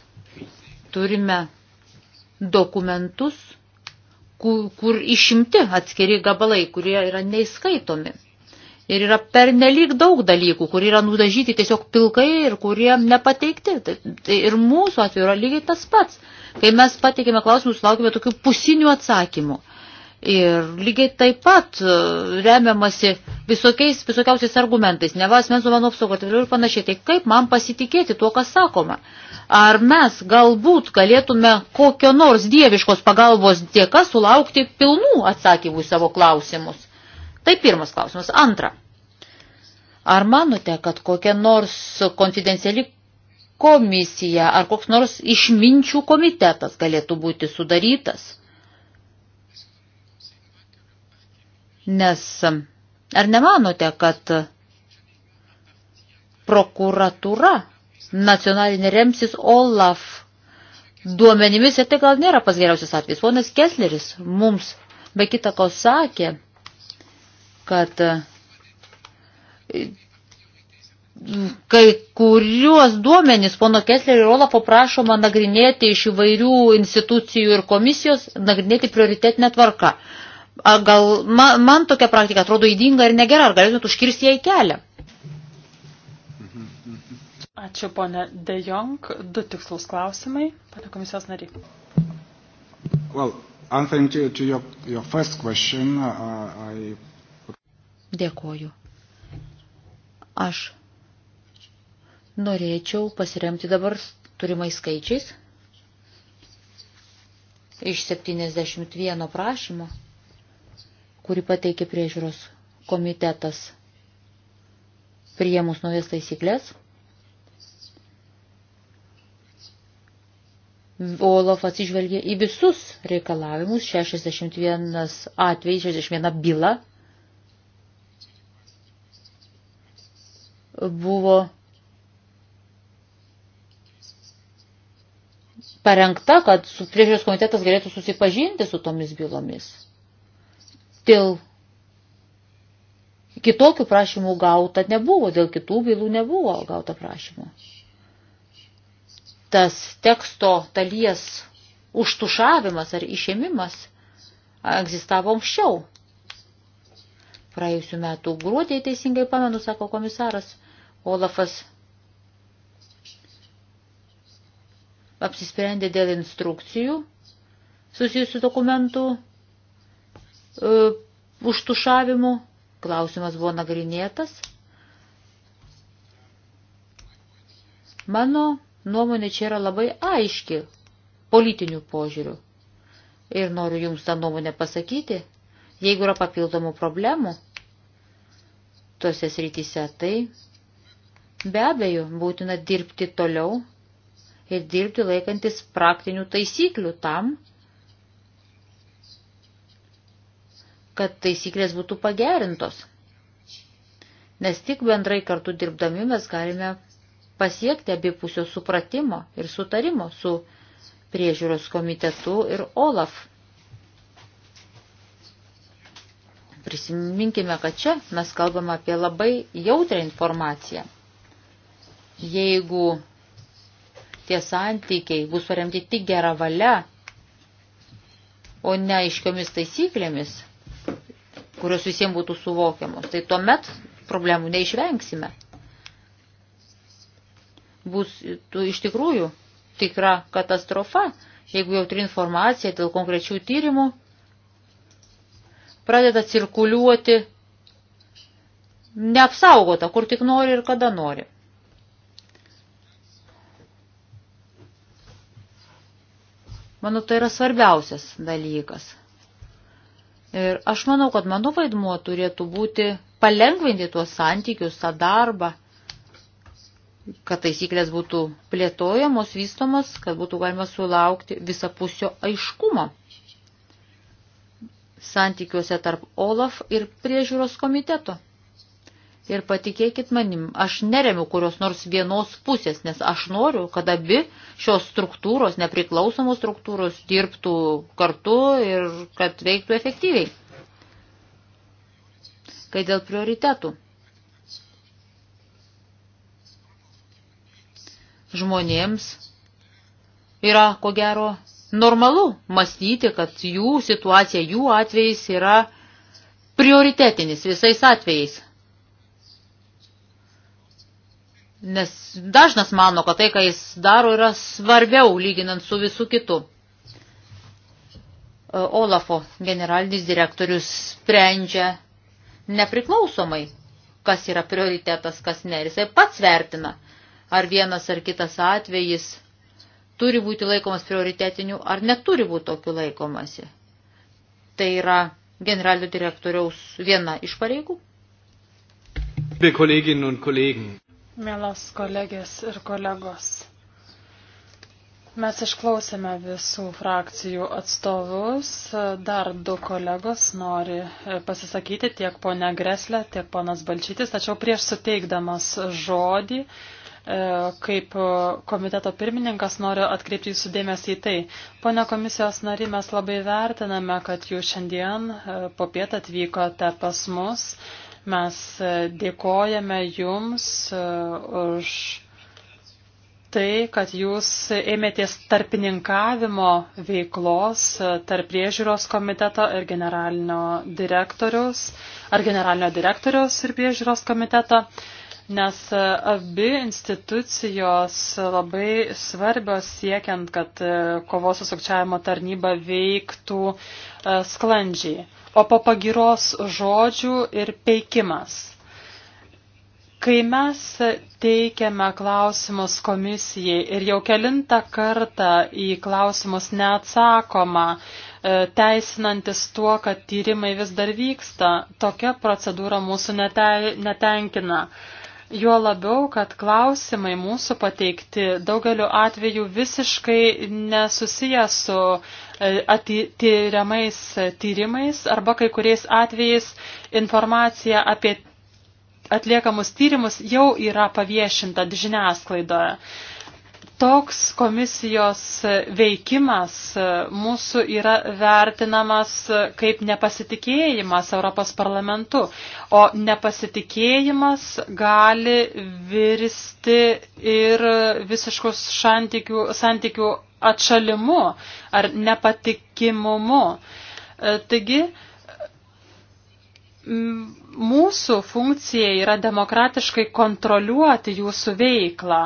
Turime dokumentus, kur, kur išimti atskiri gabalai, kurie yra neįskaitomi. Ir yra pernelyg daug dalykų, kurie yra nudažyti tiesiog pilkai ir kurie nepateikti. Tai, tai ir mūsų atveju yra lygiai tas pats. Kai mes pateikėme klausimus, sulaukime tokių pusinių atsakymų. Ir lygiai taip pat e, remiamasi visokiais, visokiausiais argumentais, neva asmens duomenų apsaugo ir panašiai. Tai kaip man pasitikėti tuo, kas sakoma? Ar mes galbūt galėtume kokio nors dieviškos pagalbos dėka sulaukti pilnų atsakymų į savo klausimus? Tai pirmas klausimas. Antra. Ar manote, kad kokia nors konfidenciali komisija ar koks nors išminčių komitetas galėtų būti sudarytas. Nes ar nemanote, kad prokuratūra nacionalinė remsis Olaf duomenimis ir tai gal nėra pas geriausias atvejs. Ponas Kessleris mums be kitako sakė, kad kai kuriuos duomenys pono Kesslerio ir Olafo prašoma nagrinėti iš įvairių institucijų ir komisijos, nagrinėti prioritetinę tvarką. Gal man, man tokia praktika atrodo įdinga ir negera, ar galėtumėt užkirsti ją į kelią? Ačiū, ponė De Jong. Du tikslus klausimai, pana komisijos nariai. Well, answering to, to your, your first question, uh, I... Dėkoju. Aš Norėčiau pasiremti dabar turimais skaičiais. Iš 71 prašymo, kurį pateikė priežiūros komitetas priėmus naujas taisyklės, Olaf atsižvelgė į visus reikalavimus, 61 atvejai, 61 byla buvo parengta, kad priežiūros komitetas galėtų susipažinti su tomis bylomis. Dėl kitokių prašymų gauta nebuvo, dėl kitų bylų nebuvo gauta prašymų. Tas teksto dalies užtušavimas ar išėmimas egzistavo anksčiau. Praėjusiu metu gruodį, teisingai pamenu, sako komisaras Olafas apsisprendė dėl instrukcijų susijusių dokumentų e, užtušavimų. Klausimas buvo nagrinėtas. Mano nuomonė čia yra labai aiški politinių požiūrių. Ir noriu jums tą nuomonę pasakyti, jeigu yra papildomų problemų tose srityse, tai be abejo būtina dirbti toliau ir dirbti laikantis praktinių taisyklių tam, kad taisyklės būtų pagerintos. Nes tik bendrai kartu dirbdami mes galime pasiekti abipusio supratimo ir sutarimo su priežiūros komitetu ir OLAF. Prisiminkime, kad čia mes kalbame apie labai jautrę informaciją. Jeigu tie santykiai bus paremti tik gerą valią, o ne aiškiomis taisyklėmis, kurios visiems būtų suvokiamos. Tai tuomet problemų neišvengsime. Bus tu, iš tikrųjų tikra katastrofa, jeigu jautri informacija dėl konkrečių tyrimų pradeda cirkuliuoti neapsaugota, kur tik nori ir kada nori. Manau, tai yra svarbiausias dalykas. Ir aš manau, kad mano vaidmuo turėtų būti palengvinti tuos santykius, tą darbą, kad taisyklės būtų plėtojamos, vystomos, kad būtų galima sulaukti visapusio aiškumo santykiuose tarp OLAF ir priežiūros komiteto. Ir patikėkit manim, aš neremiu kurios nors vienos pusės, nes aš noriu, kad abi šios struktūros, nepriklausomos struktūros, dirbtų kartu ir kad veiktų efektyviai. Kai dėl prioritetų. Žmonėms yra, ko gero, normalu mąstyti, kad jų situacija, jų atvejais yra prioritetinis visais atvejais Nes dažnas mano, kad tai, ką jis daro, yra svarbiau lyginant su visu kitu. E, Olafo generalinis direktorius sprendžia nepriklausomai, kas yra prioritetas, kas ne. Ir jisai pats vertina, ar vienas ar kitas atvejis turi būti laikomas prioritetiniu, ar neturi būti tokiu laikomasi. Tai yra generalinio direktoriaus viena iš pareigų. Liebe Kolleginnen und Kollegen, Mielos kolegės ir kolegos, mes išklausėme visų frakcijų atstovus. Dar du kolegos nori e, pasisakyti tiek ponia Greslė, tiek ponas Balčytis, tačiau prieš suteikdamas žodį e, kaip komiteto pirmininkas noriu atkreipti jūsų dėmesį į tai. Pone komisijos nari, mes labai vertiname, kad jūs šiandien e, po pietą atvykote pas mus. Mes e, dėkojame Jums e, už tai, kad Jūs ėmėtės tarpininkavimo veiklos e, tarp priežiūros komiteto ir generalinio direktoriaus, ar generalinio direktoriaus ir priežiūros komiteto nes abi institucijos labai svarbios siekiant, kad kovos su sukčiavimo tarnyba veiktų sklandžiai o po pagiros žodžių ir peikimas. Kai mes teikiame klausimus komisijai ir jau kelintą kartą į klausimus neatsakoma, e, teisinantis tuo, kad tyrimai vis dar vyksta, tokia procedūra mūsų netenkina. Juo labiau, kad klausimai mūsų pateikti daugeliu atveju visiškai nesusiję su e, tyriamais tyrimais arba kai kuriais atvejais informacija apie atliekamus tyrimus jau yra paviešinta žiniasklaidoje. Toks komisijos veikimas mūsų yra vertinamas kaip nepasitikėjimas Europos parlamentu, o nepasitikėjimas gali virsti ir visiškus santykių, santykių atšalimu ar nepatikimumu. Taigi, mūsų funkcija yra demokratiškai kontroliuoti jūsų veiklą.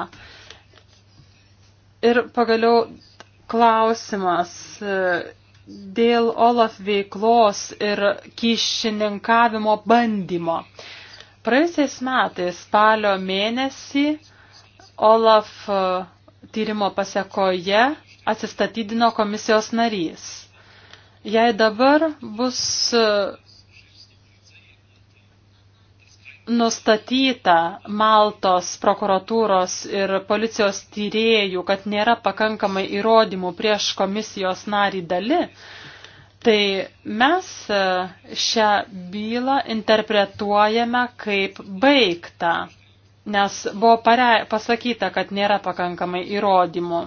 Ir pagaliau klausimas e, dėl Olaf veiklos ir kyšininkavimo bandymo. Praėjusiais metais spalio mėnesį Olaf e, tyrimo pasiekoje atsistatydino komisijos narys. Jei dabar bus e, nustatyta Maltos prokuratūros ir policijos tyrėjų, kad nėra pakankamai įrodymų prieš komisijos narį dali, tai mes e, šią bylą interpretuojame kaip baigtą, nes buvo parei, pasakyta, kad nėra pakankamai įrodymų.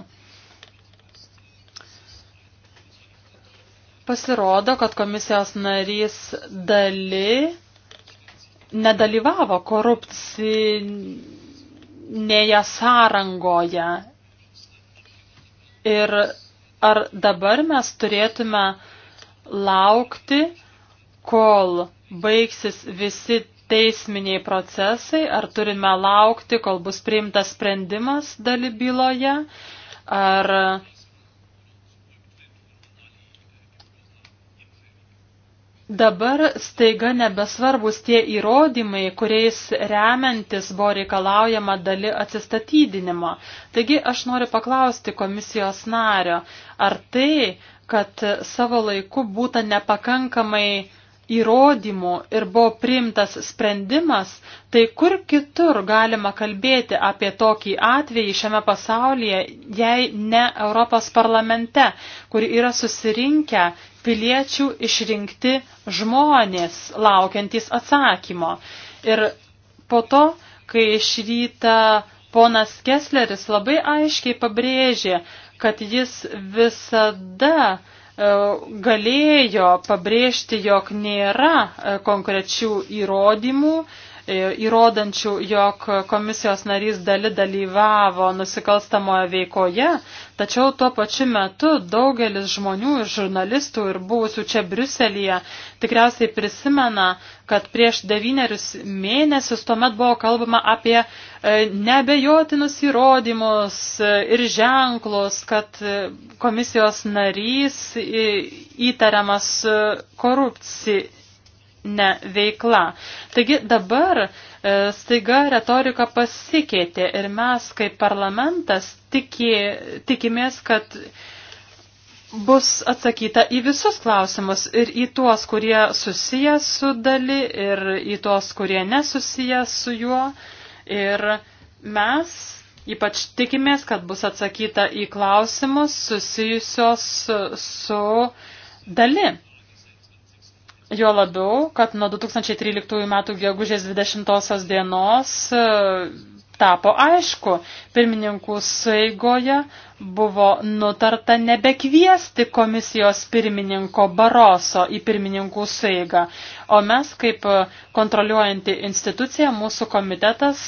Pasirodo, kad komisijos narys dali nedalyvavo korupcinėje sąrangoje. Ir ar dabar mes turėtume laukti, kol baigsis visi teisminiai procesai, ar turime laukti, kol bus priimtas sprendimas dalybyloje, ar Dabar staiga nebesvarbus tie įrodymai, kuriais remiantis buvo reikalaujama dali atsistatydinimo. Taigi aš noriu paklausti komisijos nario, ar tai, kad savo laiku būta nepakankamai įrodymų ir buvo priimtas sprendimas, tai kur kitur galima kalbėti apie tokį atvejį šiame pasaulyje, jei ne Europos parlamente, kur yra susirinkę piliečių išrinkti žmonės laukiantys atsakymo. Ir po to, kai iš ryta ponas Kessleris labai aiškiai pabrėžė, kad jis visada E, galėjo pabrėžti, jog nėra e, konkrečių įrodymų, E, įrodančių, jog komisijos narys dali dalyvavo nusikalstamoje veikoje, tačiau tuo pačiu metu daugelis žmonių ir žurnalistų ir buvusių čia Briuselėje tikriausiai prisimena, kad prieš devynerius mėnesius tuomet buvo kalbama apie e, nebejotinus įrodymus e, ir ženklus, kad komisijos narys įtariamas korupcijai ne veikla. Taigi dabar e, staiga retorika pasikeitė ir mes kaip parlamentas tiki, tikimės, kad bus atsakyta į visus klausimus ir į tuos, kurie susiję su dali ir į tuos, kurie nesusiję su juo. Ir mes Ypač tikimės, kad bus atsakyta į klausimus susijusios su, su dali. Jo labiau, kad nuo 2013 metų gegužės 20 dienos e, tapo aišku, pirmininkų saigoje buvo nutarta nebekviesti komisijos pirmininko Baroso į pirmininkų saigą, o mes kaip kontroliuojanti institucija, mūsų komitetas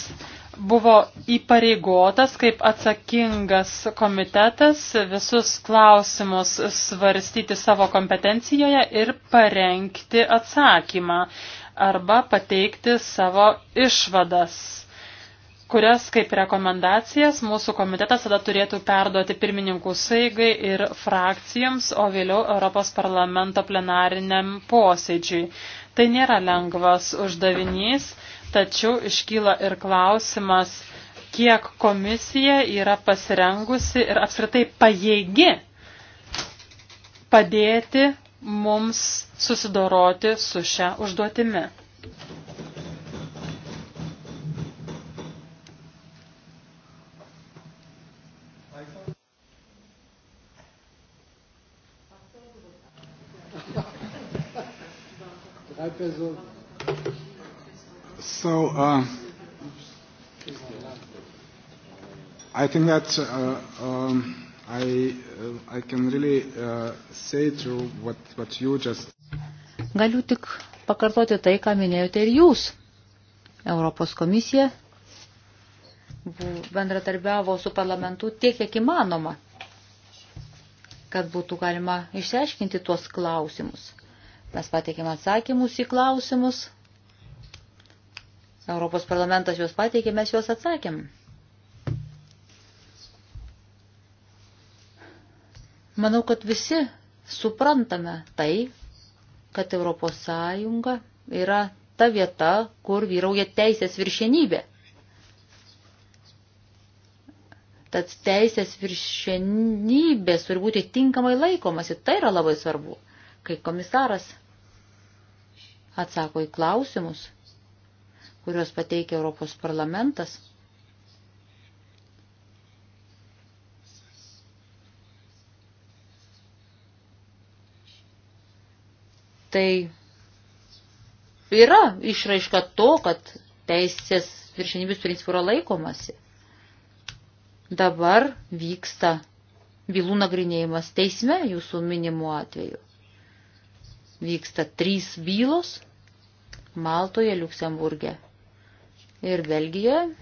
buvo įpareigotas kaip atsakingas komitetas visus klausimus svarstyti savo kompetencijoje ir parengti atsakymą arba pateikti savo išvadas kurias kaip rekomendacijas mūsų komitetas tada turėtų perduoti pirmininkų saigai ir frakcijoms, o vėliau Europos parlamento plenariniam posėdžiui. Tai nėra lengvas uždavinys Tačiau iškyla ir klausimas, kiek komisija yra pasirengusi ir apskritai pajėgi padėti mums susidoroti su šią užduotimi. Personen. So, uh, I think that uh, um, I, uh, I can really uh, say to what, what you just. Galiu tik pakartoti tai, ką minėjote ir jūs. Europos komisija bendratarbiavo su parlamentu tiek, kiek įmanoma, kad būtų galima išsiaiškinti tuos klausimus. Mes pateikėme atsakymus į klausimus Europos parlamentas juos pateikė, mes juos atsakėm. Manau, kad visi suprantame tai, kad Europos Sąjunga yra ta vieta, kur vyrauja teisės viršenybė. Tad teisės viršenybės turi būti tinkamai laikomasi. Tai yra labai svarbu, kai komisaras atsako į klausimus kuriuos pateikia Europos parlamentas, tai yra išraiška to, kad teisės viršenybės principų yra laikomasi. Dabar vyksta bylų nagrinėjimas teisme jūsų minimu atveju. Vyksta trys bylos Maltoje, Luksemburgė ir Belgijoje,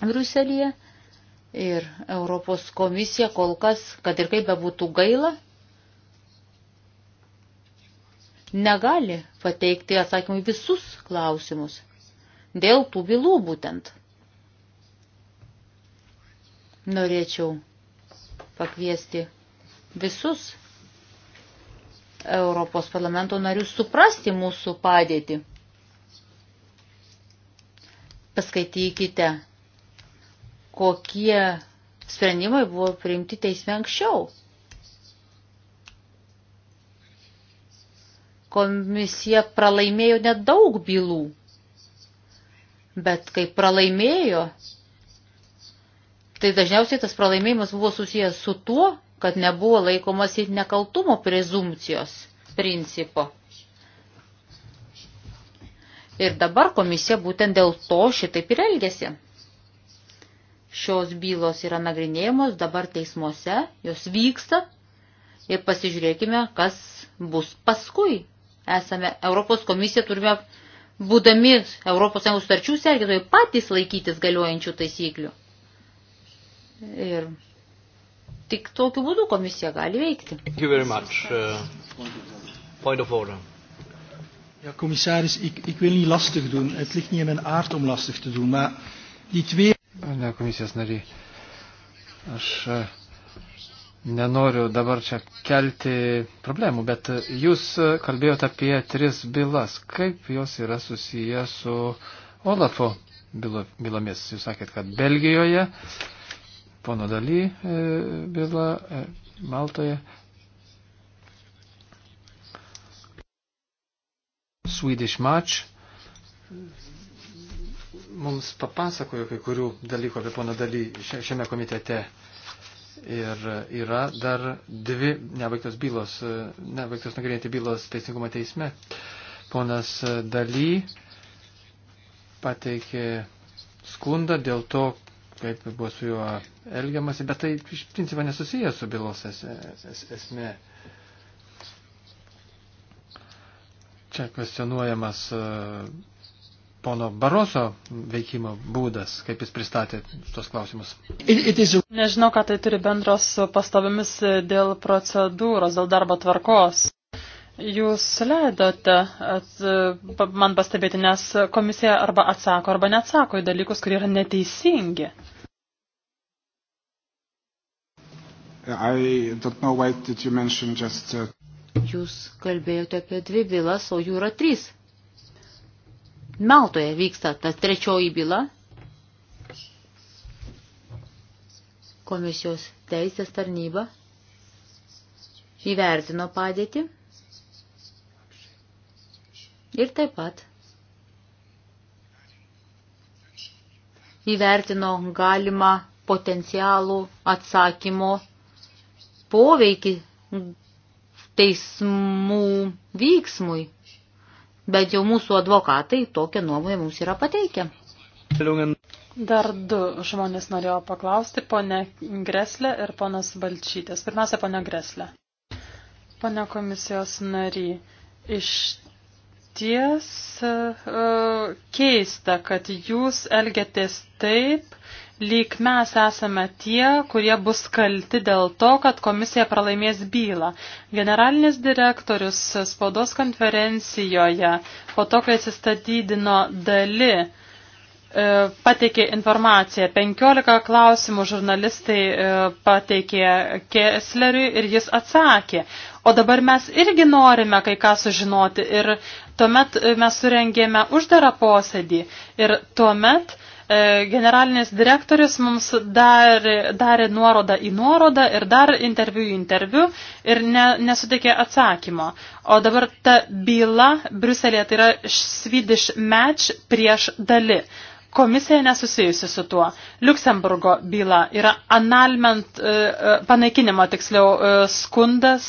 Briuselėje. Ir Europos komisija kol kas, kad ir kaip bebūtų gaila, negali pateikti atsakymų visus klausimus dėl tų bylų būtent. Norėčiau pakviesti visus Europos parlamento narius suprasti mūsų padėtį paskaitykite, kokie sprendimai buvo priimti teisme anksčiau. Komisija pralaimėjo nedaug bylų, bet kai pralaimėjo, tai dažniausiai tas pralaimėjimas buvo susijęs su tuo, kad nebuvo laikomas ir nekaltumo prezumcijos principo. Ir dabar komisija būtent dėl to šitaip ir elgesi. Šios bylos yra nagrinėjamos dabar teismuose, jos vyksta ir pasižiūrėkime, kas bus paskui. Esame Europos komisija, turime, būdami Europos Sąjungos starčių sergėtojai, patys laikytis galiojančių taisyklių. Ir tik tokiu būdu komisija gali veikti. Thank you very much. Uh, point of order. Ja, commissaris, ik, ik wil niet lastig doen. Het ligt niet in mijn aard om lastig te doen. Maar die twee. Ne, komisijos nariai. Aš e, nenoriu dabar čia kelti problemų, bet e, jūs e, kalbėjote apie tris bylas. Kaip jos yra susiję su Olafo bylomis? Jūs sakėt, kad Belgijoje, pono daly byla Maltoje Swedish Match mums papasakojo kai kurių dalykų apie poną daly šiame komitete. Ir yra dar dvi nebaigtos bylos, nebaigtos nagrinėti bylos teisingumo teisme. Ponas daly pateikė skundą dėl to, kaip buvo su juo elgiamasi, bet tai iš principo nesusijęs su bylos es, es, esmė. Es, Čia kvestionuojamas e, pono Baroso veikimo būdas, kaip jis pristatė tos klausimus. Nežinau, ką tai turi bendros pastovimis dėl procedūros, dėl darbo tvarkos. Jūs leidote at, man pastebėti, nes komisija arba atsako, arba neatsako į dalykus, kurie yra neteisingi. I don't know why did you mention just uh, Jūs kalbėjote apie dvi bylas, o jų yra trys. Maltoje vyksta ta trečioji byla. Komisijos teisės tarnyba įvertino padėtį ir taip pat įvertino galimą potencialų atsakymo poveikį teismų vyksmui. Bet jau mūsų advokatai tokią nuomonę mums yra pateikę. Dar du žmonės norėjo paklausti, ponė Greslė ir ponas Balčytės. Pirmiausia, ponė Greslė. Pone komisijos nary, iš ties uh, keista, kad jūs elgiatės taip, lyg mes esame tie, kurie bus kalti dėl to, kad komisija pralaimės bylą. Generalinis direktorius spaudos konferencijoje po to, kai atsistatydino dali, e, pateikė informaciją. 15 klausimų žurnalistai e, pateikė Kesleriui ir jis atsakė. O dabar mes irgi norime kai ką sužinoti ir tuomet e, mes surengėme uždarą posėdį ir tuomet E, generalinis direktorius mums dar, darė nuorodą į nuorodą ir dar interviu į interviu ir ne, nesuteikė atsakymo. O dabar ta byla Bruselėje tai yra Swedish Match prieš dali. Komisija nesusijusi su tuo. Luksemburgo byla yra analment e, e, panaikinimo tiksliau skundas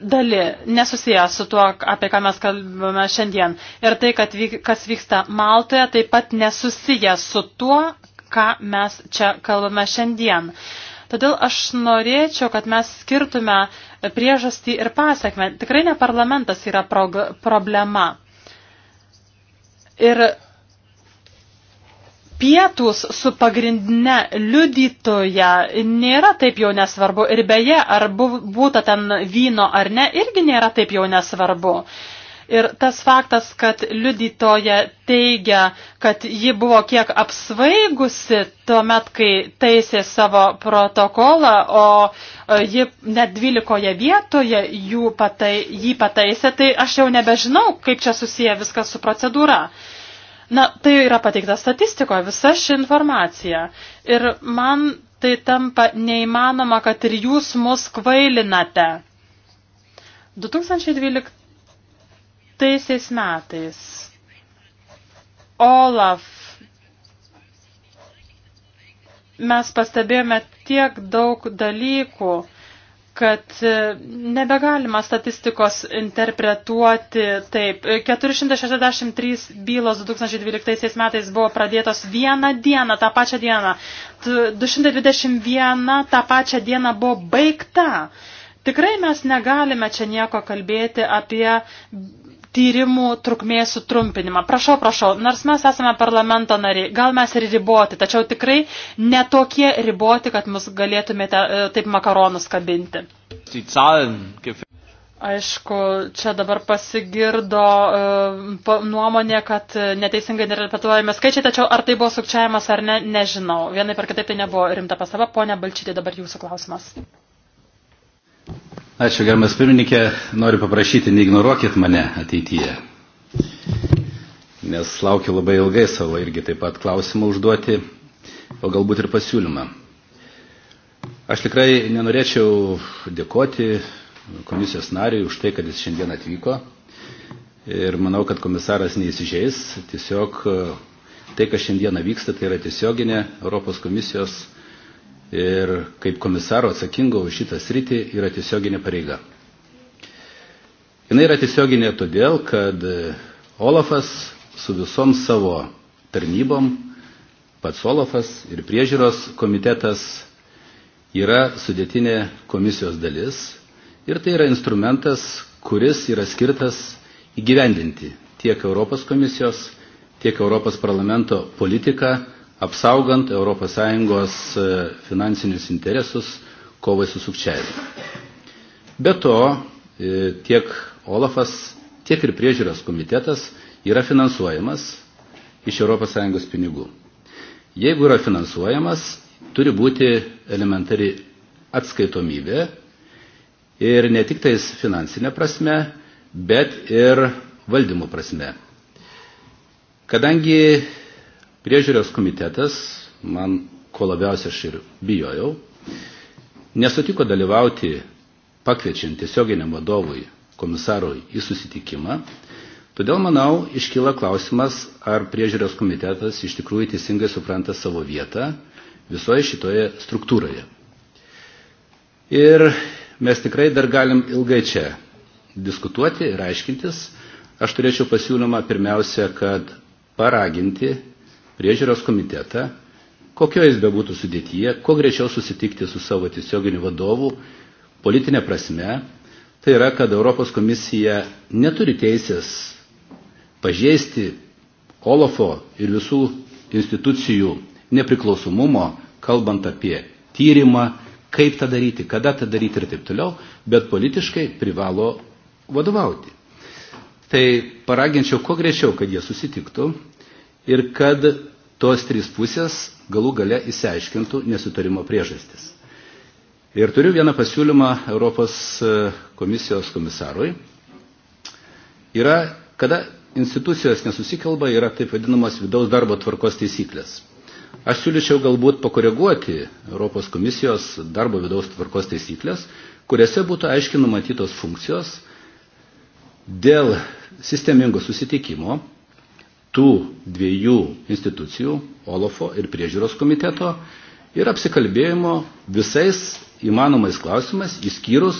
dali nesusiję su tuo, apie ką mes kalbame šiandien. Ir tai, kad vyk, kas vyksta Maltoje, taip pat nesusiję su tuo, ką mes čia kalbame šiandien. Todėl aš norėčiau, kad mes skirtume priežastį ir pasiekmę. Tikrai ne parlamentas yra prog problema. Ir pietus su pagrindinė liudytoja nėra taip jau nesvarbu. Ir beje, ar būtų ten vyno ar ne, irgi nėra taip jau nesvarbu. Ir tas faktas, kad liudytoja teigia, kad ji buvo kiek apsvaigusi tuo met, kai teisė savo protokolą, o e, ji net dvylikoje vietoje jų patai, jį pataisė, tai aš jau nebežinau, kaip čia susiję viskas su procedūra. Uh, Na, tai yra pateikta statistikoje, visa ši informacija. Ir man tai tampa neįmanoma, kad ir jūs mus kvailinate. 2012 metais Olaf mes pastebėjome tiek daug dalykų, kad e, nebegalima statistikos interpretuoti taip. 463 bylos 2012 metais buvo pradėtos vieną dieną, tą pačią dieną. 221 tą pačią dieną buvo baigta. Tikrai mes negalime čia nieko kalbėti apie tyrimų trukmės sutrumpinimą. Prašau, prašau, nors mes esame parlamento nariai, gal mes ir riboti, tačiau tikrai netokie riboti, kad mus galėtumėte e, taip makaronus kabinti. Aišku, čia dabar pasigirdo uh, nuomonė, kad e, neteisingai nerepetuojame skaičiai, tačiau ar tai buvo sukčiavimas ar ne, nežinau. Vienai per kitaip tai nebuvo rimta pasaba. Pone Balčytė, dabar jūsų klausimas. Ačiū, gerbiamas pirmininkė. Noriu paprašyti, neignoruokit mane ateityje. Nes laukiu labai ilgai savo irgi taip pat klausimą užduoti, o galbūt ir pasiūlymą. Aš tikrai nenorėčiau dėkoti komisijos nariui už tai, kad jis šiandien atvyko. Ir manau, kad komisaras neįsižeis. Tiesiog e, tai, kas šiandieną vyksta, tai yra tiesioginė Europos komisijos ir kaip komisaro atsakingo už šitą sritį yra tiesioginė pareiga. Jis yra tiesioginė todėl, kad Olafas su visom savo tarnybom, pats Olafas ir priežiūros komitetas yra sudėtinė komisijos dalis ir tai yra instrumentas, kuris yra skirtas įgyvendinti tiek Europos komisijos, tiek Europos parlamento politiką apsaugant ES e, finansinius interesus kovai su sukčiavimu. Be to, e, tiek Olafas, tiek ir priežiūros komitetas yra finansuojamas iš ES pinigų. Jeigu yra finansuojamas, turi būti elementari atskaitomybė ir ne tik tais finansinė prasme, bet ir valdymo prasme. Kadangi Priežiūros komitetas, man ko labiausiai aš ir bijojau, nesutiko dalyvauti pakviečiant tiesioginiam vadovui komisarui į susitikimą. Todėl, manau, iškyla klausimas, ar priežiūros komitetas iš tikrųjų teisingai supranta savo vietą visoje šitoje struktūroje. Ir mes tikrai dar galim ilgai čia diskutuoti ir aiškintis. Aš turėčiau pasiūlymą pirmiausia, kad paraginti priežiūros komitetą, kokio jis bebūtų sudėtyje, kuo greičiau susitikti su savo tiesioginiu vadovu, politinė prasme, tai yra, kad Europos komisija neturi teisės pažeisti Olofo ir visų institucijų nepriklausomumo, kalbant apie tyrimą, kaip tą daryti, kada tą daryti ir taip toliau, bet politiškai privalo vadovauti. Tai paraginčiau kuo greičiau, kad jie susitiktų ir kad tos trys pusės galų gale įsiaiškintų nesutarimo priežastis. Ir turiu vieną pasiūlymą Europos e, komisijos komisarui. Yra, kada institucijos nesusikalba, yra taip vadinamos vidaus darbo tvarkos taisyklės. Aš siūlyčiau galbūt pakoreguoti Europos komisijos darbo vidaus tvarkos taisyklės, kuriuose būtų aiškiai numatytos funkcijos dėl sistemingo susitikimo tų dviejų institucijų, OLOFO ir priežiūros komiteto, ir apsikalbėjimo visais įmanomais klausimais, įskyrus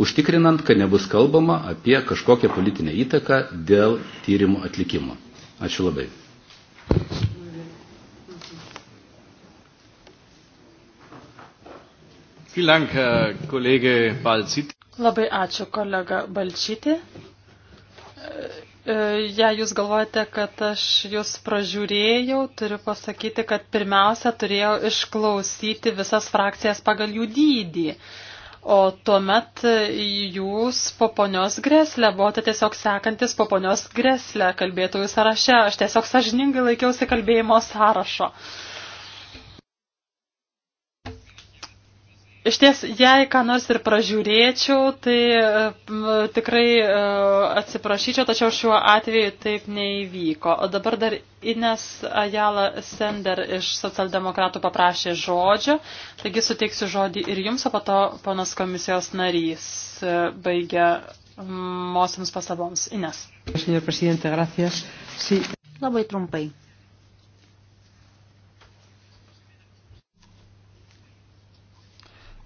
užtikrinant, kad nebus kalbama apie kažkokią politinę įtaką dėl tyrimų atlikimo. Ačiū labai. Labai ačiū kolega Balčytė. E, jei jūs galvojate, kad aš jūs pražiūrėjau, turiu pasakyti, kad pirmiausia turėjau išklausyti visas frakcijas pagal jų dydį. O tuomet jūs po ponios greslę buvote tiesiog sekantis po ponios greslę kalbėtojų sąraše. Aš tiesiog sažiningai laikiausi kalbėjimo sąrašo. Uh, Iš ties, jei ką nors ir pražiūrėčiau, tai tikrai e, atsiprašyčiau, tačiau šiuo atveju taip neįvyko. O dabar dar Ines Ajala Sender iš socialdemokratų paprašė žodžio, taigi suteiksiu žodį ir jums, o po to ponas komisijos narys e, baigia mosiams pasaboms. Ines. Labai trumpai.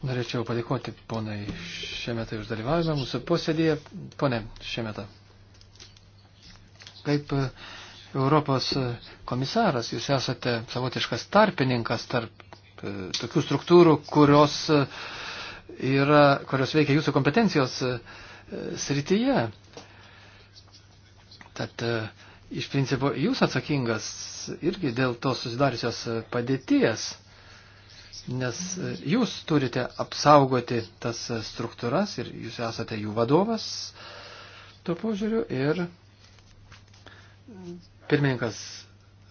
Norėčiau padėkoti ponai Šemetai už dalyvavimą mūsų posėdėje. Pone Šemeta, kaip Europos komisaras, jūs esate savotiškas tarpininkas tarp e, tokių struktūrų, kurios, e, yra, kurios veikia jūsų kompetencijos e, srityje. Tad iš principo jūs atsakingas irgi dėl tos susidariusios padėties nes e, jūs turite apsaugoti tas e, struktūras ir jūs esate jų vadovas tuo požiūriu ir pirmininkas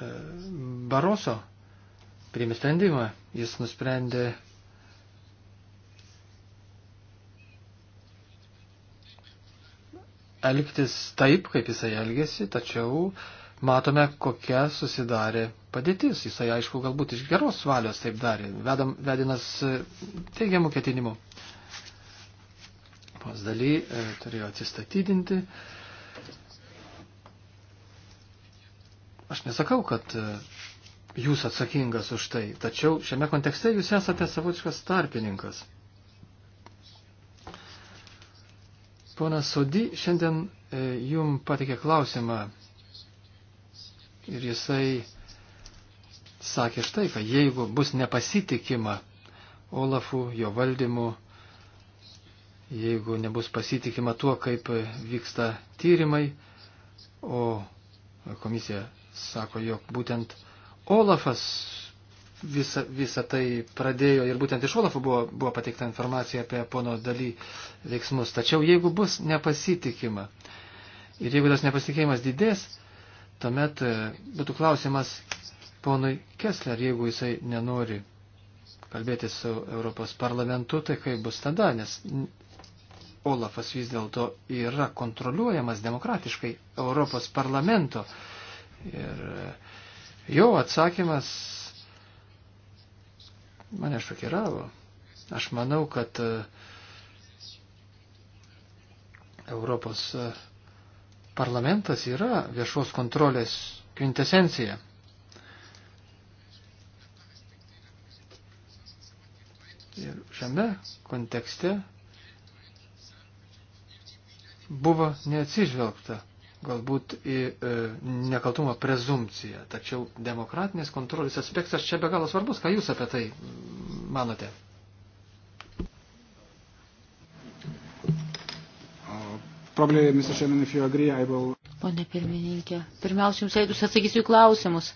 e, Baroso priėmė sprendimą, jis nusprendė elgtis taip, kaip jisai elgėsi, tačiau uh, matome, kokia susidarė padėtis. Jisai, aišku, galbūt iš geros valios taip darė, Vedam, vedinas e, teigiamų ketinimų. Pas daly e, turėjo atsistatydinti. Aš nesakau, kad e, jūs atsakingas už tai, tačiau šiame kontekste jūs esate savotiškas tarpininkas. Ponas Sodi šiandien e, jum patikė klausimą ir jisai sakė štai, kad jeigu bus nepasitikima Olafu, jo valdymu, jeigu nebus pasitikima tuo, kaip vyksta tyrimai, o komisija sako, jog būtent Olafas visą, visą tai pradėjo ir būtent iš Olafo buvo, buvo pateikta informacija apie pono daly veiksmus. Tačiau jeigu bus nepasitikima ir jeigu tas nepasitikėjimas didės, Tuomet e, būtų klausimas ponui Kessler, jeigu jisai nenori kalbėti su Europos parlamentu, tai kaip bus tada, nes Olafas vis dėlto yra kontroliuojamas demokratiškai Europos parlamento. Ir e, jo atsakymas mane šokiravo. Aš manau, kad e, Europos parlamento parlamentas yra viešos kontrolės kvintesencija. Ir šiame kontekste buvo neatsižvelgta galbūt į e, nekaltumo prezumciją. Tačiau demokratinės kontrolės aspektas čia be galo svarbus. Ką Jūs apie tai manote? Probably, Mr. Chairman, if you agree, I will... Pone pirmininkė, pirmiausia, jums leidus atsakysiu į klausimus.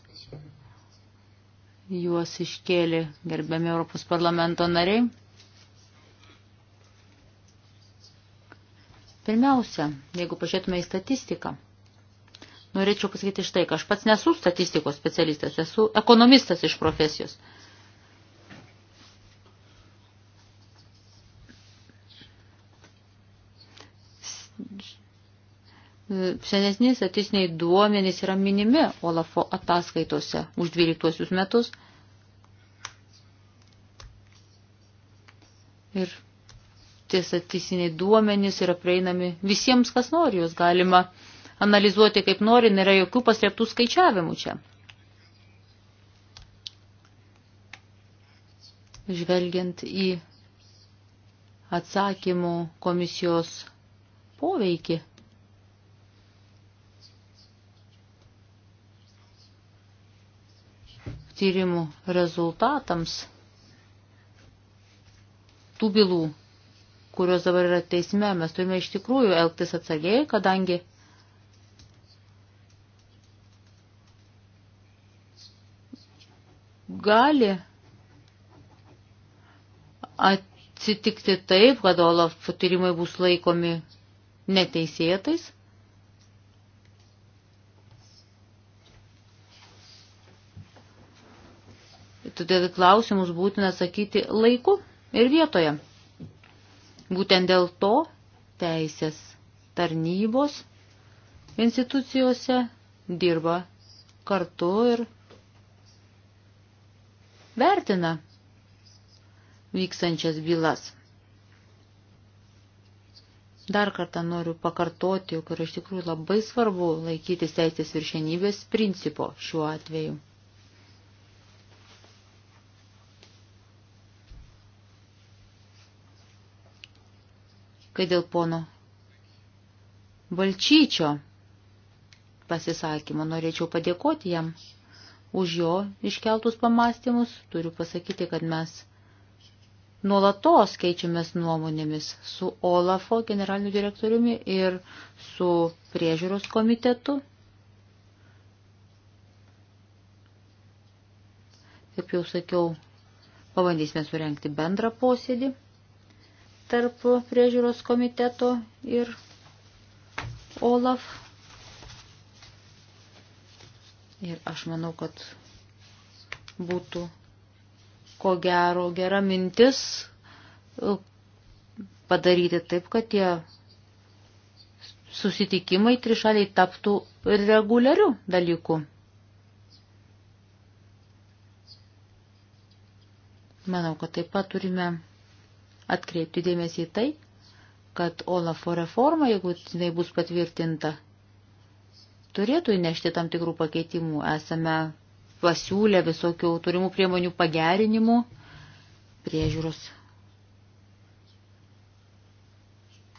Juos iškėlė gerbiami Europos parlamento nariai. Pirmiausia, jeigu pažiūrėtume į statistiką, norėčiau pasakyti štai, kad aš pats nesu statistikos specialistas, esu ekonomistas iš profesijos. senesni statistiniai duomenys yra minimi Olafo ataskaitose už 12 metus. Ir tie statistiniai duomenys yra prieinami visiems, kas nori, juos galima analizuoti kaip nori, nėra jokių paslėptų skaičiavimų čia. Žvelgiant į atsakymų komisijos poveikį tyrimų rezultatams tų bylų, kurios dabar yra teisme, mes turime iš tikrųjų elgtis atsargiai, kadangi gali atsitikti taip, kad Olaf tyrimai bus laikomi neteisėtais todėl klausimus būtina sakyti laiku ir vietoje. Būtent dėl to teisės tarnybos institucijose dirba kartu ir vertina vykstančias bylas. Dar kartą noriu pakartoti, jog yra iš tikrųjų labai svarbu laikytis teisės viršenybės principo šiuo atveju. kai dėl pono Balčyčio pasisakymo norėčiau padėkoti jam už jo iškeltus pamastymus. Turiu pasakyti, kad mes nuolatos keičiamės nuomonėmis su Olafo generaliniu direktoriumi ir su priežiūros komitetu. Kaip jau sakiau, pabandysime surenkti bendrą posėdį tarp priežiūros komiteto ir OLAF. Ir aš manau, kad būtų ko gero gera mintis e, padaryti taip, kad tie susitikimai trišaliai taptų reguliarių dalykų. Manau, kad taip pat turime atkreipti dėmesį į tai, kad Olafo reforma, jeigu jinai bus patvirtinta, turėtų įnešti tam tikrų pakeitimų. Esame pasiūlę visokių turimų priemonių pagerinimų priežiūros.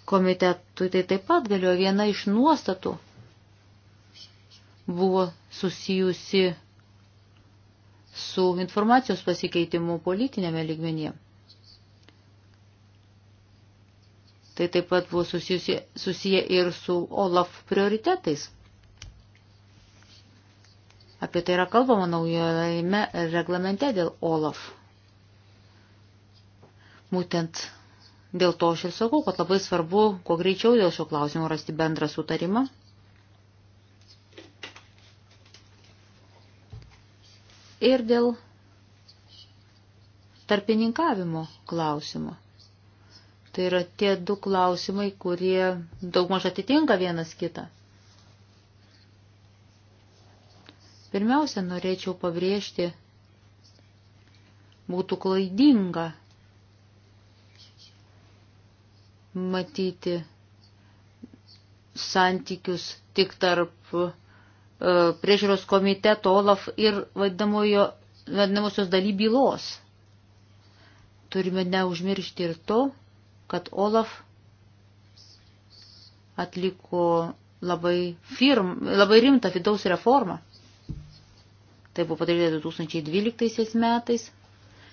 Komitetui tai taip pat galėjo viena iš nuostatų buvo susijusi su informacijos pasikeitimu politinėme lygmenyje. Tai taip pat buvo susijusi, susiję ir su OLAF prioritetais. Apie tai yra kalbama naujojame reglamente dėl OLAF. Būtent dėl to aš ir sakau, kad labai svarbu, kuo greičiau dėl šio klausimo rasti bendrą sutarimą. Ir dėl tarpininkavimo klausimo. Tai yra tie du klausimai, kurie daugmaž atitinka vienas kitą. Pirmiausia, norėčiau pabrėžti, būtų klaidinga matyti santykius tik tarp e, priežiūros komiteto OLAF ir vadinamosios daly bylos. Turime neužmiršti ir to, kad Olaf atliko labai, firm, labai rimtą vidaus reformą. Tai buvo padaryta 2012 metais.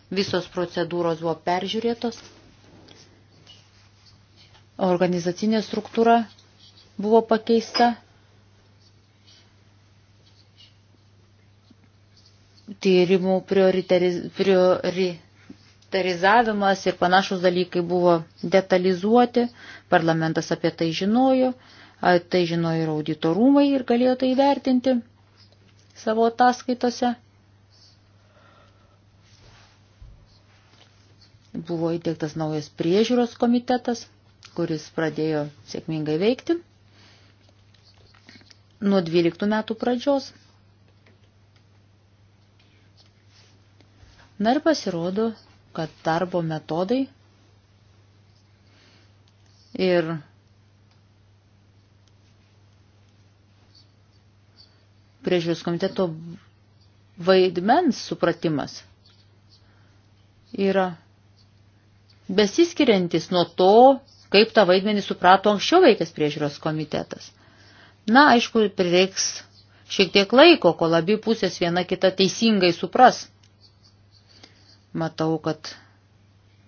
Visos procedūros buvo peržiūrėtos. Organizacinė struktūra buvo pakeista. Tyrimų prioritariz... priori kompiuterizavimas ir panašus dalykai buvo detalizuoti, parlamentas apie tai žinojo, tai žinojo ir auditorumai ir galėjo tai vertinti savo ataskaitose. Buvo įteiktas naujas priežiūros komitetas, kuris pradėjo sėkmingai veikti nuo 12 metų pradžios. Na ir pasirodo, kad darbo metodai ir priežiūros komiteto vaidmens supratimas yra besiskiriantis nuo to, kaip tą vaidmenį suprato anksčiau veikęs priežiūros komitetas. Na, aišku, prireiks šiek tiek laiko, kol abi pusės viena kita teisingai supras. Matau, kad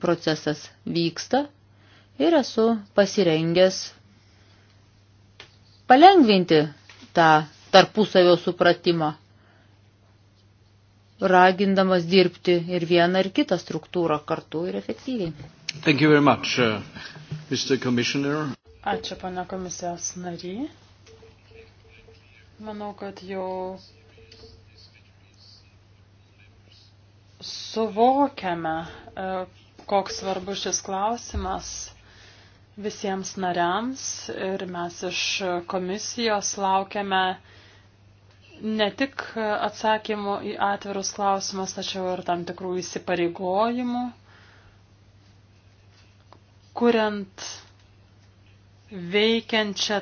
procesas vyksta ir esu pasirengęs palengvinti tą tarpusavio supratimą, ragindamas dirbti ir vieną ir kitą struktūrą kartu ir efektyviai. Thank you very much, uh, Mr. Commissioner. Ačiū, pana komisijos nary. Manau, kad jau suvokiame, e, koks svarbus šis klausimas visiems nariams ir mes iš komisijos laukiame ne tik atsakymų į atvirus klausimus, tačiau ir tam tikrų įsipareigojimų, kuriant veikiančią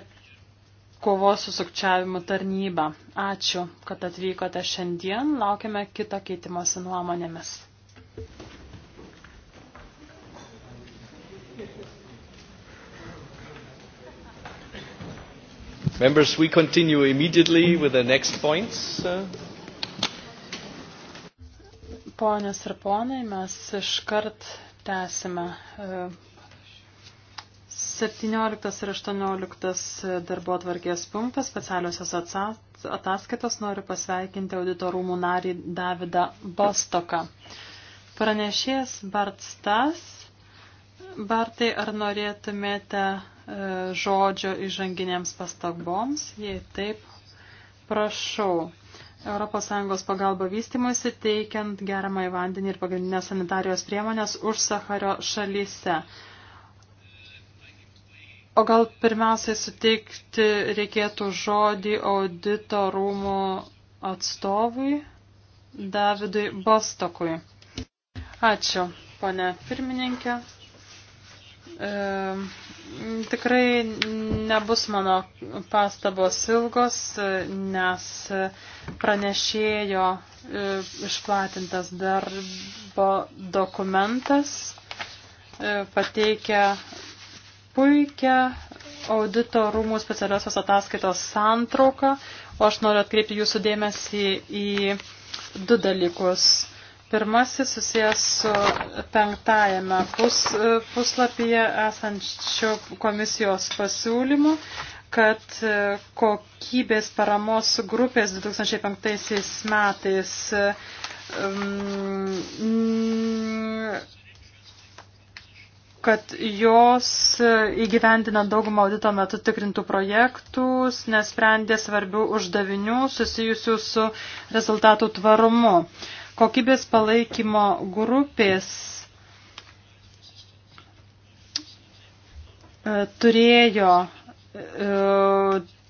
kovos su sukčiavimu tarnybą. Ačiū, kad atvykote šiandien, laukiame kito keitimosi nuomonėmis. Members, we continue immediately with the next points. Ponios ir ponai, mes iškart tęsime 17 e, ir 18 darbo atvarkės punktas specialiosios ataskaitos noriu pasveikinti auditorumų narį Davidą Bostoką. Pranešės Bartstas. Bartai, ar norėtumėte e, žodžio įžanginėms pastaboms? Jei taip, prašau. ES pagalba vystimuisi teikiant geramą į vandenį ir pagrindinės sanitarijos priemonės už Sakario šalyse. O gal pirmiausiai suteikti reikėtų žodį audito rūmų atstovui Davidui Bostokui. Ačiū, ponė pirmininkė. E, tikrai nebus mano pastabos ilgos, nes pranešėjo e, išplatintas darbo dokumentas e, pateikia puikią audito rūmų specialiosios ataskaitos santrauką, o aš noriu atkreipti jūsų dėmesį į du dalykus. Pirmasis susijęs su penktajame pus, puslapyje esančio komisijos pasiūlymu, kad kokybės paramos grupės 2005 metais mm, kad jos įgyvendina daugumą audito metu tikrintų projektų, nesprendė svarbių uždavinių susijusių su rezultatų tvarumu. Uh, kokybės palaikymo grupės e, turėjo e,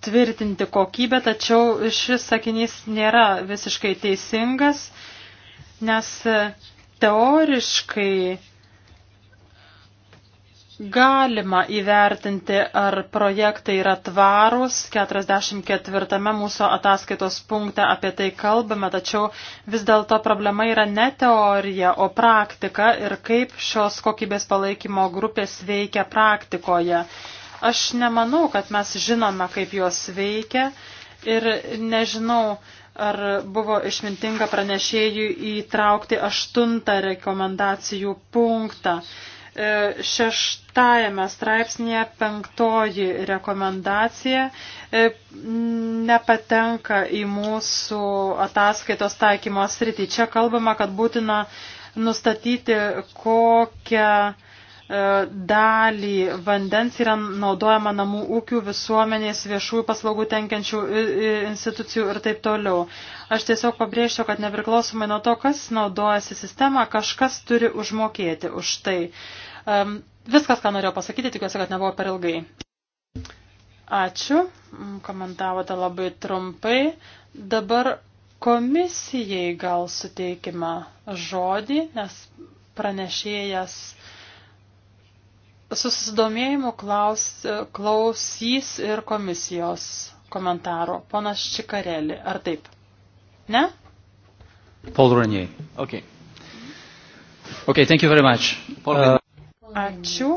tvirtinti kokybę, tačiau šis sakinys nėra visiškai teisingas, nes e, teoriškai Galima įvertinti, ar projektai yra tvarūs. 44 mūsų ataskaitos punkte apie tai kalbame, tačiau vis dėlto problema yra ne teorija, o praktika ir kaip šios kokybės palaikymo grupės veikia praktikoje. Aš nemanau, kad mes žinome, kaip jos veikia ir nežinau, ar buvo išmintinga pranešėjų įtraukti aštuntą rekomendacijų punktą. E, šeštajame straipsnėje penktoji rekomendacija e, nepatenka į mūsų ataskaitos taikymo sritį. Čia kalbama, kad būtina nustatyti, kokią e, dalį vandens yra naudojama namų ūkių, visuomenės, viešųjų paslaugų tenkiančių institucijų ir taip toliau. Aš tiesiog pabrėžčiau, kad nepriklausomai nuo to, kas naudojasi sistemą, kažkas turi užmokėti už tai. Uh, Viskas, ką norėjau pasakyti, tikiuosi, kad nebuvo per ilgai. Ačiū, komentavote labai trumpai. Dabar komisijai gal suteikime žodį, nes pranešėjas susidomėjimu klaus, klausys ir komisijos komentaro. Ponas Čikarelį, ar taip? Ne? Paul Renier. Okay. Okay, thank you very much. Paul uh, Ačiū.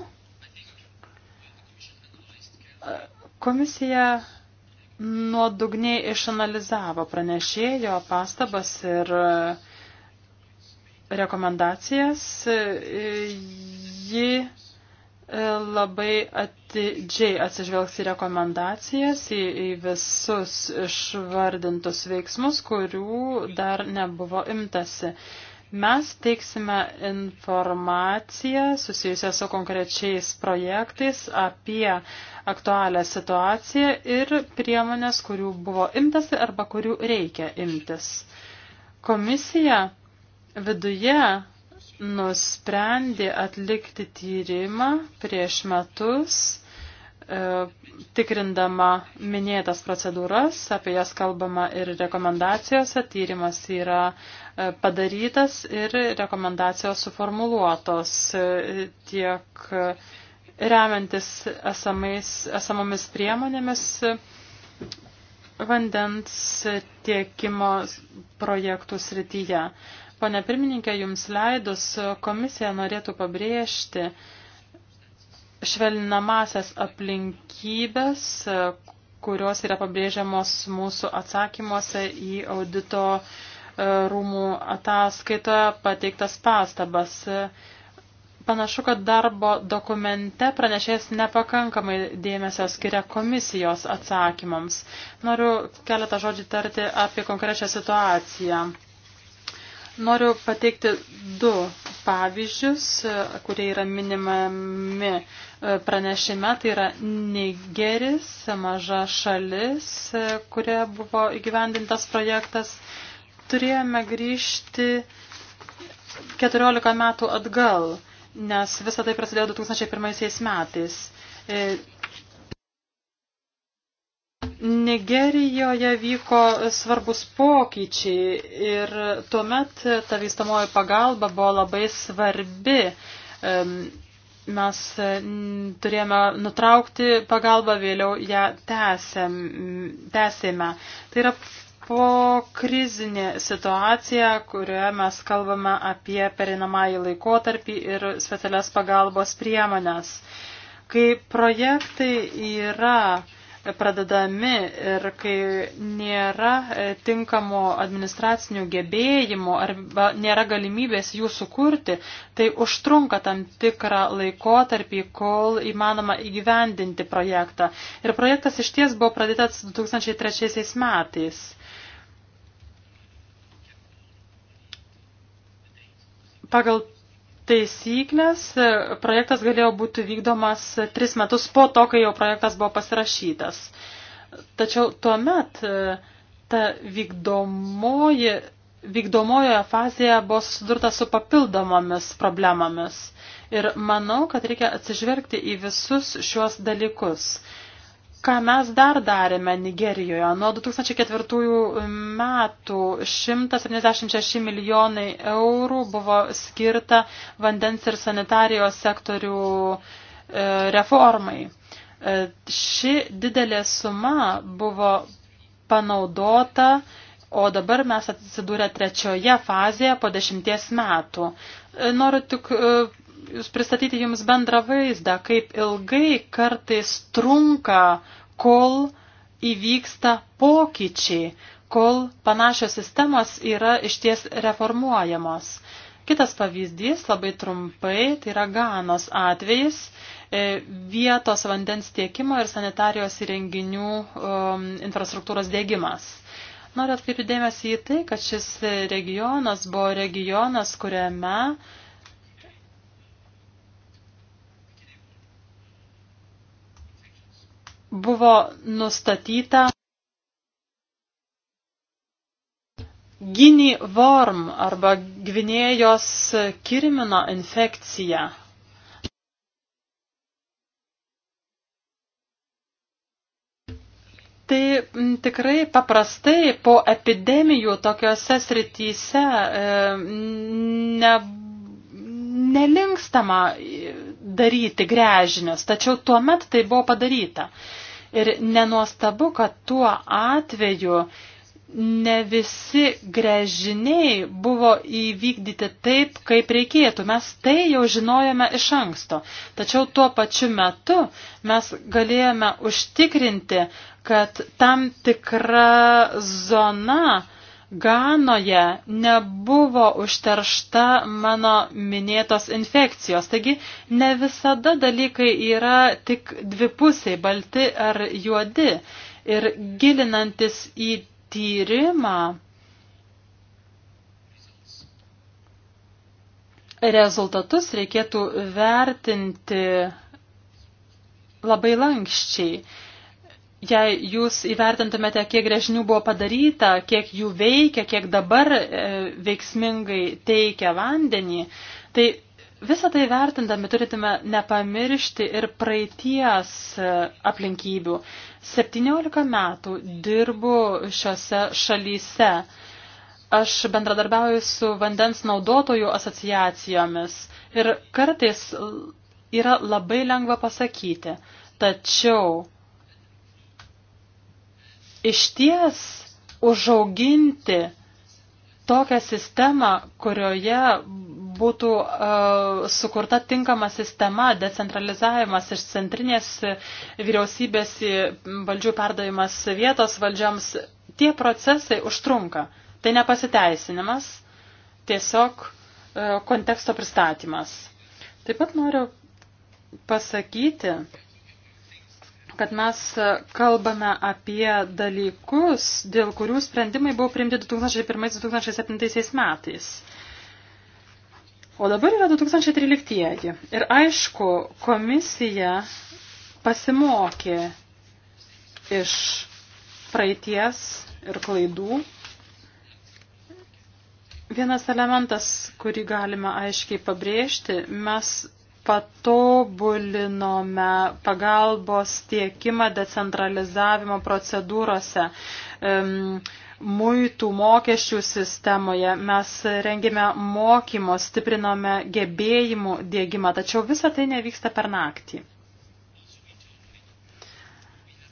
Komisija nuodugniai išanalizavo pranešėjo pastabas ir rekomendacijas. Ji labai atidžiai atsižvelgs į rekomendacijas, į, į visus išvardintus veiksmus, kurių dar nebuvo imtasi. Mes teiksime informaciją susijusią su konkrečiais projektais apie aktualią situaciją ir priemonės, kurių buvo imtasi arba kurių reikia imtis. Komisija viduje nusprendė atlikti tyrimą prieš metus E, tikrindama minėtas procedūras, apie jas kalbama ir rekomendacijose, tyrimas yra e, padarytas ir rekomendacijos suformuluotos e, tiek remiantis esamais, esamomis priemonėmis vandens tiekimo projektų srityje. Pone pirmininkė, jums leidus komisija norėtų pabrėžti, švelninamasias aplinkybės, kurios yra pabrėžiamos mūsų atsakymuose į audito e, rūmų ataskaitą pateiktas pastabas. Panašu, kad darbo dokumente pranešėjas nepakankamai dėmesio skiria komisijos atsakymams. Noriu keletą žodžių tarti apie konkrečią situaciją. Noriu pateikti du pavyzdžius, kurie yra minimami E, pranešime, tai yra Nigeris, maža šalis, e, kurie buvo įgyvendintas projektas. Turėjome grįžti 14 metų atgal, nes visą tai prasidėjo 2001 metais. E, Nigerijoje vyko svarbus pokyčiai ir tuomet ta vystamoji pagalba buvo labai svarbi mes e, turėjome nutraukti pagalbą, vėliau ją tęsėm, tęsėme. Tai yra po krizinė situacija, kurioje mes kalbame apie perinamąjį laikotarpį ir specialias pagalbos priemonės. Kai projektai yra uh, pradedami ir kai nėra e, tinkamo administracinių gebėjimų arba nėra galimybės jų sukurti, tai užtrunka tam tikrą laikotarpį, kol įmanoma įgyvendinti projektą. Ir projektas iš ties buvo pradėtas 2003 metais. Pagal taisyklės projektas galėjo būti vykdomas tris metus po to, kai jau projektas buvo pasirašytas. Tačiau tuomet e, ta vykdomoji, vykdomojoje fazėje buvo susidurta su papildomomis problemomis. Ir manau, kad reikia atsižvelgti į visus šiuos dalykus. Ką mes dar darėme Nigerijoje? Nuo 2004 metų 176 milijonai eurų buvo skirta vandens ir sanitarijos sektorių e, reformai. E, ši didelė suma buvo panaudota, o dabar mes atsidūrė trečioje fazėje po dešimties metų. E, noriu tik pristatyti jums bendrą vaizdą, kaip ilgai kartais trunka, kol įvyksta pokyčiai, kol panašios sistemos yra išties reformuojamos. Kitas pavyzdys, labai trumpai, tai yra Ganos atvejis e, vietos vandens tiekimo ir sanitarijos įrenginių um, infrastruktūros dėgymas. Noriu atkreipti dėmesį į tai, kad šis regionas buvo regionas, kuriame uh, buvo nustatyta Gini Worm arba Gvinėjos kirmino infekcija. Tai tikrai paprastai po epidemijų tokiuose srityse e, nebuvo nelinkstama daryti grežinius, tačiau tuo met tai buvo padaryta. Ir nenuostabu, kad tuo atveju ne visi grežiniai buvo įvykdyti taip, kaip reikėtų. Mes tai jau žinojome iš anksto. Tačiau tuo pačiu metu mes galėjome užtikrinti, kad tam tikra zona Ganoje nebuvo užteršta mano minėtos infekcijos, taigi ne visada dalykai yra tik dvipusiai, balti ar juodi. Ir gilinantis į tyrimą, rezultatus reikėtų vertinti labai lankščiai jei jūs įvertintumėte, kiek grėžinių buvo padaryta, kiek jų veikia, kiek dabar e, veiksmingai teikia vandenį, tai visą tai vertindami turėtume nepamiršti ir praeities e, aplinkybių. 17 metų dirbu šiose šalyse. Aš bendradarbiauju su vandens naudotojų asociacijomis ir kartais yra labai lengva pasakyti, tačiau išties užauginti tokią sistemą, kurioje būtų uh, sukurta tinkama sistema, decentralizavimas iš centrinės vyriausybės valdžių perdavimas vietos valdžiams, tie procesai užtrunka. Tai nepasiteisinimas, tiesiog uh, konteksto pristatymas. Taip pat noriu pasakyti, kad mes kalbame apie dalykus, dėl kurių sprendimai buvo priimti 2001-2007 metais. O dabar yra 2013. Ir aišku, komisija pasimokė iš praeities ir klaidų. Vienas elementas, kurį galima aiškiai pabrėžti, mes patobulinome pagalbos tiekimą decentralizavimo procedūrose. Um, Muitų mokesčių sistemoje mes rengėme mokymo, stiprinome gebėjimų dėgymą, tačiau visa tai nevyksta per naktį.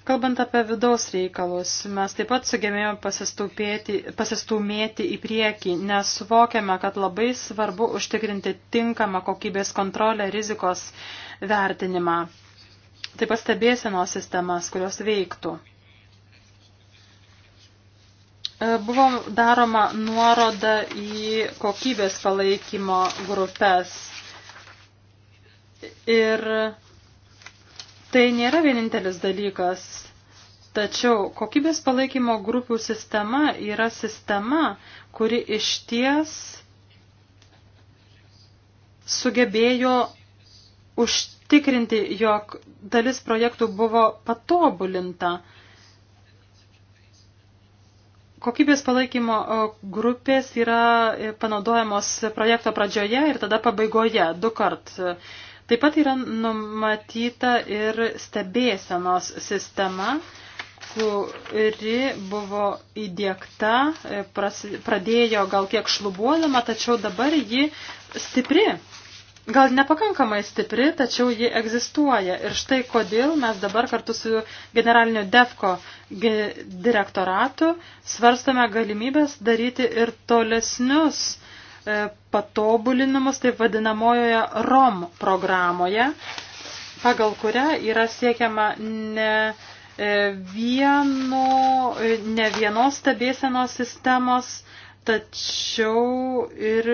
Kalbant apie vidaus reikalus, mes taip pat sugebėjome pasistumėti į priekį, nes suvokiame, kad labai svarbu užtikrinti tinkamą kokybės kontrolę rizikos vertinimą. Taip pat stebėsienos sistemas, kurios veiktų. E, buvo daroma nuoroda į kokybės palaikymo grupės. Ir Tai nėra vienintelis dalykas, tačiau kokybės palaikymo grupių sistema yra sistema, kuri išties sugebėjo užtikrinti, jog dalis projektų buvo patobulinta. Kokybės palaikymo grupės yra e, panaudojamos projekto pradžioje ir tada pabaigoje du kart. Taip pat yra numatyta ir stebėsenos sistema, kuri buvo įdėkta, pradėjo gal kiek šlubuodama, tačiau dabar ji stipri. Gal nepakankamai stipri, tačiau ji egzistuoja. Ir štai kodėl mes dabar kartu su generaliniu DEFCO direktoratu svarstame galimybės daryti ir tolesnius E, patobulinimus taip vadinamojoje ROM programoje, pagal kurią yra siekiama ne e, vieno, e, ne vienos stebėsenos sistemos, tačiau ir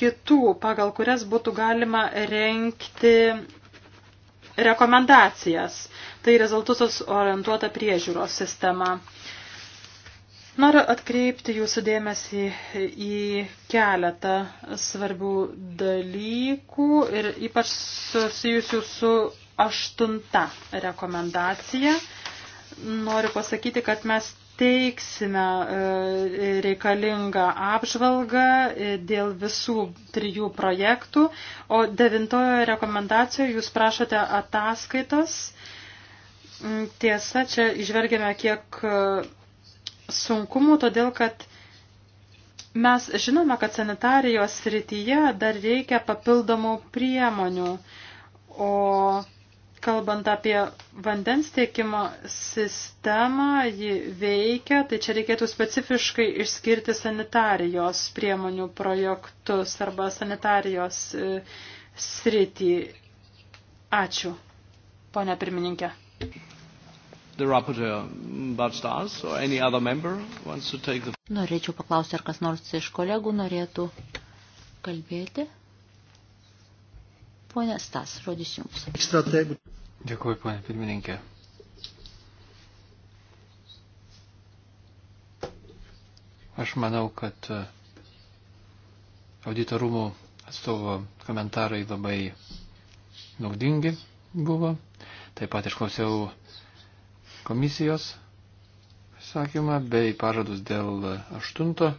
kitų, pagal kurias būtų galima renkti rekomendacijas. Tai rezultatus orientuota priežiūros sistema. Noriu atkreipti jūsų dėmesį į keletą svarbių dalykų ir ypač susijusių su aštunta rekomendacija. Noriu pasakyti, kad mes teiksime e, reikalingą apžvalgą e, dėl visų trijų projektų, o devintojo rekomendacijoje jūs prašote ataskaitos. Mm, tiesa, čia išvelgėme kiek sunkumų, todėl kad mes žinome, kad sanitarijos srityje dar reikia papildomų priemonių, o kalbant apie vandens tiekimo sistemą, ji veikia, tai čia reikėtų specifiškai išskirti sanitarijos priemonių projektus arba sanitarijos e, sritį. Ačiū, ponia pirmininkė the rapporteur Bart Stars or any other member wants to take the... Norėčiau paklausti, ar kas nors iš kolegų norėtų kalbėti. Pone Stas, rodys jums. Dėkuoju, ponė pirmininkė. Aš manau, kad e, auditorumų atstovo komentarai labai naudingi buvo. Taip pat išklausiau komisijos sakymą bei pažadus dėl aštunto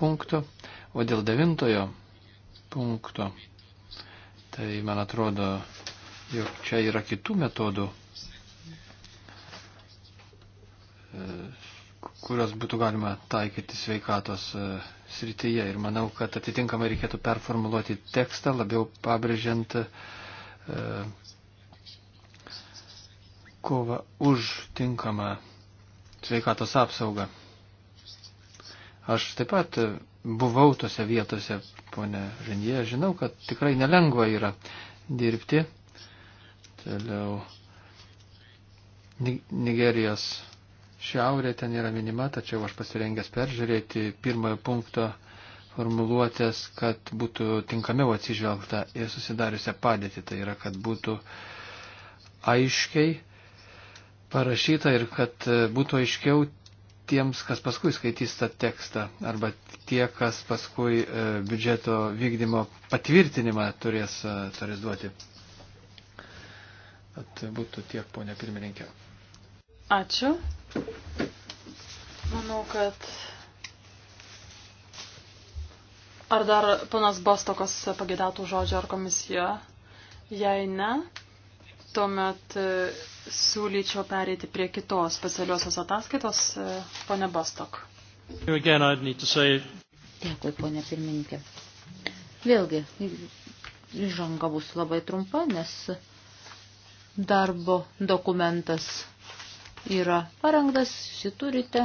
punkto, o dėl devintojo punkto, tai man atrodo, jog čia yra kitų metodų, e, kurios būtų galima taikyti sveikatos e, srityje. Ir manau, kad atitinkamai reikėtų performuluoti tekstą, labiau pabrėžiant e, kova už tinkamą sveikatos apsaugą. Aš taip pat buvau tose vietose, ponė Žinė, žinau, kad tikrai nelengva yra dirbti. Toliau Nigerijos šiaurė ten yra minima, tačiau aš pasirengęs peržiūrėti pirmojo punkto formuluotės, kad būtų tinkamiau atsižvelgta į susidariusią padėtį. Tai yra, kad būtų aiškiai parašyta ir kad e, būtų aiškiau tiems, kas paskui skaitys tą tekstą arba tie, kas paskui e, biudžeto vykdymo patvirtinimą turės, e, turės duoti. At būtų tiek, ponia pirmininkė. Ačiū. Manau, kad. Ar dar panas Bastokas pagėdėtų žodžio ar komisija? Jei ne, Tuomet e, siūlyčiau pereiti prie kitos specialiosios ataskaitos, e, ponė Bastok. Dėkui, ponė pirmininkė. Vėlgi, žanga bus labai trumpa, nes darbo dokumentas yra parengtas, šiturite,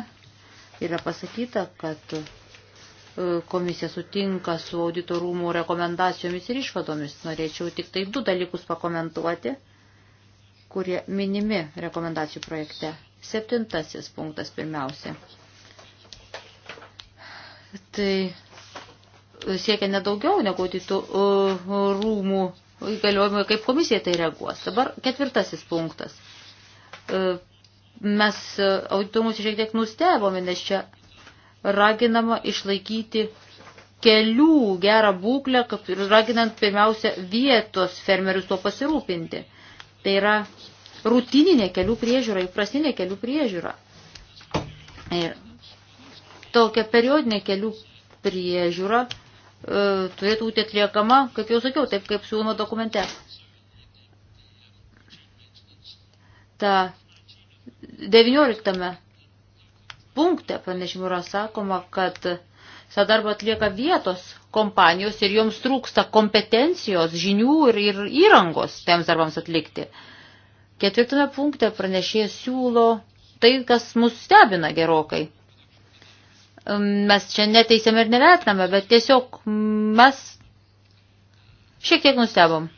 yra pasakyta, kad e, komisija sutinka su auditorumų rekomendacijomis ir išvadomis. Norėčiau tik tai du dalykus pakomentuoti kurie minimi rekomendacijų projekte. Septintasis punktas pirmiausia. Tai siekia nedaugiau negu auditų uh, rūmų įgaliojimai, kaip komisija tai reaguos. Dabar ketvirtasis punktas. Uh, mes uh, auditomus šiek tiek nustebome, nes čia raginama išlaikyti kelių gerą būklę, raginant pirmiausia vietos fermerius tuo pasirūpinti. Tai yra rutininė kelių priežiūra, įprastinė kelių priežiūra. Ir tokia periodinė kelių priežiūra e, turėtų būti atliekama, kaip jau sakiau, taip kaip siūloma dokumente. Ta 19 punkte pranešimų yra sakoma, kad tą darbą atlieka vietos kompanijos ir joms trūksta kompetencijos, žinių ir, ir įrangos tiems darbams atlikti. Ketvirtame punkte pranešėjas siūlo tai, kas mus stebina gerokai. Mes čia neteisėme ir nevertiname, bet tiesiog mes šiek tiek nustebom.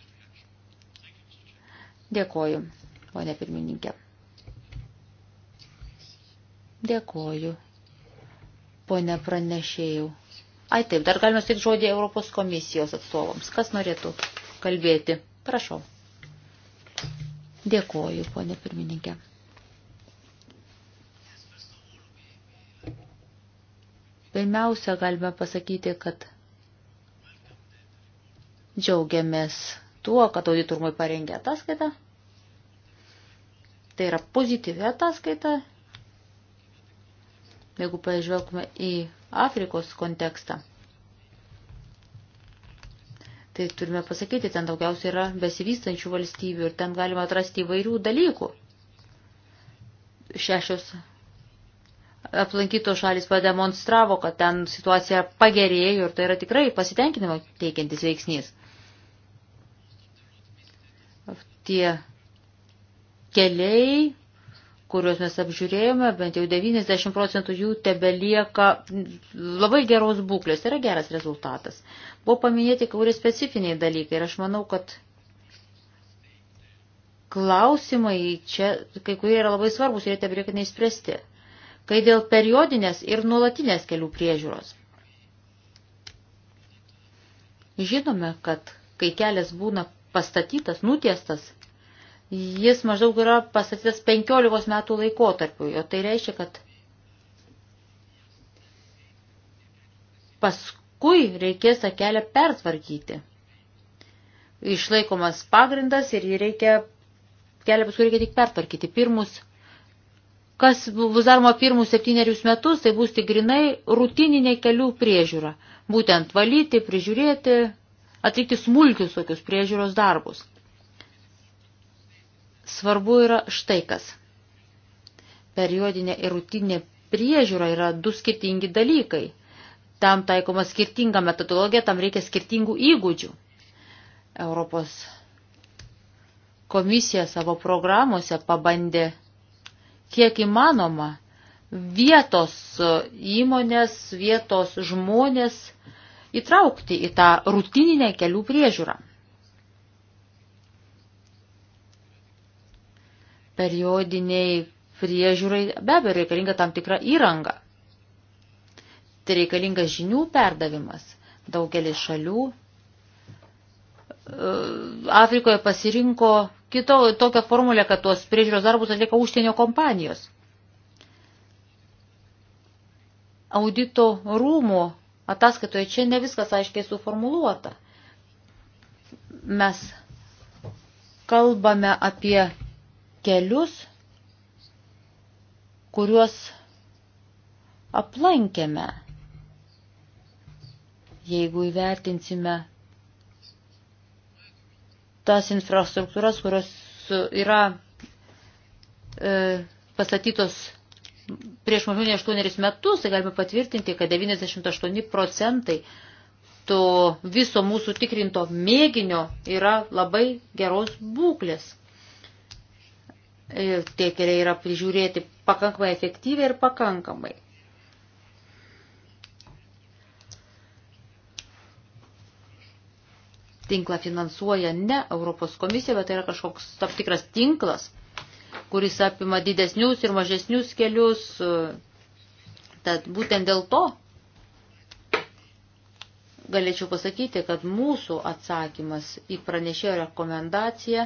Dėkoju, ponė pirmininkė. Dėkoju. Pone pranešėjau. Ai taip, dar galime tik žodį Europos komisijos atstovams. Kas norėtų kalbėti? Prašau. Dėkuoju, ponė pirmininkė. Pirmiausia, galime pasakyti, kad džiaugiamės tuo, kad auditorumai parengė ataskaitą. Tai yra pozityvi ataskaita, jeigu pažvelgtume į Afrikos kontekstą, tai turime pasakyti, ten daugiausiai yra besivystančių valstybių ir ten galima atrasti įvairių dalykų. Šešios aplankytos šalis pademonstravo, kad ten situacija pagerėjo ir tai yra tikrai pasitenkinimo teikiantis veiksnys. Tie keliai kuriuos mes apžiūrėjome, bent jau 90 procentų jų tebelieka labai geros būklės, tai yra geras rezultatas. Buvo paminėti kauri specifiniai dalykai ir aš manau, kad klausimai čia kai kurie yra labai svarbus ir jie tebelieka neįspręsti. Kai dėl periodinės ir nuolatinės kelių priežiūros. Žinome, kad kai kelias būna pastatytas, nutiestas, Jis maždaug yra pasakytas 15 metų laikotarpiu, o tai reiškia, kad paskui reikės tą kelią pertvarkyti. Išlaikomas pagrindas ir jį reikia, kelią paskui reikia tik pertvarkyti. Pirmus kas bus daroma pirmus septynerius metus, tai bus tik grinai rutininė kelių priežiūra. Būtent valyti, prižiūrėti, atlikti smulkius tokius priežiūros darbus. Svarbu yra štai kas. Periodinė ir rutinė priežiūra yra du skirtingi dalykai. Tam taikoma skirtinga metodologija, tam reikia skirtingų įgūdžių. Europos komisija savo programuose pabandė kiek įmanoma vietos įmonės, vietos žmonės įtraukti į tą rutininę kelių priežiūrą. periodiniai priežiūrai be abejo reikalinga tam tikra įranga. Tai reikalingas žinių perdavimas. Daugelis šalių e, Afrikoje pasirinko kito, tokią formulę, kad tuos priežiūros darbus atlieka užsienio kompanijos. Audito rūmų ataskaitoje čia ne viskas aiškiai suformuluota. Mes kalbame apie kelius, kuriuos aplankėme. Jeigu įvertinsime tas infrastruktūras, kurios yra e, pastatytos prieš mažiau nei 8 metus, tai galime patvirtinti, kad 98 procentai to viso mūsų tikrinto mėginio yra labai geros būklės. Tie keliai yra prižiūrėti pakankamai efektyviai ir pakankamai. Tinklą finansuoja ne Europos komisija, bet tai yra kažkoks tam tikras tinklas, kuris apima didesnius ir mažesnius kelius. Tad būtent dėl to galėčiau pasakyti, kad mūsų atsakymas į pranešėjo rekomendaciją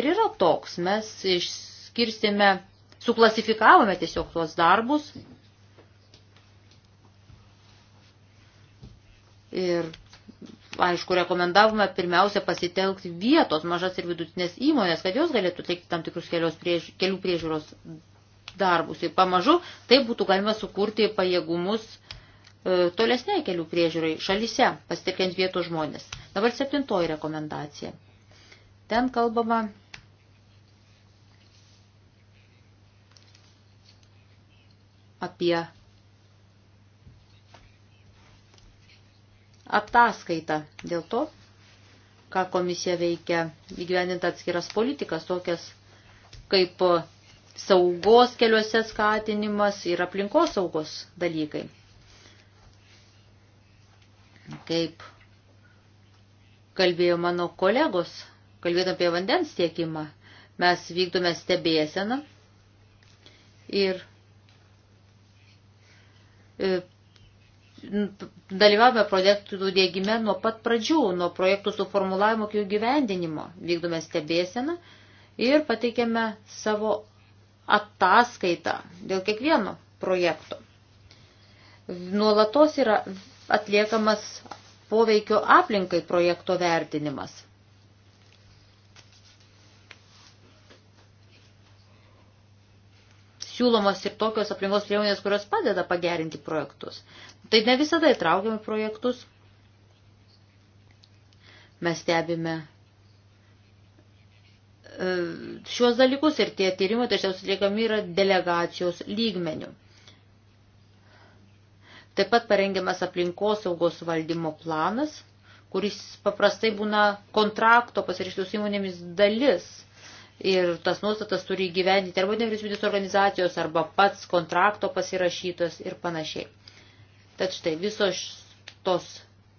ir yra toks. Mes iš, suskirstėme, suklasifikavome tiesiog tuos darbus. Ir, aišku, rekomendavome pirmiausia pasitelkti vietos mažas ir vidutinės įmonės, kad jos galėtų teikti tam tikrus priež, kelių priežiūros darbus. Ir pamažu tai būtų galima sukurti pajėgumus e, tolesniai kelių priežiūrai šalyse, pasitelkiant vietos žmonės. Dabar septintoji rekomendacija. Ten kalbama apie ataskaitą dėl to, ką komisija veikia įgyvendinti atskiras politikas, tokias kaip saugos keliuose skatinimas ir aplinkos saugos dalykai. Kaip kalbėjo mano kolegos, kalbėdami apie vandens tiekimą, mes vykdome stebėseną ir E, dalyvavome projektų dėgyme nuo pat pradžių, nuo projektų suformulavimo iki jų gyvendinimo. Vykdome stebėseną ir pateikėme savo ataskaitą dėl kiekvieno projekto. Nuolatos yra atliekamas poveikio aplinkai projekto vertinimas. siūlomos ir tokios aplinkos priemonės, kurios padeda pagerinti projektus. Tai ne visada įtraukiami projektus. Mes stebime e, šiuos dalykus ir tie tyrimai dažniausiai atliekami yra delegacijos lygmenių. Taip pat parengiamas aplinkosaugos valdymo planas, kuris paprastai būna kontrakto pasirašytos įmonėmis dalis – ir tas nuostatas turi įgyvendinti arba nevyriausybinės organizacijos, arba pats kontrakto pasirašytos ir panašiai. Tad štai visos tos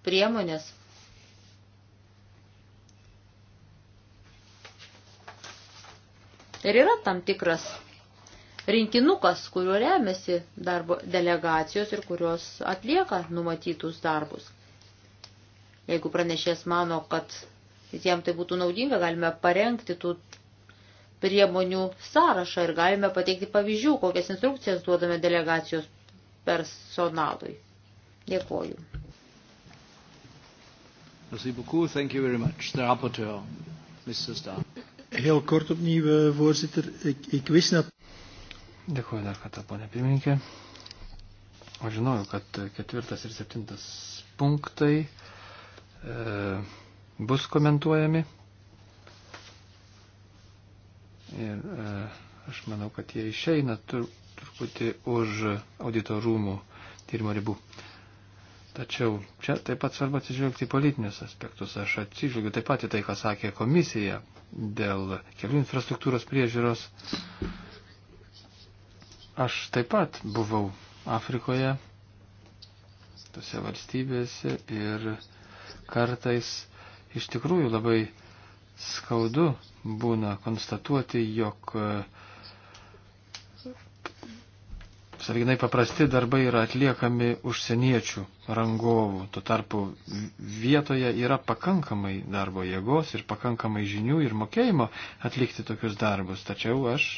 priemonės ir yra tam tikras rinkinukas, kuriuo remiasi darbo delegacijos ir kurios atlieka numatytus darbus. Jeigu pranešės mano, kad jam tai būtų naudinga, galime parengti tų priemonių sąrašą ir galime pateikti pavyzdžių, kokias instrukcijas duodame delegacijos personalui. Dėkoju. Merci beaucoup. Thank you very much. The rapporteur, Mr. Star. Heel kort opnieuw, eh, voorzitter. Ik, ik wist dat... Dėkuoju dar kartą, ponė pirmininkė. Aš žinojau, kad eh, ketvirtas ir septintas punktai e, bus komentuojami Ir e, aš manau, kad jie išeina tur, truputį už audito rūmų tyrimo ribų. Tačiau čia taip pat svarbu atsižvelgti į politinius aspektus. Aš atsižvelgiu taip pat į tai, ką sakė komisija dėl kelių infrastruktūros priežiūros. Aš taip pat buvau Afrikoje, tose valstybėse ir kartais iš tikrųjų labai skaudu būna konstatuoti, jog e, saliginai paprasti darbai yra atliekami užsieniečių rangovų. Tuo tarpu vietoje yra pakankamai darbo jėgos ir pakankamai žinių ir mokėjimo atlikti tokius darbus. Tačiau aš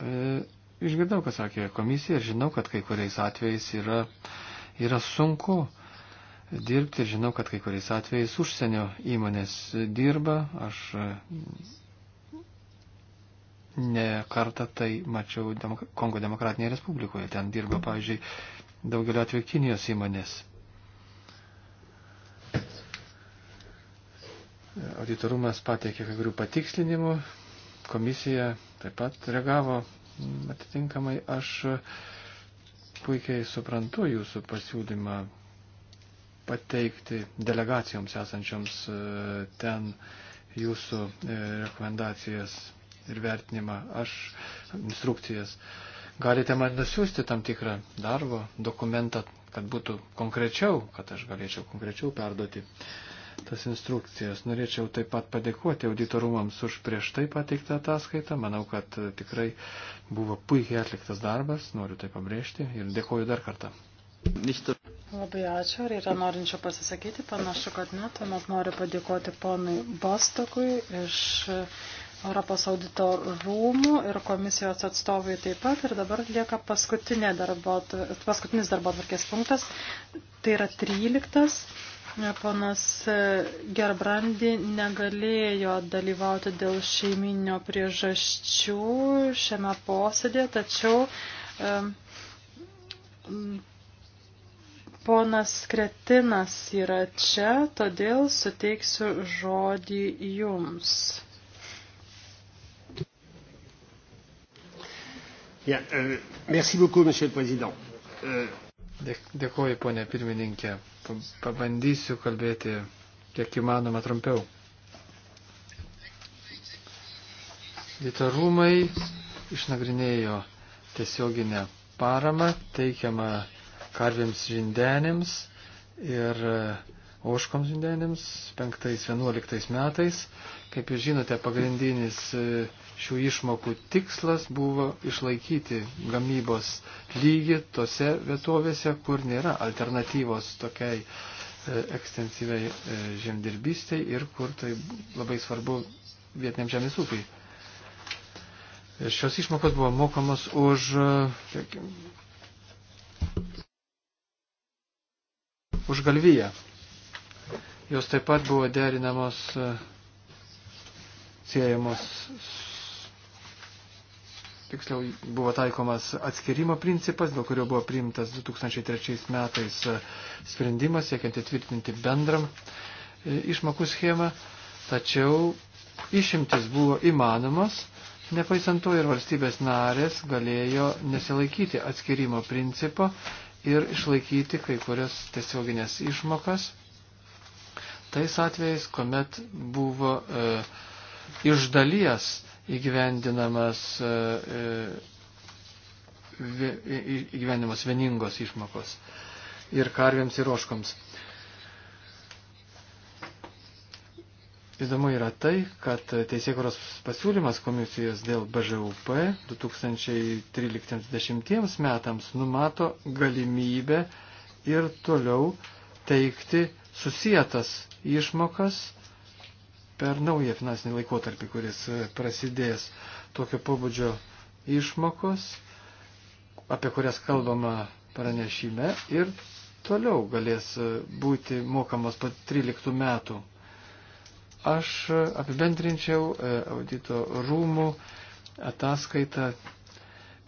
e, išgirdau, kas sakė komisija ir žinau, kad kai kuriais atvejais yra, yra sunku e, dirbti. Žinau, kad kai kuriais atvejais užsienio įmonės dirba. Aš e, ne kartą tai mačiau Demok Kongo Demokratinėje Respublikoje. Ten dirba, pavyzdžiui, daugelio atveju Kinijos įmonės. Auditorumas pateikė kai kurių patikslinimų, komisija taip pat reagavo atitinkamai. Aš puikiai suprantu jūsų pasiūlymą pateikti delegacijoms esančioms e, ten jūsų e, rekomendacijas ir vertinimą, aš instrukcijas. Galite man nusiųsti tam tikrą darbo dokumentą, kad būtų konkrečiau, kad aš galėčiau konkrečiau perduoti tas instrukcijas. Norėčiau taip pat padėkoti auditorumams už prieš tai pateiktą ataskaitą. Manau, kad e, tikrai buvo puikiai atliktas darbas, noriu tai pabrėžti ir dėkoju dar kartą. Labai ačiū. Ar yra norinčių pasisakyti? Panašu, kad ne. Tuomet noriu padėkoti ponui Bostokui iš Europos audito rūmų ir komisijos atstovui taip pat. Ir dabar lieka paskutinė darbo, paskutinis darbo atvarkės punktas. Tai yra 13. Ponas Gerbrandi negalėjo dalyvauti dėl šeiminio priežasčių šiame posėdė, tačiau um, Ponas Kretinas yra čia, todėl suteiksiu žodį jums. Ja, euh, merci beaucoup, monsieur le président. Euh... Dėkuoju, ponė pirmininkė. Pabandysiu kalbėti kiek įmanoma trumpiau. Litarumai išnagrinėjo tiesioginę paramą teikiamą karvėms žindenėms ir e, oškoms žindenėms 5-11 metais. Kaip jūs žinote, pagrindinis e, šių išmokų tikslas buvo išlaikyti gamybos lygį tose vietovėse, kur nėra alternatyvos tokiai e, ekstensyviai žemdirbystėj ir kur tai labai svarbu vietiniam žemės ūkiai. Šios išmokos buvo mokamos už užgalvyje. Jos taip pat buvo derinamos, e, siejamos, tiksliau buvo taikomas atskirimo principas, dėl kurio buvo priimtas 2003 metais e, sprendimas, siekiant įtvirtinti bendram e, išmokų schemą, tačiau išimtis buvo įmanomas, nepaisant to ir valstybės narės galėjo nesilaikyti atskirimo principo ir išlaikyti kai kurias tiesioginės išmokas. Tais atvejais, kuomet buvo e, iš dalies įgyvendinamas, e, e įgyvendinamas vieningos išmokos ir karviams ir oškoms. E, Įdomu yra tai, kad teisėkuros pasiūlymas komisijos dėl BŽUP 2013-2010 metams numato galimybę ir toliau teikti susijęs išmokas per naują finansinį laikotarpį, kuris prasidės tokio pobūdžio išmokos, apie kurias kalbama pranešime ir toliau galės būti mokamos po 13 metų Aš apibendrinčiau e, audito rūmų ataskaitą,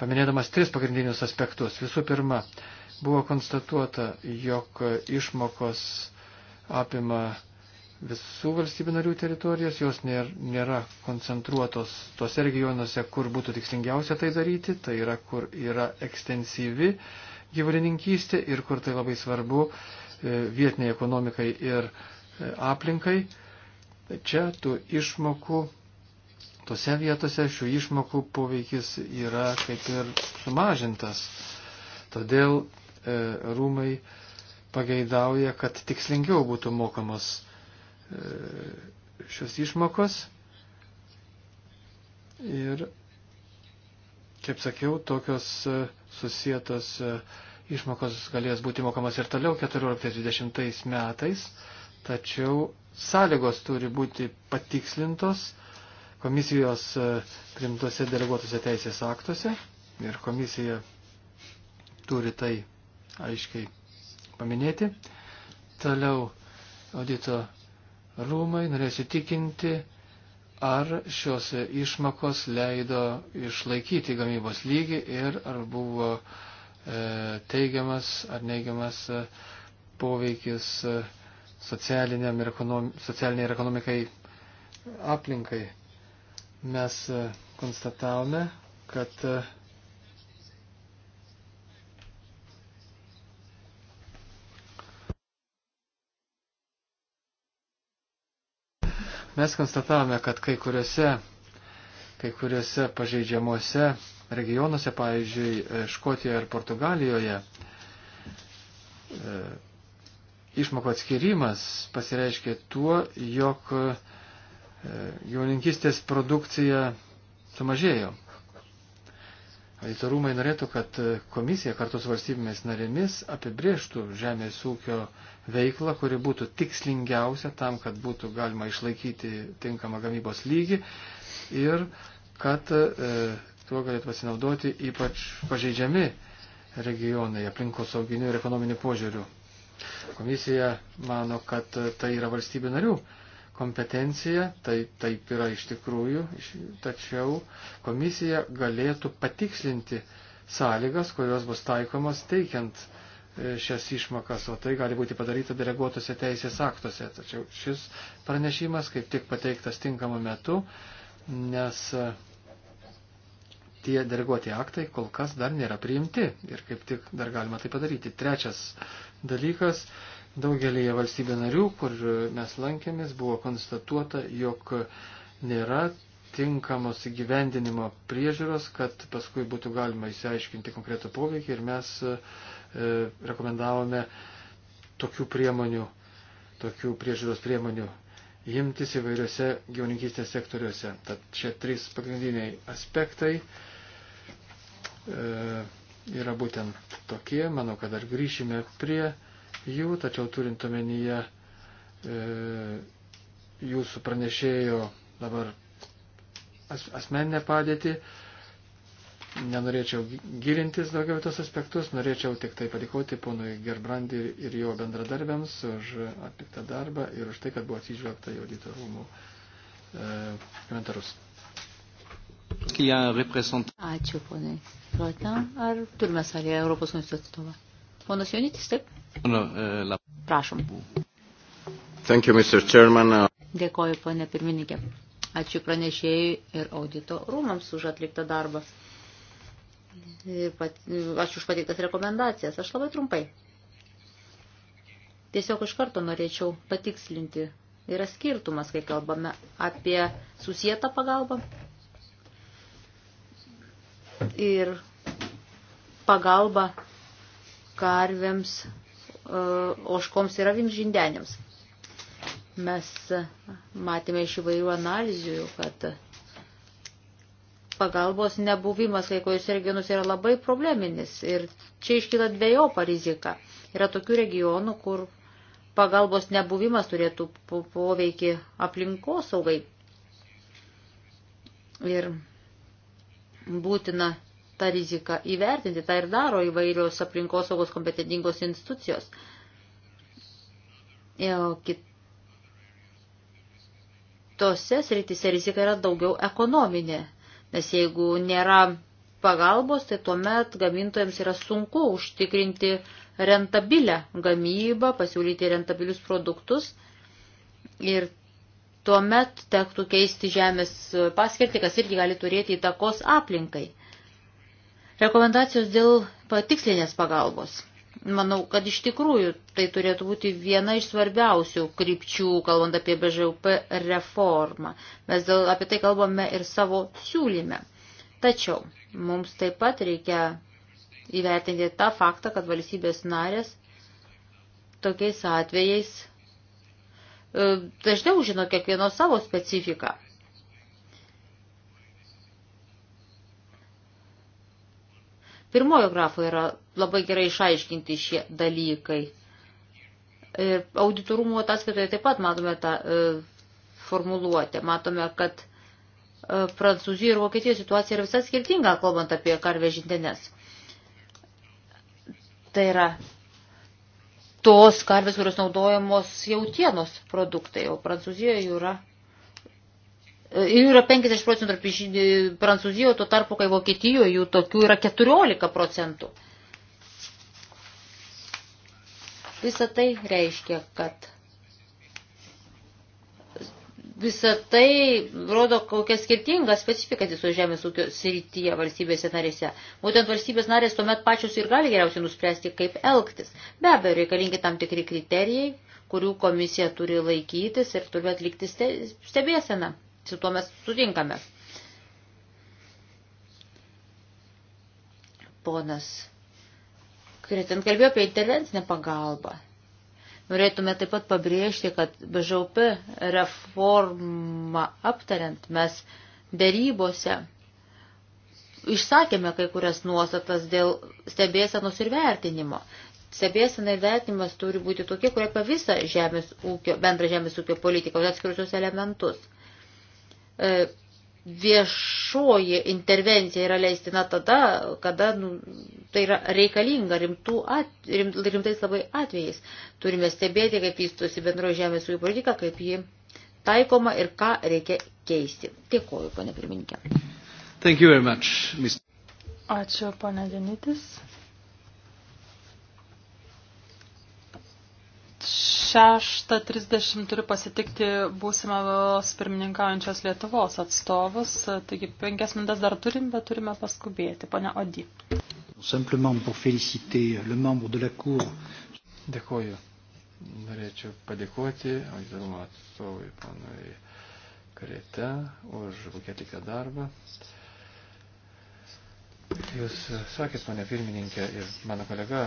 paminėdamas tris pagrindinius aspektus. Visų pirma, buvo konstatuota, jog išmokos apima visų valstybių narių teritorijas, jos nėra, nėra koncentruotos tose regionuose, kur būtų tikslingiausia tai daryti, tai yra, kur yra ekstensyvi gyvulininkystė ir kur tai labai svarbu e, vietiniai ekonomikai ir e, aplinkai. Čia tų išmokų, tose vietose šių išmokų poveikis yra kaip ir sumažintas. Todėl e, rūmai pageidauja, kad tikslingiau būtų mokamos e, šios išmokos. Ir, kaip sakiau, tokios e, susijėtos. E, išmokos galės būti mokamas ir toliau 14-20 metais tačiau sąlygos turi būti patikslintos komisijos e, primtose deleguotose teisės aktuose ir komisija turi tai aiškiai paminėti. Toliau audito rūmai norės įtikinti, ar šios išmokos leido išlaikyti gamybos lygį ir ar buvo e, teigiamas ar neigiamas e, poveikis. E, socialiniam ir ekonom, socialiniai ir ekonomikai aplinkai. Mes e, konstatavome, kad e, mes konstatavome, kad kai kuriuose, kai kuriuose pažeidžiamuose regionuose, pavyzdžiui, Škotijoje ir Portugalijoje, e, išmokų atskirimas pasireiškia tuo, jog e, jauninkistės produkcija sumažėjo. Auditorumai norėtų, kad e, komisija kartu su valstybėmis narėmis apibrieštų žemės ūkio veiklą, kuri būtų tikslingiausia tam, kad būtų galima išlaikyti tinkamą gamybos lygį ir kad e, tuo galėtų pasinaudoti ypač pažeidžiami regionai aplinkosauginių ir ekonominių požiūrių. Komisija mano, kad tai yra valstybių narių kompetencija, tai taip yra iš tikrųjų, tačiau komisija galėtų patikslinti sąlygas, kurios bus taikomos teikiant e, šias išmokas, o tai gali būti padaryta deleguotose teisės aktuose. Tačiau šis pranešimas kaip tik pateiktas tinkamu metu, nes e, tie deleguoti aktai kol kas dar nėra priimti ir kaip tik dar galima tai padaryti. Trečias dalykas. Daugelį valstybė narių, kur mes lankėmės, buvo konstatuota, jog nėra tinkamos įgyvendinimo priežiūros, kad paskui būtų galima įsiaiškinti konkretų poveikį ir mes e, rekomendavome tokių priemonių, tokių priežiūros priemonių imtis įvairiose gyvoninkystės sektoriuose. Tad čia trys pagrindiniai aspektai. E, yra būtent tokie. Manau, kad dar grįšime prie jų, tačiau turint omenyje e, jūsų pranešėjo dabar as, asmeninę padėtį, nenorėčiau gilintis daugiau tos aspektus, norėčiau tik tai padėkoti ponui Gerbrandi ir, ir jo bendradarbiams už atliktą darbą ir už tai, kad buvo atsižvelgta į auditorumų e, komentarus. Ačiū, ponai. Ruota, ar turime salėje Europos komisijos atstovą? Ponas Jonitis, taip? Eh, Prašom. Thank you, Mr. Chairman. Dėkoju, ponė pirmininkė. Ačiū pranešėjai ir audito rūmams už atliktą darbą. Ir pat, ačiū už pateiktas rekomendacijas. Aš labai trumpai. Tiesiog iš karto norėčiau patikslinti. Yra skirtumas, kai kalbame apie susietą pagalbą ir pagalba karviams, e, oškoms ir avims žindeniams. Mes matėme iš įvairių analizių, kad pagalbos nebuvimas kai kuriuose regionuose yra labai probleminis ir čia iškyla dviejopa rizika. Yra tokių regionų, kur pagalbos nebuvimas turėtų poveikį aplinkosaugai. Ir būtina tą riziką įvertinti, tą ir daro įvairios aplinkosaugos kompetentingos institucijos. E, Kitose srityse rizika yra daugiau ekonominė, nes jeigu nėra pagalbos, tai tuomet gamintojams yra sunku užtikrinti rentabilę gamybą, pasiūlyti rentabilius produktus ir tuomet tektų keisti žemės paskirtį, kas irgi gali turėti įtakos aplinkai. Rekomendacijos dėl patikslinės pagalbos. Manau, kad iš tikrųjų tai turėtų būti viena iš svarbiausių krypčių, kalbant apie BŽUP reformą. Mes dėl, apie tai kalbame ir savo siūlyme. Tačiau mums taip pat reikia įvertinti tą faktą, kad valstybės narės tokiais atvejais E, dažniau žino kiekvieno savo specifiką. Pirmojo grafo yra labai gerai išaiškinti šie dalykai. Ir e, auditorumo ataskaitoje taip pat matome tą e, formuluotę. Matome, kad e, Prancūzijos ir Vokietijos situacija yra visai skirtinga, kalbant apie karvės žindenes. Tai yra tos karvės, kurios naudojamos jautienos produktai, o Prancūzijoje jų yra. E, jų yra 50 procentų tarp e, Prancūzijoje, tuo tarpu, kai Vokietijoje jų tokių yra 14 procentų. Visą tai reiškia, kad Visą tai rodo kokią skirtingą specifiką viso žemės ūkio srityje valstybėse narėse. Būtent valstybės narės tuomet pačios ir gali geriausiai nuspręsti, kaip elgtis. Be abejo, reikalingi tam tikri kriterijai, kurių komisija turi laikytis ir turi atlikti stebėseną. Su tuo mes sutinkame. Ponas Kretin kalbėjo apie intervencinę pagalbą. Norėtume taip pat pabrėžti, kad BŽP reformą aptariant mes dėrybose išsakėme kai kurias nuostatas dėl stebėsenos ir vertinimo. Stebėsena ir vertinimas turi būti tokie, kurie apie visą žemės ūkio, bendrą žemės ūkio politiką, atskiriusius elementus. E, viešoji intervencija yra leistina tada, kada nu, tai yra reikalinga rimtų at, rim, rimtais labai atvejais. Turime stebėti, kaip vystosi bendroji žemės ūkio politika, kaip ji taikoma ir ką reikia keisti. Dėkuoju, ponė pirmininkė. Thank you very much, Mr. Ačiū, ponė Denitis. 6.30 turiu pasitikti būsimos pirmininkaujančios Lietuvos atstovus, taigi penkias minutės dar turim, bet turime paskubėti. Pane Odi. Dėkuoju. Norėčiau padėkoti auditorimo atstovui panui Karete už kokią tiką darbą. Jūs sakėt, mane pirmininkė ir mano kolega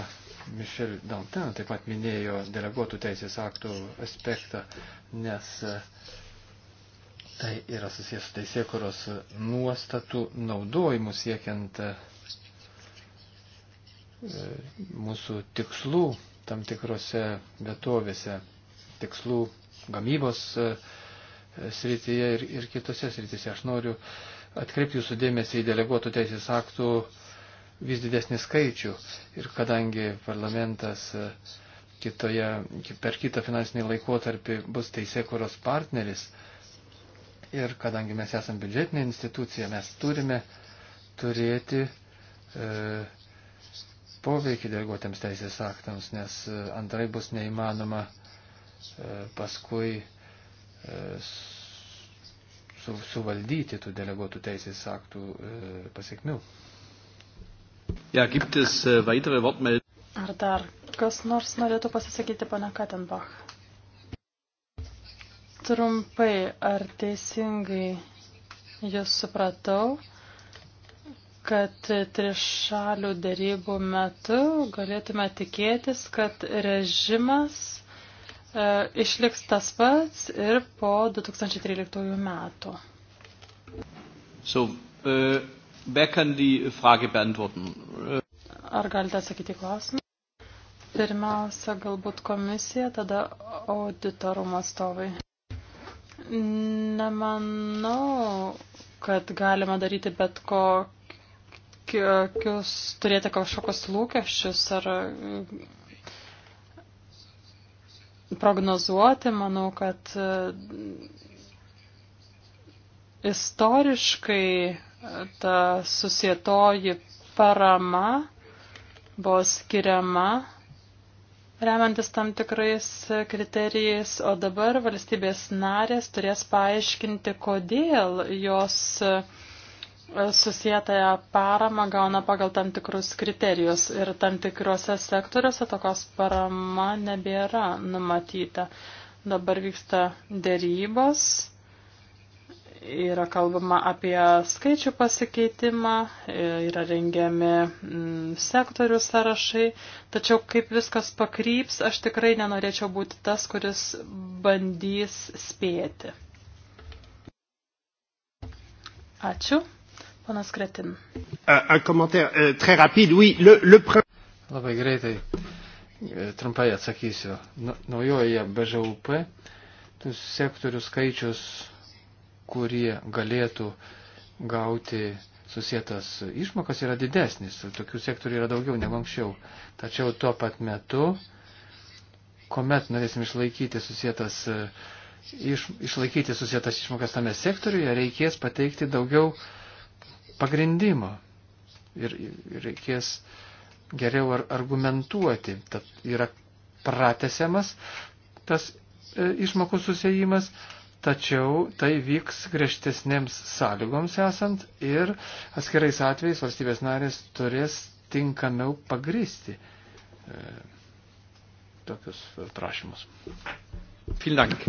Mišel Dantin taip pat minėjo deleguotų teisės aktų aspektą, nes e, tai yra susijęs su teisėkuros nuostatų naudojimu siekiant e, mūsų tikslų tam tikrose vietovėse, tikslų gamybos e, srityje ir, ir kitose srityse. Aš noriu atkreipti jūsų dėmesį į deleguotų teisės aktų uh, vis didesnį skaičių ir kadangi parlamentas e, kitoje, per kitą finansinį laikotarpį bus teisėkuros partneris ir kadangi mes esame biudžetinė institucija, mes turime turėti e, poveikį deleguotiems teisės aktams, nes e, antrai bus neįmanoma e, paskui su, suvaldyti tų deleguotų teisės aktų pasiekmių. Ja, gibt es äh, weitere Wortmeldungen? Ar dar kas nors norėtų pasisakyti, pana Katenbach? Trumpai, ar teisingai jūs supratau, kad trišalių dėrybų metu galėtume tikėtis, kad režimas e, išliks tas pats ir po 2013 metų? So, uh... Wer kann die Frage beantworten? Ar galite atsakyti klausimą? Pirmiausia, galbūt komisija, tada auditorumo atstovai. Nemanau, kad galima daryti bet kokius, turėti kažkokius lūkesčius ar mm, prognozuoti. Manau, kad mm, istoriškai ta susietoji parama buvo skiriama remiantis tam tikrais kriterijais, o dabar valstybės narės turės paaiškinti, kodėl jos e, susietąją paramą gauna pagal tam tikrus kriterijus ir tam tikrose sektoriuose tokios parama nebėra numatyta. Dabar vyksta dėrybos yra kalbama apie skaičių pasikeitimą, e, yra rengiami mm, sektorių sąrašai, tačiau kaip viskas pakryps, aš tikrai nenorėčiau būti tas, kuris bandys spėti. Ačiū. Panas Kretin. Euh, Labai greitai, e, trumpai atsakysiu. Naujoje BŽUP sektorių skaičius kurie galėtų gauti susietas išmokas, yra didesnis. Tokių sektorių yra daugiau negu anksčiau. Tačiau tuo pat metu, kuomet norėsim išlaikyti susietas, iš, išlaikyti susietas išmokas tame sektoriuje, reikės pateikti daugiau pagrindimo. Ir, ir reikės geriau ar argumentuoti. Tad yra pratesiamas tas e, išmokų susijimas, tačiau tai vyks griežtesnėms sąlygoms esant ir atskirais atvejais valstybės narės turės tinkamiau pagristi e, tokius prašymus. Fildank.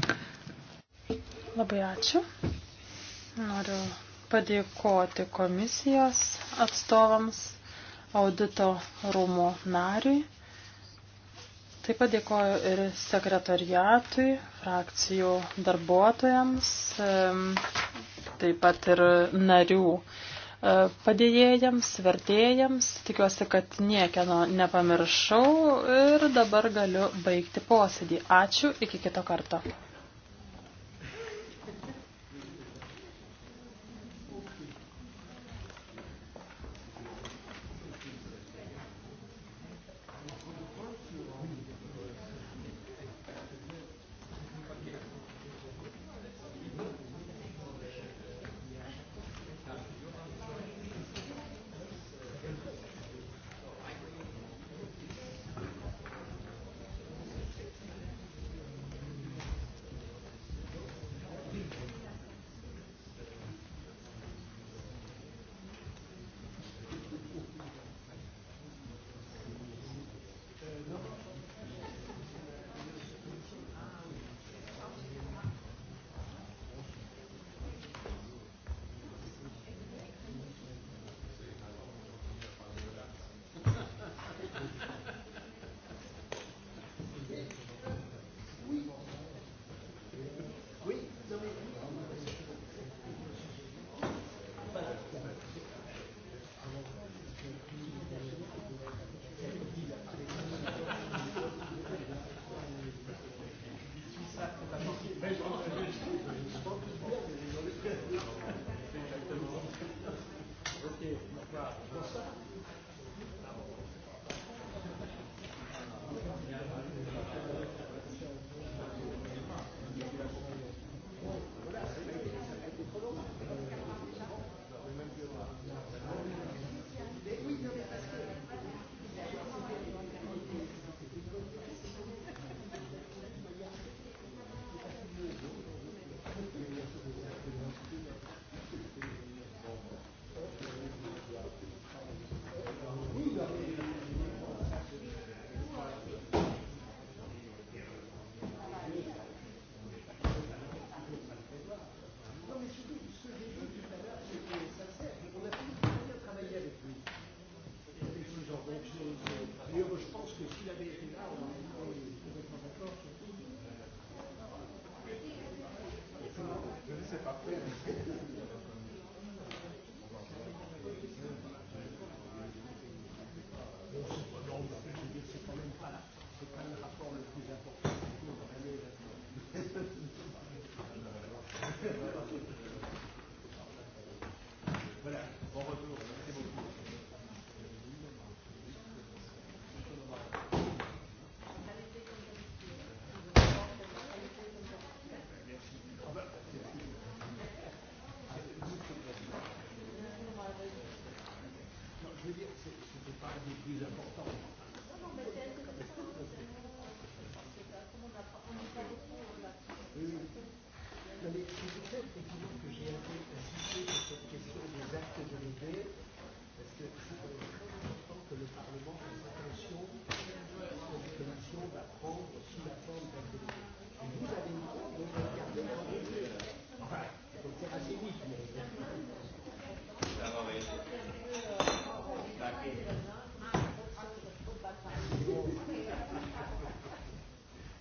Labai ačiū. Noriu padėkoti komisijos atstovams, audito rūmų nariui. Taip pat dėkoju ir sekretariatui, frakcijų darbuotojams, taip pat ir narių e, padėjėjams, vertėjams. Tikiuosi, kad niekieno nepamiršau ir dabar galiu baigti posėdį. Ačiū, iki kito karto. veux dire, ce n'était pas un des plus importants. Non, non, mais c'est comme ça. Comme on apprend, on apprend beaucoup, on apprend. Oui, oui. Non, mais c'est pour ça, effectivement, que j'ai un peu insisté sur cette question des actes délégués, parce que je trouve très important que le Parlement fasse attention aux déclarations va prendre sous la forme d'actes délégués. Vous avez une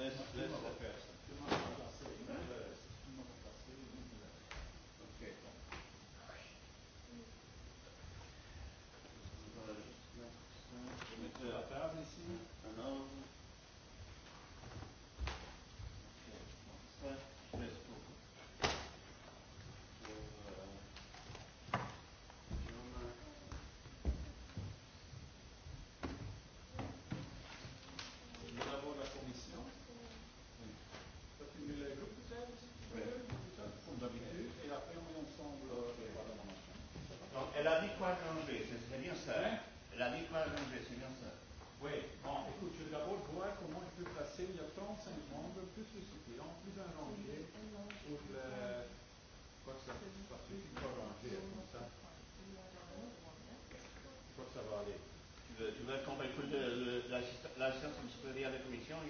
This, this is the person. Mit der Tafeln ist elle eh? e a dit quoi en anglais C'était bien ça, hein Elle a dit quoi en anglais C'est bien ça. Oui, bon, écoute, je vais d'abord voir comment je peux passer. Il y a 35 membres, plus le suppléant, plus un rangé pour le. Quoi que ça fasse pas ranger comme ça. Je crois que ça va aller. Tu veux, tu veux qu'on écoute l'assistance ministérielle de la commission